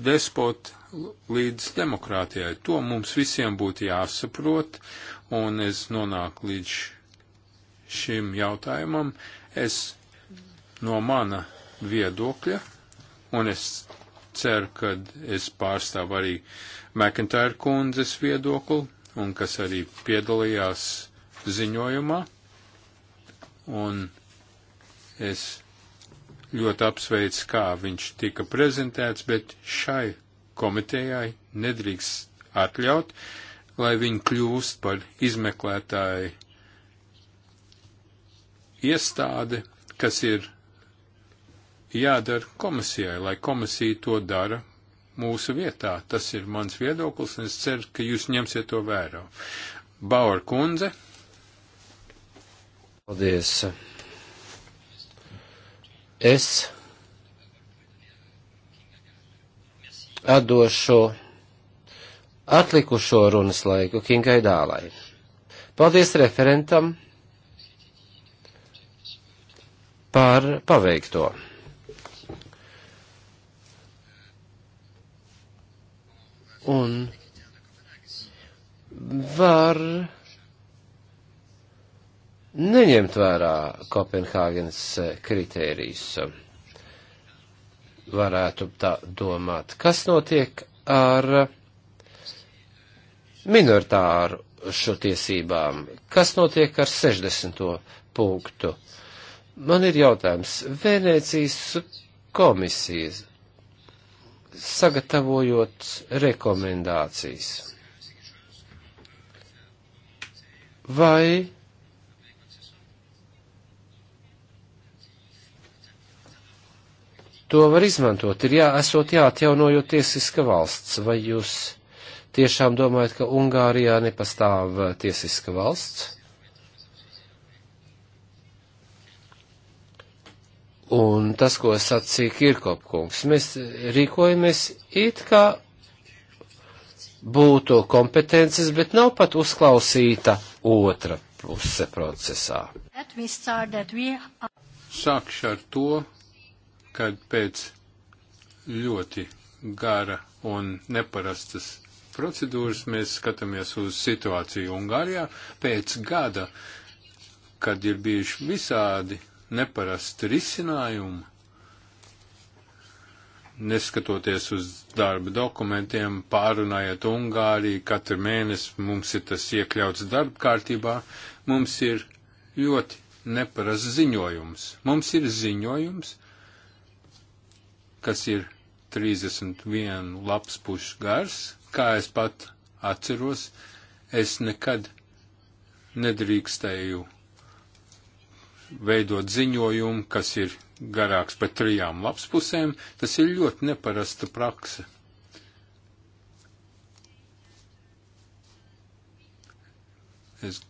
despot līdz demokrātijai. To mums visiem būtu jāsaprot, un es nonāku līdz šim jautājumam. Es no mana viedokļa, un es ceru, ka es pārstāvu arī McIntyre kundzes viedokli, un kas arī piedalījās ziņojumā un es ļoti apsveicu, kā viņš tika prezentēts, bet šai komitejai nedrīkst atļaut, lai viņi kļūst par izmeklētāju iestādi, kas ir jādara komisijai, lai komisija to dara mūsu vietā. Tas ir mans viedoklis, un es ceru, ka jūs ņemsiet to vērā. Bauer kundze. Paldies. Es atdošu atlikušo runas laiku Kingai Dālai. Paldies referentam par paveikto. Un var neņemt vērā Kopenhāgenes eh, kritērijus. Varētu tā domāt, kas notiek ar minoritāru šo tiesībām, kas notiek ar 60. punktu. Man ir jautājums, Vēnēcijas komisijas sagatavojot rekomendācijas. Vai to var izmantot. Ir jā, esot jāatjaunojot tiesiska valsts, vai jūs tiešām domājat, ka Ungārijā nepastāv eh, tiesiska valsts? Un tas, ko sacīja Kirkopkungs, mēs rīkojamies it kā būtu kompetences, bet nav pat uzklausīta otra puse procesā. Sākšu ar to, kad pēc ļoti gara un neparastas procedūras mēs skatāmies uz situāciju Ungārijā pēc gada, kad ir bijuši visādi neparasti risinājumi, neskatoties uz darba dokumentiem, pārunājiet Ungāriju, katru mēnesi mums ir tas iekļauts darba kārtībā, mums ir ļoti neparasts ziņojums. Mums ir ziņojums, kas ir 31 lapas pušs gars, kā es pat atceros, es nekad nedrīkstēju veidot ziņojumu, kas ir garāks par trijām lapspusēm, tas ir ļoti neparasta prakse. Es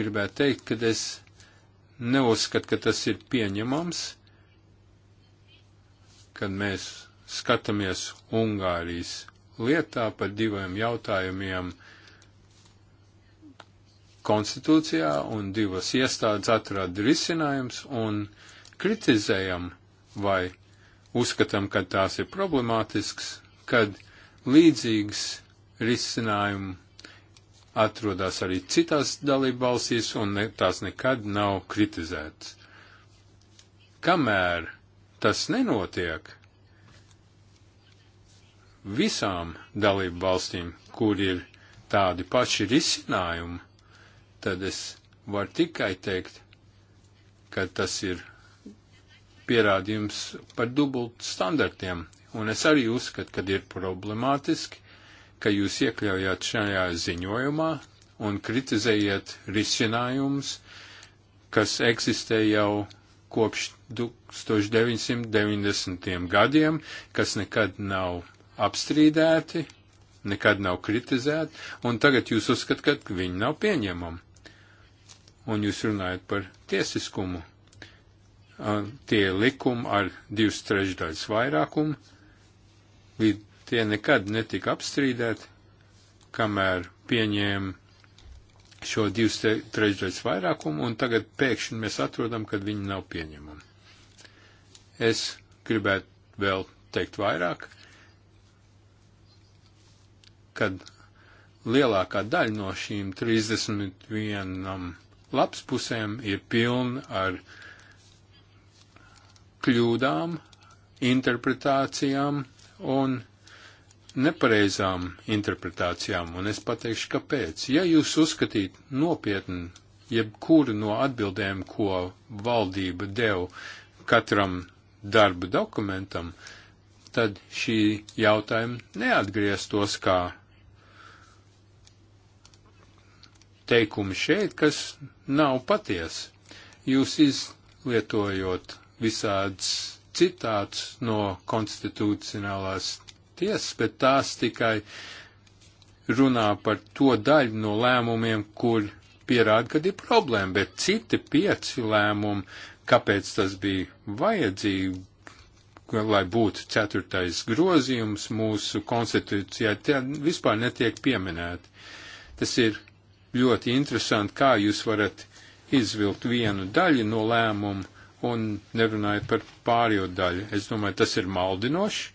gribētu teikt, ka es neuzskatu, ka tas ir pieņemams, kad mēs skatāmies Ungārijas lietā par diviem jautājumiem konstitūcijā un divas iestādes atrada risinājums un kritizējam vai uzskatām, ka tās ir problemātisks, kad līdzīgs risinājumu atrodas arī citās dalībvalstīs un ne, tās nekad nav kritizētas. Kamēr tas nenotiek visām dalību valstīm, kur ir tādi paši risinājumi, tad es varu tikai teikt, ka tas ir pierādījums par dubultu standartiem. Un es arī uzskatu, ka ir problemātiski, ka jūs iekļaujāt šajā ziņojumā un kritizējiet risinājumus, kas eksistē jau kopš 1990. gadiem, kas nekad nav apstrīdēti, nekad nav kritizēti, un tagad jūs uzskatāt, ka viņi nav pieņemami. Un jūs runājat par tiesiskumu. Tie likumi ar divas trešdaļas vairākumu, tie nekad netika apstrīdēti, kamēr pieņēma šo divas trešdaļas vairākumu, un tagad pēkšņi mēs atrodam, ka viņi nav pieņemami. Es gribētu vēl teikt vairāk, kad lielākā daļa no šīm 31 labs pusēm ir pilna ar kļūdām, interpretācijām un nepareizām interpretācijām, un es pateikšu, kāpēc. Ja jūs uzskatīt nopietni jebkuru no atbildēm, ko valdība deva katram darba dokumentam, tad šī jautājuma neatgrieztos kā teikumi šeit, kas nav paties. Jūs izlietojot visāds citāts no konstitucionālās tiesas, bet tās tikai runā par to daļu no lēmumiem, kur pierāda, kad ir problēma, bet citi pieci lēmumi, kāpēc tas bija vajadzīgi, lai būtu ceturtais grozījums mūsu konstitūcijā, tie vispār netiek pieminēti. Tas ir ļoti interesanti, kā jūs varat izvilkt vienu daļu no lēmumu un nerunājot par pārējo daļu. Es domāju, tas ir maldinoši,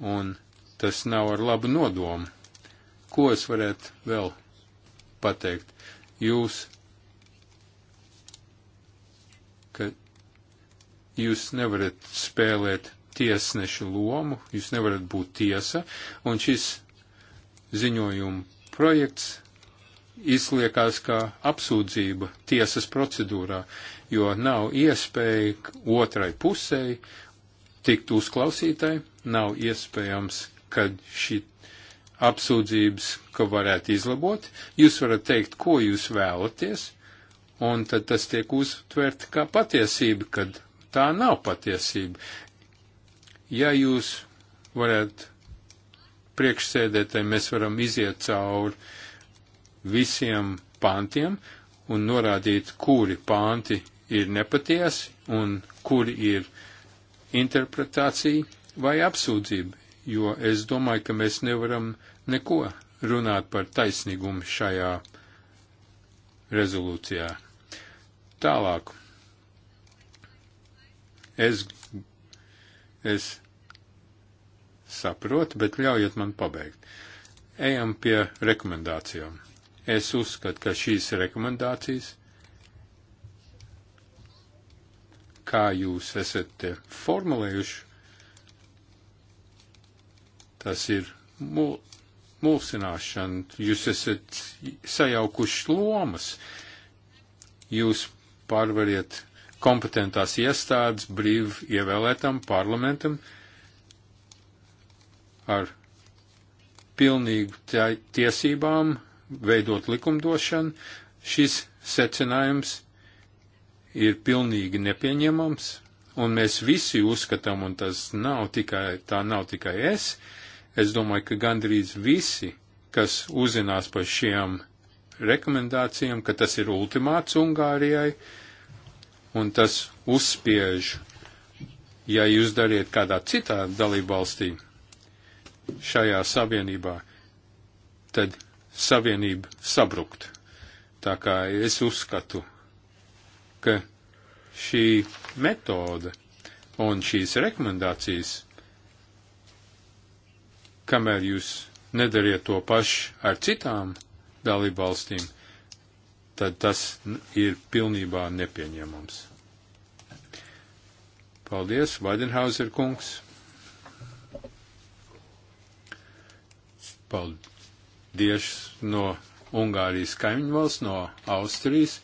un tas nav ar labu nodomu. Ko es varētu vēl pateikt? Jūs, ka jūs nevarat spēlēt tiesnešu lomu, jūs nevarat būt tiesa, un šis ziņojuma projekts izliekās kā apsūdzība tiesas procedūrā, jo nav iespēja otrai pusēji tiktu uzklausītai, nav iespējams, kad šī apsūdzības, ka varētu izlabot, jūs varat teikt, ko jūs vēlaties, un tad tas tiek uztvērt kā patiesība, kad tā nav patiesība. Ja jūs varētu priekšsēdētāji, mēs varam iziet cauri visiem pāntiem un norādīt, kuri pānti ir nepatiesi un kuri ir interpretāciju vai apsūdzību, jo es domāju, ka mēs nevaram neko runāt par taisnīgumu šajā rezolūcijā. Tālāk. Es, es saprotu, bet ļaujiet man pabeigt. Ejam pie rekomendācijām. Es uzskatu, ka šīs rekomendācijas kā jūs esat formulējuši, tas ir mul, mulsināšana, jūs esat sajaukuši lomas, jūs pārvariet kompetentās iestādes brīvi ievēlētam parlamentam ar pilnīgu tiesībām veidot likumdošanu, šis secinājums ir pilnīgi nepieņemams, un mēs visi uzskatām, un tas nav tikai, tā nav tikai es, es domāju, ka gandrīz visi, kas uzzinās par šiem rekomendācijām, ka tas ir ultimāts Ungārijai, un tas uzspiež, ja jūs dariet kādā citā dalībvalstī šajā savienībā, tad savienība sabrukt. Tā kā es uzskatu, ka šī metode un šīs rekomendācijas, kamēr jūs nedariet to pašu ar citām dalībvalstīm, tad tas ir pilnībā nepieņemams. Paldies, Vaidenhauser kungs. Paldies no Ungārijas kaimiņvalsts, no Austrijas.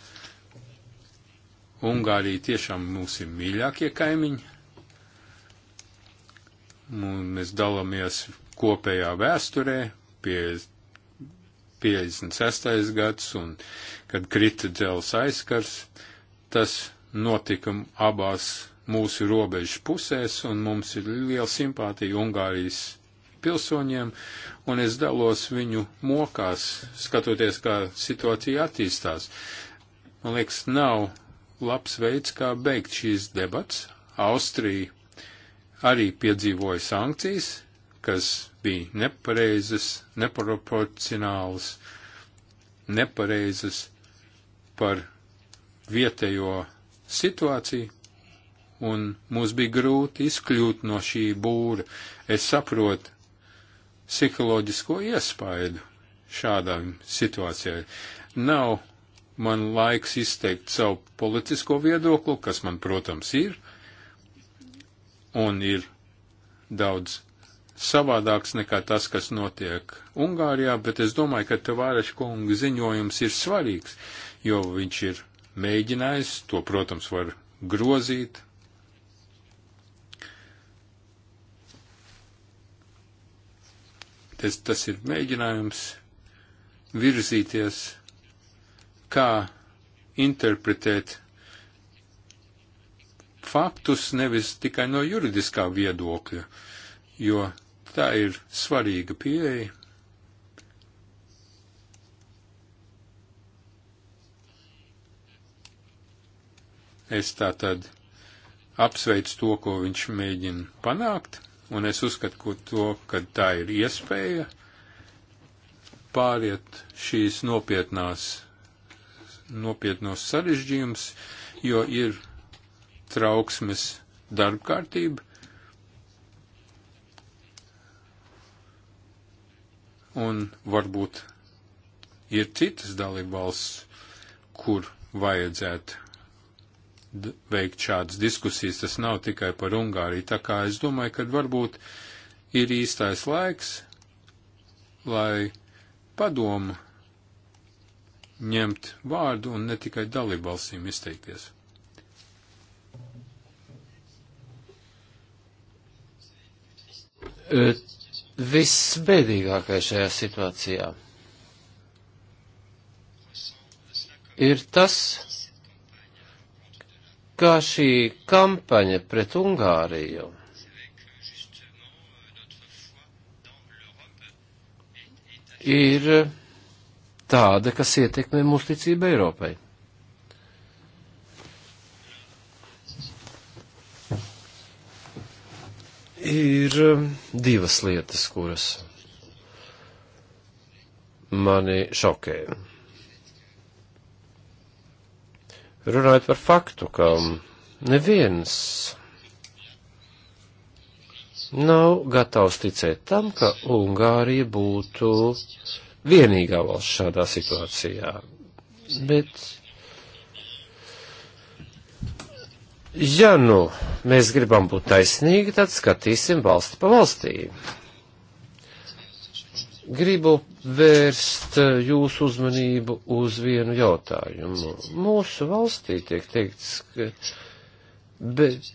Ungārija tiešām mūs ir mīļākie kaimiņi, un mēs dalāmies kopējā vēsturē, pie 56. gads, un kad krita dzels aizskars, tas notika abās mūsu robežu pusēs, un mums ir liela simpātija Ungārijas pilsoņiem, un es dalos viņu mokās, skatoties, kā situācija attīstās. Man liekas, nav labs veids, kā beigt šīs debats. Austrija arī piedzīvoja sankcijas, kas bija nepareizas, neproporcionālas, nepareizas par vietējo situāciju, un mums bija grūti izkļūt no šī būra. Es saprotu psiholoģisko iespaidu šādām situācijām. Nav man laiks izteikt savu politisko viedokli, kas man, protams, ir, un ir daudz savādāks nekā tas, kas notiek Ungārijā, bet es domāju, ka Tavāreša kunga ziņojums ir svarīgs, jo viņš ir mēģinājis, to, protams, var grozīt. Tas, tas ir mēģinājums virzīties kā interpretēt faktus nevis tikai no juridiskā viedokļa, jo tā ir svarīga pieeja. Es tā tad apsveicu to, ko viņš mēģina panākt, un es uzskatu to, ka tā ir iespēja pāriet šīs nopietnās nopietnos sarežģījums, jo ir trauksmes darbkārtība. Un varbūt ir citas dalībvalsts, kur vajadzētu veikt šādas diskusijas. Tas nav tikai par Ungāriju. Tā kā es domāju, ka varbūt ir īstais laiks, lai padoma ņemt vārdu un ne tikai dalībvalstīm izteikties. E, Viss bēdīgākais šajā situācijā ir tas, kā šī kampaņa pret Ungāriju ir tāda, kas ietekmē mūsu ticību Eiropai. Ir um, divas lietas, kuras mani šokē. Runājot par faktu, ka neviens nav gatavs ticēt tam, ka Ungārija būtu uh, vienīgā valsts šādā situācijā. Bet, ja nu mēs gribam būt taisnīgi, tad skatīsim valsti pa valstī. Gribu vērst jūsu uzmanību uz vienu jautājumu. Mūsu valstī tiek teikts, ka, bet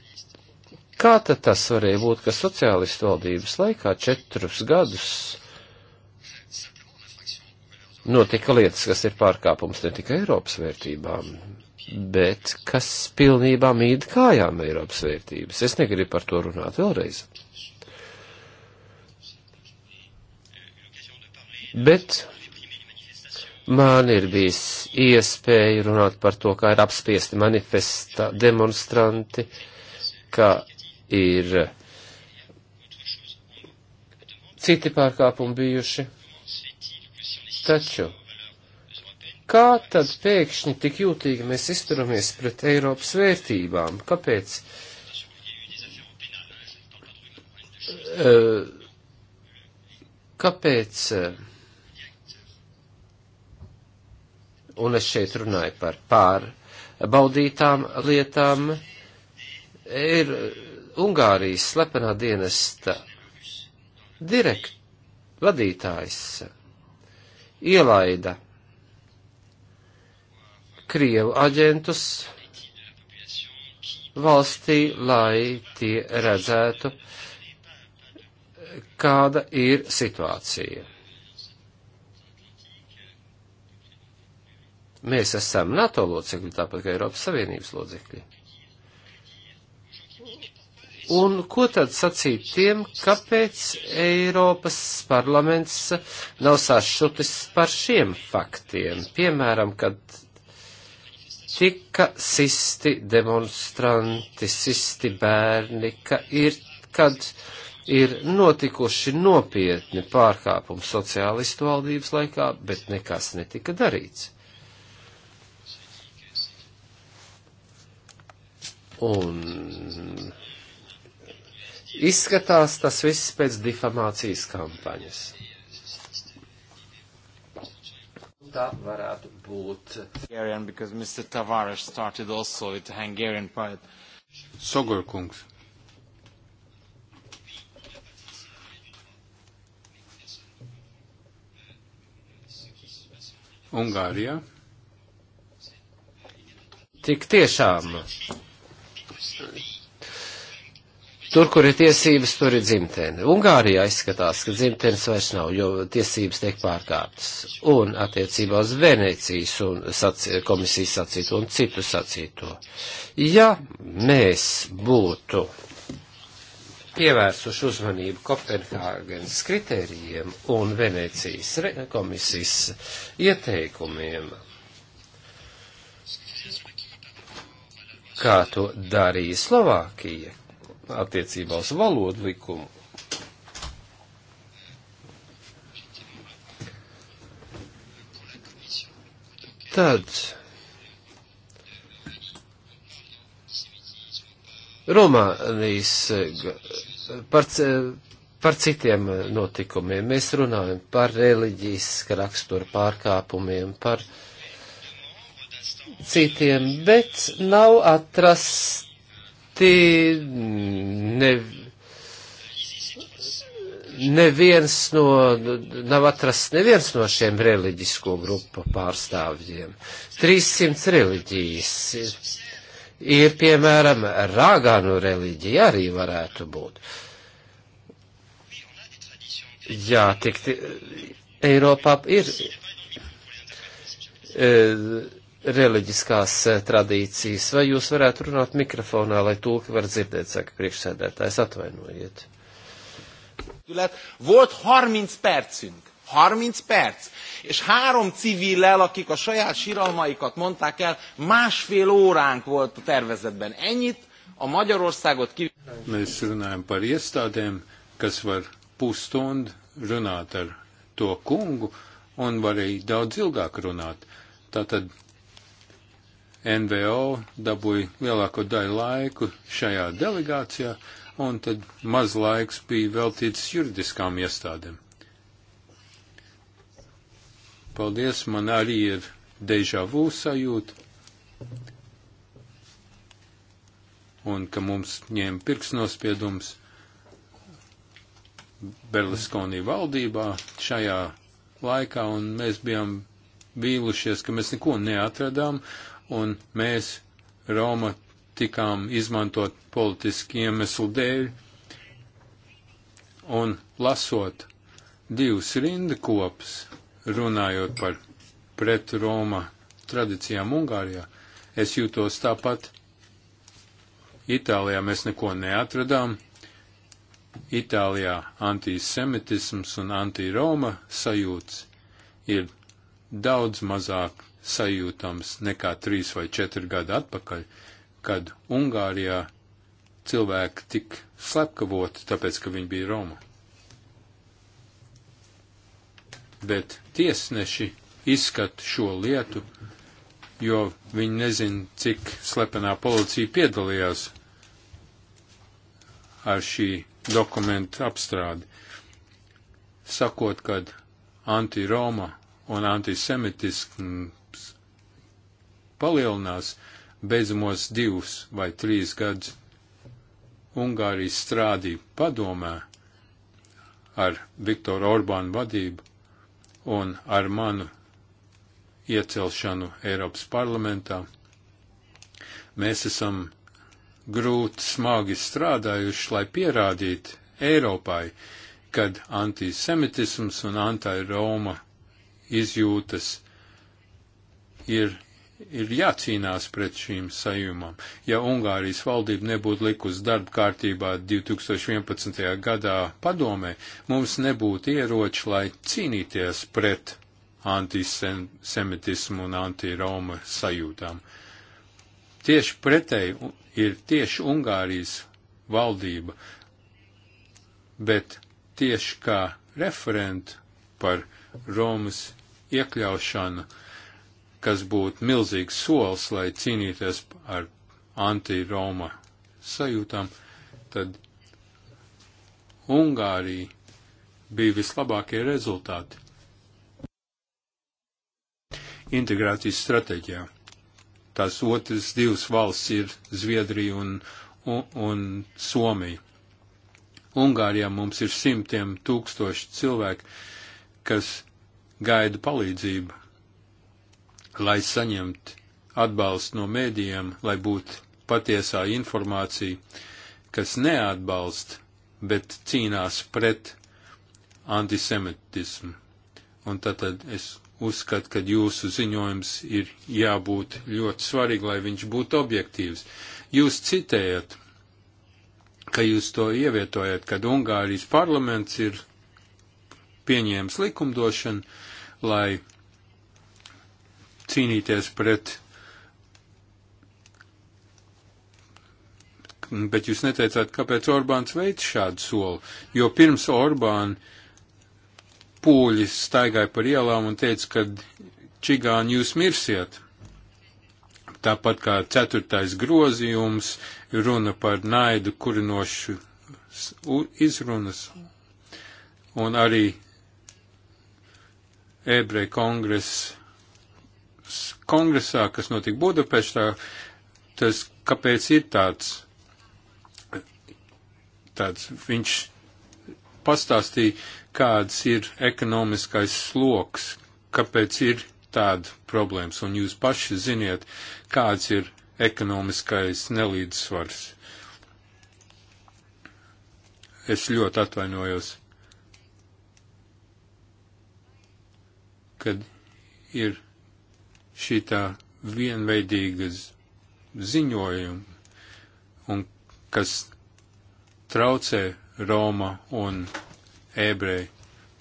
kā tad tas varēja būt, ka sociālistu valdības laikā četrus gadus notika lietas, kas ir pārkāpums ne tikai Eiropas vērtībām, bet kas pilnībā mīd kājām Eiropas vērtības. Es negribu par to runāt vēlreiz. Bet man ir bijis iespēja runāt par to, kā ir apspiesti manifesta demonstranti, kā ir citi pārkāpumi bijuši. Taču, kā tad pēkšņi tik jūtīgi mēs izturamies pret Eiropas vērtībām? Kāpēc? Eh, kāpēc? Eh, un es šeit runāju par pārbaudītām lietām. Ir Ungārijas slepenā dienesta direkt vadītājs ielaida Krievu aģentus valstī, lai tie redzētu, kāda ir situācija. Mēs esam NATO locekļi, tāpat kā Eiropas Savienības locekļi. Un ko tad sacīt tiem, kāpēc Eiropas parlaments nav sašutis par šiem faktiem? Piemēram, kad tika sisti demonstranti, sisti bērni, ka ir, kad ir notikuši nopietni pārkāpumi sociālistu valdības laikā, bet nekas netika darīts. Un Izskatās tas viss pēc difamācijas kampaņas. Tā varētu būt. Sogurkungs. Ungārijā. Tik tiešām Tur, kur ir tiesības, tur ir dzimtene. Ungārijā izskatās, ka dzimtenes vairs nav, jo tiesības tiek pārkāptas. Un attiecībā uz Venecijas un saci, komisijas sacīto un citu sacīto. Ja mēs būtu pievērsuši uzmanību Kopenhāgenes kritērijiem un Venecijas komisijas ieteikumiem, kā to darīja Slovākija, attiecībā uz valodu likumu. Tad Rumānijas par, par citiem notikumiem. Mēs runājam par reliģijas rakstura pārkāpumiem, par citiem, bet nav atrasts ļoti ne, neviens no, nav atrasts neviens no šiem reliģisko grupu pārstāvjiem. 300 reliģijas ir, ir piemēram, rāgānu reliģija arī varētu būt. Jā, tik Eiropā ir. E, reliģiskās e, tradīcijas. Vai jūs varētu runāt mikrofonā, lai tūki var dzirdēt, saka priekšsēdētājs, atvainojiet. Volt 30 percünk. 30 perc. És három civillel, akik a saját síralmaikat mondták el, másfél óránk volt a tervezetben. Ennyit a Magyarországot ki... Mēs runājam par iestādēm, kas var pusstundu runāt ar to kungu un var arī daudz ilgāk runāt. Tātad NVO dabūja lielāko daļu laiku šajā delegācijā, un tad maz laiks bija veltīts juridiskām iestādēm. Paldies, man arī ir deja vu sajūta, un ka mums ņēma pirksnospiedums Berluskonī valdībā šajā laikā, un mēs bijām vīlušies, ka mēs neko neatradām, un mēs Roma tikām izmantot politiski iemeslu dēļ, un lasot divus rindkops, runājot par pret Roma tradīcijām Ungārijā, es jūtos tāpat. Itālijā mēs neko neatradām. Itālijā antisemitisms un antiroma sajūts ir daudz mazāk sajūtams nekā trīs vai četri gadi atpakaļ, kad Ungārijā cilvēki tik slepkavoti, tāpēc, ka viņi bija Roma. Bet tiesneši izskat šo lietu, jo viņi nezina, cik slepenā policija piedalījās ar šī dokumenta apstrādi, sakot, kad anti-Roma un antisemitisks palielinās beidzamos divus vai trīs gadus. Ungārija strādīja padomē ar Viktoru Orbānu vadību un ar manu iecelšanu Eiropas parlamentā. Mēs esam grūti smagi strādājuši, lai pierādītu Eiropai, kad antisemitisms un anti-Roma izjūtas ir ir jācīnās pret šīm sajūmām. Ja Ungārijas valdība nebūtu likusi darba kārtībā 2011. gadā padomē, mums nebūtu ieroči, lai cīnīties pret antisemitismu un antiroma sajūtām. Tieši pretēji ir tieši Ungārijas valdība, bet tieši kā referent par Romas iekļaušanu kas būtu milzīgs solis, lai cīnīties ar anti-Roma sajūtām, tad Ungārija bija vislabākie rezultāti integrācijas stratēģijā. Tās otras divas valsts ir Zviedrija un, un, un Somija. Ungārijā mums ir simtiem tūkstoši cilvēki, kas gaida palīdzību lai saņemtu atbalstu no mēdījiem, lai būtu patiesā informācija, kas neatbalst, bet cīnās pret antisemitismu. Un tātad es uzskatu, ka jūsu ziņojums ir jābūt ļoti svarīgi, lai viņš būtu objektīvs. Jūs citējat, ka jūs to ievietojat, kad Ungārijas parlaments ir pieņēmis likumdošanu, lai cīnīties pret, bet jūs neteicāt, kāpēc Orbāns veids šādu soli, jo pirms Orbāna pūļi staigāja par ielām un teica, ka čigāni jūs mirsiet. Tāpat kā ceturtais grozījums runa par naidu kurinošu izrunas un arī ebreju kongresa kongresā, kas notika Budapeštā, tas kāpēc ir tāds, tāds viņš pastāstīja, kāds ir ekonomiskais sloks, kāpēc ir tāda problēmas, un jūs paši ziniet, kāds ir ekonomiskais nelīdzsvars. Es ļoti atvainojos, kad ir šī tā vienveidīga ziņojuma, un kas traucē Roma un ebreju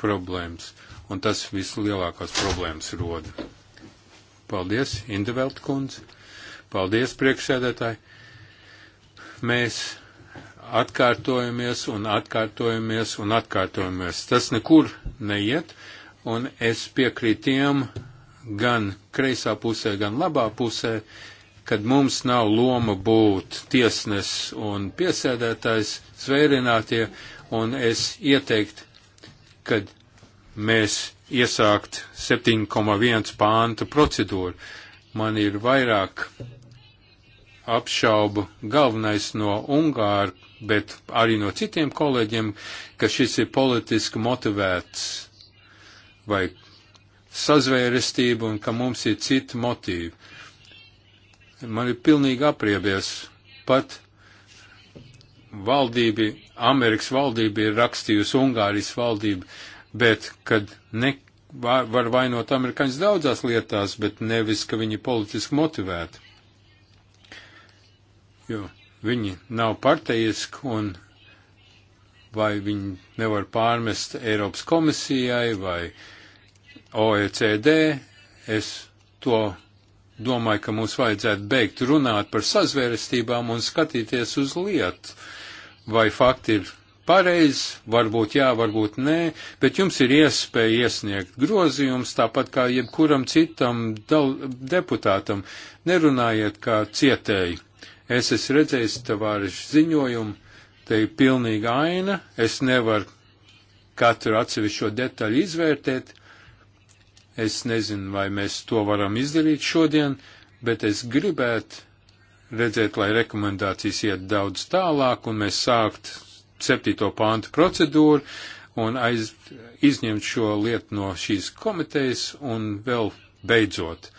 problēmas, un tas vislielākās problēmas roda. Paldies, Indevelt kundze. Paldies, priekšsēdētāji. Mēs atkārtojamies un atkārtojamies un atkārtojamies. Tas nekur neiet, un es piekrītu tiem gan kreisā pusē, gan labā pusē, kad mums nav loma būt tiesnes un piesēdētājs, zvērinātie, un es ieteiktu, kad mēs iesākt 7,1 pānta procedūru. Man ir vairāk apšaubu galvenais no Ungāra, bet arī no citiem kolēģiem, ka šis ir politiski motivēts vai sazvērestību un ka mums ir citi motīvi. Man ir pilnīgi apriebies pat valdība, Amerikas valdība ir rakstījusi Ungārijas valdību, bet kad ne, var, var vainot amerikāņus daudzās lietās, bet nevis, ka viņi politiski motivēti. Jo viņi nav parteiski un vai viņi nevar pārmest Eiropas komisijai vai uh, OECD, es to domāju, ka mums vajadzētu beigt runāt par sazvērestībām un skatīties uz lietu, vai fakti ir pareizi, varbūt jā, varbūt nē, bet jums ir iespēja iesniegt grozījums, tāpat kā jebkuram citam deputātam. Nerunājiet kā cietēji. Es esmu redzējis tavārišu ziņojumu, te ir pilnīga aina, es nevaru katru atsevišķo detaļu izvērtēt, Es nezinu, vai mēs to varam izdarīt šodien, bet es gribētu redzēt, lai rekomendācijas iet daudz tālāk un mēs sākt septīto pāntu procedūru un aiz, izņemt šo lietu no šīs komitejas un vēl beidzot.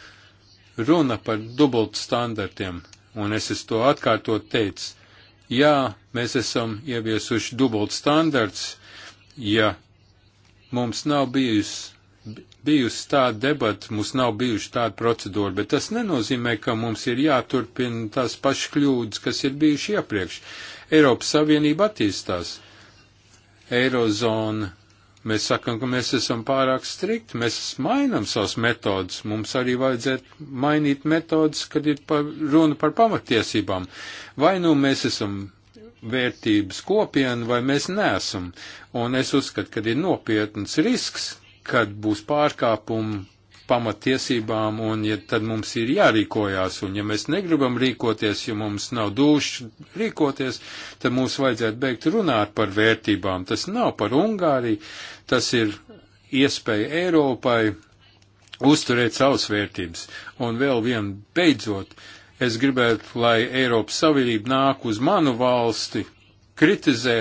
Runa par dubult standartiem, un es es to atkārtot teicu, jā, mēs esam ieviesuši dubult standarts, ja mums nav bijusi bijusi tāda debata, mums nav bijuši tāda procedūra, bet tas nenozīmē, ka mums ir jāturpina tās pašas kļūdas, kas ir bijuši iepriekš. Eiropas Savienība attīstās. Eirozona. Mēs sakam, ka mēs esam pārāk strikti, mēs mainam savas metodas, mums arī vajadzētu mainīt metodas, kad ir par, runa par pamatiesībām. Vai nu mēs esam vērtības kopiena, vai mēs neesam. Un es uzskatu, ka ir nopietns risks, kad būs pārkāpumi pamatiesībām, un ja tad mums ir jārīkojās, un ja mēs negribam rīkoties, ja mums nav dūši rīkoties, tad mums vajadzētu beigt runāt par vērtībām. Tas nav par Ungāriju, tas ir iespēja Eiropai uzturēt savas vērtības. Un vēl vien beidzot, es gribētu, lai Eiropas Savienība nāk uz manu valsti, kritizē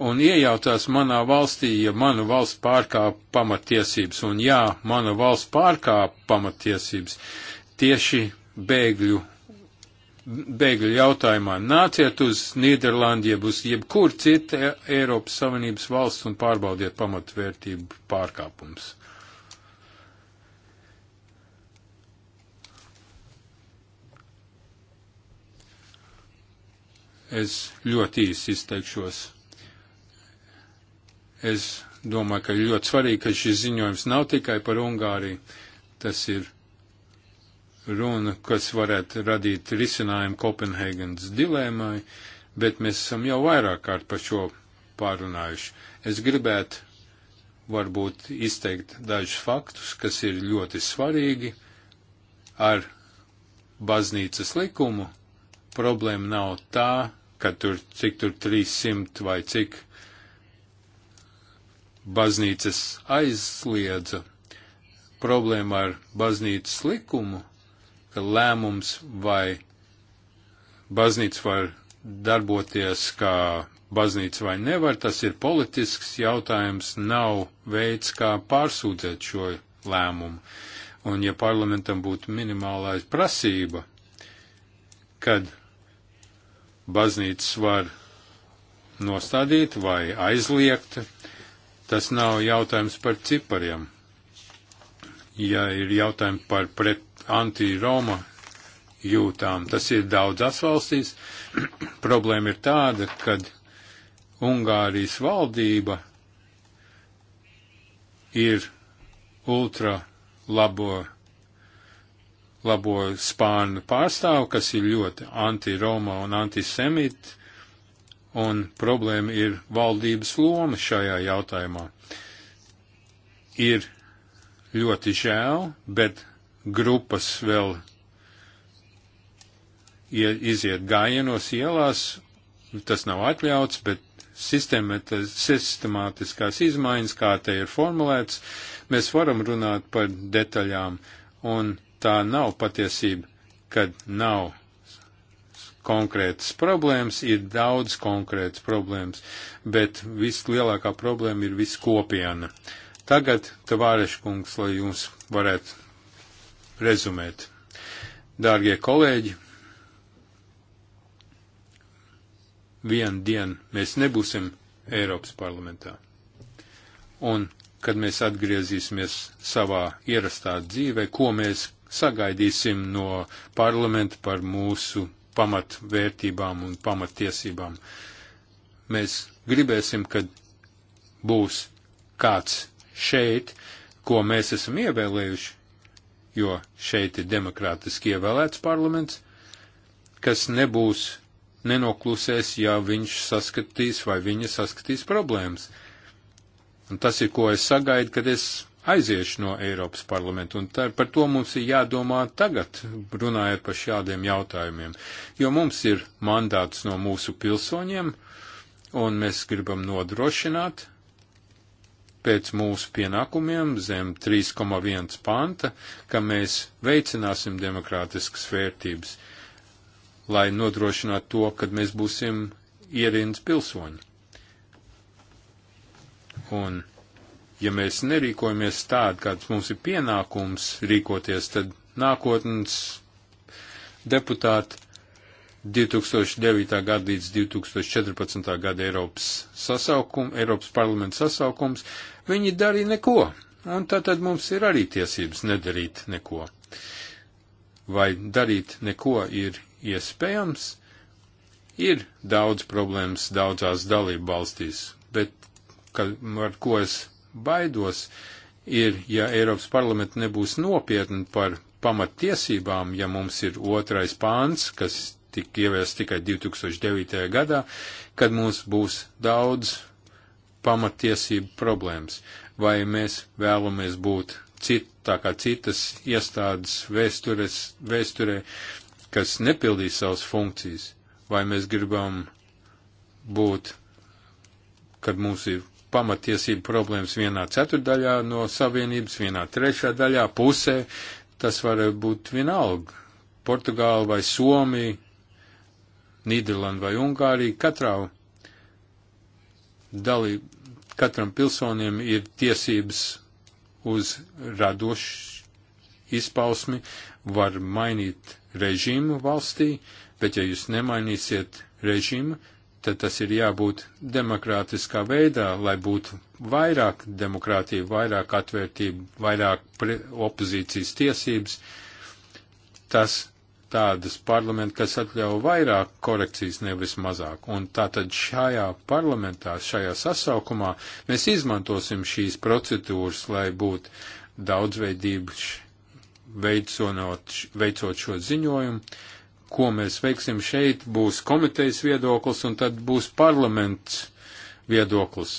un iejaucās manā valstī, ja manu valsts pārkāp pamatiesības. Un jā, mana valsts pārkāp pamatiesības tieši bēgļu, bēgļu jautājumā. Nāciet uz Nīderlandi, jeb uz jebkur cita e- Eiropas Savienības valsts un pārbaudiet pamatvērtību pārkāpums. Es ļoti īsi izteikšos. Es domāju, ka ir ļoti svarīgi, ka šis ziņojums nav tikai par Ungāriju. Tas ir runa, kas varētu radīt risinājumu Kopenhēgenes dilēmai, bet mēs esam jau vairāk kārt par šo pārunājuši. Es gribētu varbūt izteikt dažus faktus, kas ir ļoti svarīgi ar baznīcas likumu. Problēma nav tā, ka tur cik tur 300 vai cik baznīcas aizliedza problēma ar baznīcas likumu, ka lēmums vai baznīca var darboties kā baznīca vai nevar, tas ir politisks jautājums, nav veids, kā pārsūdzēt šo lēmumu. Un ja parlamentam būtu minimālais prasība, kad baznīcas var nostādīt vai aizliegt Tas nav jautājums par cipariem. Ja ir jautājumi par pret anti-Roma jūtām, tas ir daudzās valstīs. *clears throat* Problēma ir tāda, ka Ungārijas valdība ir ultra labo, labo spānu pārstāvu, kas ir ļoti anti-Roma un antisemīti un problēma ir valdības loma šajā jautājumā. Ir ļoti žēl, bet grupas vēl iziet gājienos ielās, tas nav atļauts, bet sistemātiskās izmaiņas, kā te ir formulēts, mēs varam runāt par detaļām, un tā nav patiesība, kad nav konkrētas problēmas, ir daudz konkrētas problēmas, bet vislielākā problēma ir viskopiena. Tagad, Tavāreškungs, lai jums varētu rezumēt. Dārgie kolēģi, vienu dienu mēs nebūsim Eiropas parlamentā. Un, kad mēs atgriezīsimies savā ierastā dzīvē, ko mēs sagaidīsim no parlamenta par mūsu pamatvērtībām un pamatiesībām. Mēs gribēsim, kad būs kāds šeit, ko mēs esam ievēlējuši, jo šeit ir demokrātiski ievēlēts parlaments, kas nebūs nenoklusēs, ja viņš saskatīs vai viņa saskatīs problēmas. Un tas ir, ko es sagaidu, kad es aiziešu no Eiropas parlamenta, un tā, par to mums ir jādomā tagad, runājot par šādiem jautājumiem, jo mums ir mandāts no mūsu pilsoņiem, un mēs gribam nodrošināt pēc mūsu pienākumiem zem 3,1 panta, ka mēs veicināsim demokrātiskas vērtības, lai nodrošinātu to, kad mēs būsim ierīnas pilsoņi. Un Ja mēs nerīkojamies tādu, kāds mums ir pienākums rīkoties, tad nākotnes deputāti 2009. gada līdz 2014. gada Eiropas sasaukuma, Eiropas parlamenta sasaukums, viņi darīja neko. Un tātad mums ir arī tiesības nedarīt neko. Vai darīt neko ir iespējams? Ir daudz problēmas daudzās dalību valstīs, bet, kad, ar ko es baidos, ir, ja Eiropas parlamenta nebūs nopietni par pamattiesībām, ja mums ir otrais pāns, kas tika ieviests tikai 2009. gadā, kad mums būs daudz pamattiesību problēmas. Vai mēs vēlamies būt cit, tā kā citas iestādes vēstures, vēsturē, kas nepildīs savas funkcijas, vai mēs gribam būt, kad mums ir pamatiesību problēmas vienā ceturdaļā no savienības, vienā trešā daļā, pusē, tas var būt vienalga. Portugāla vai Somija, Nīderlanda vai Ungārija, katrā dalī, katram pilsonim ir tiesības uz radošu izpausmi, var mainīt režīmu valstī, bet ja jūs nemainīsiet režīmu, tad tas ir jābūt demokrātiskā veidā, lai būtu vairāk demokrātija, vairāk atvērtība, vairāk opozīcijas tiesības. Tas tādas parlamenta, kas atļauj vairāk korekcijas, nevis mazāk. Un tātad šajā parlamentā, šajā sasaukumā mēs izmantosim šīs procedūras, lai būtu daudzveidības veicot, veicot šo ziņojumu ko mēs veiksim šeit, būs komitejas viedoklis un tad būs parlaments viedoklis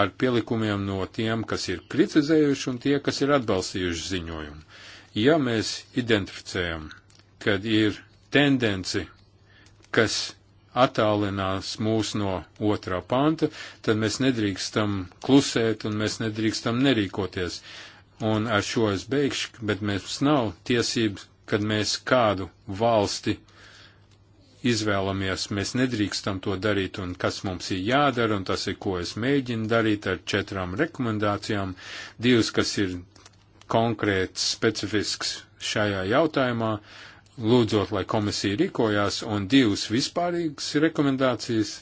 ar pielikumiem no tiem, kas ir kritizējuši un tie, kas ir atbalstījuši ziņojumu. Ja mēs identificējam, kad ir tendenci, kas attālinās mūs no otrā panta, tad mēs nedrīkstam klusēt un mēs nedrīkstam nerīkoties. Un ar šo es beigšu, bet mēs nav tiesības kad mēs kādu valsti izvēlamies, mēs nedrīkstam to darīt, un kas mums ir jādara, un tas ir, ko es mēģinu darīt ar četrām rekomendācijām, divas, kas ir konkrēts, specifisks šajā jautājumā, lūdzot, lai komisija rīkojās, un divas vispārīgas rekomendācijas,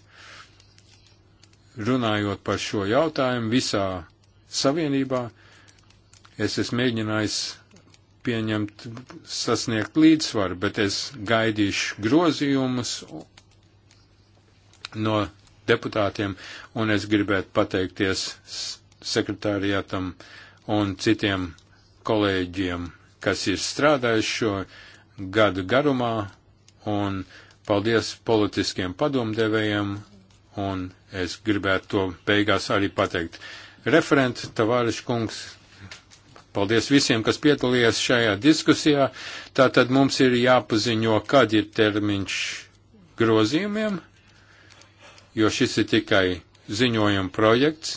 runājot par šo jautājumu visā savienībā, es esmu mēģinājis pieņemt, sasniegt līdzsvaru, bet es gaidīšu grozījumus no deputātiem, un es gribētu pateikties sekretārijātam un citiem kolēģiem, kas ir strādājuši šo gadu garumā, un paldies politiskiem padomdevējiem, un es gribētu to beigās arī pateikt. Referent Tavāriškungs Paldies visiem, kas piedalījās šajā diskusijā. Tātad mums ir jāpaziņo, kad ir termiņš grozījumiem, jo šis ir tikai ziņojuma projekts,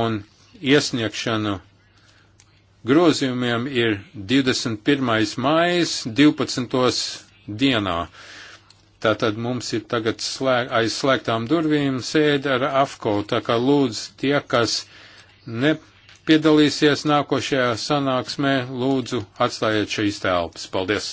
un iesniegšanu grozījumiem ir 21. mājas 12. dienā. Tātad mums ir tagad slēg, aizslēgtām durvīm sēde ar AFCO, tā kā lūdzu tie, kas ne piedalīsies nākošajā sanāksmē, lūdzu atstājiet šīs telpas. Paldies!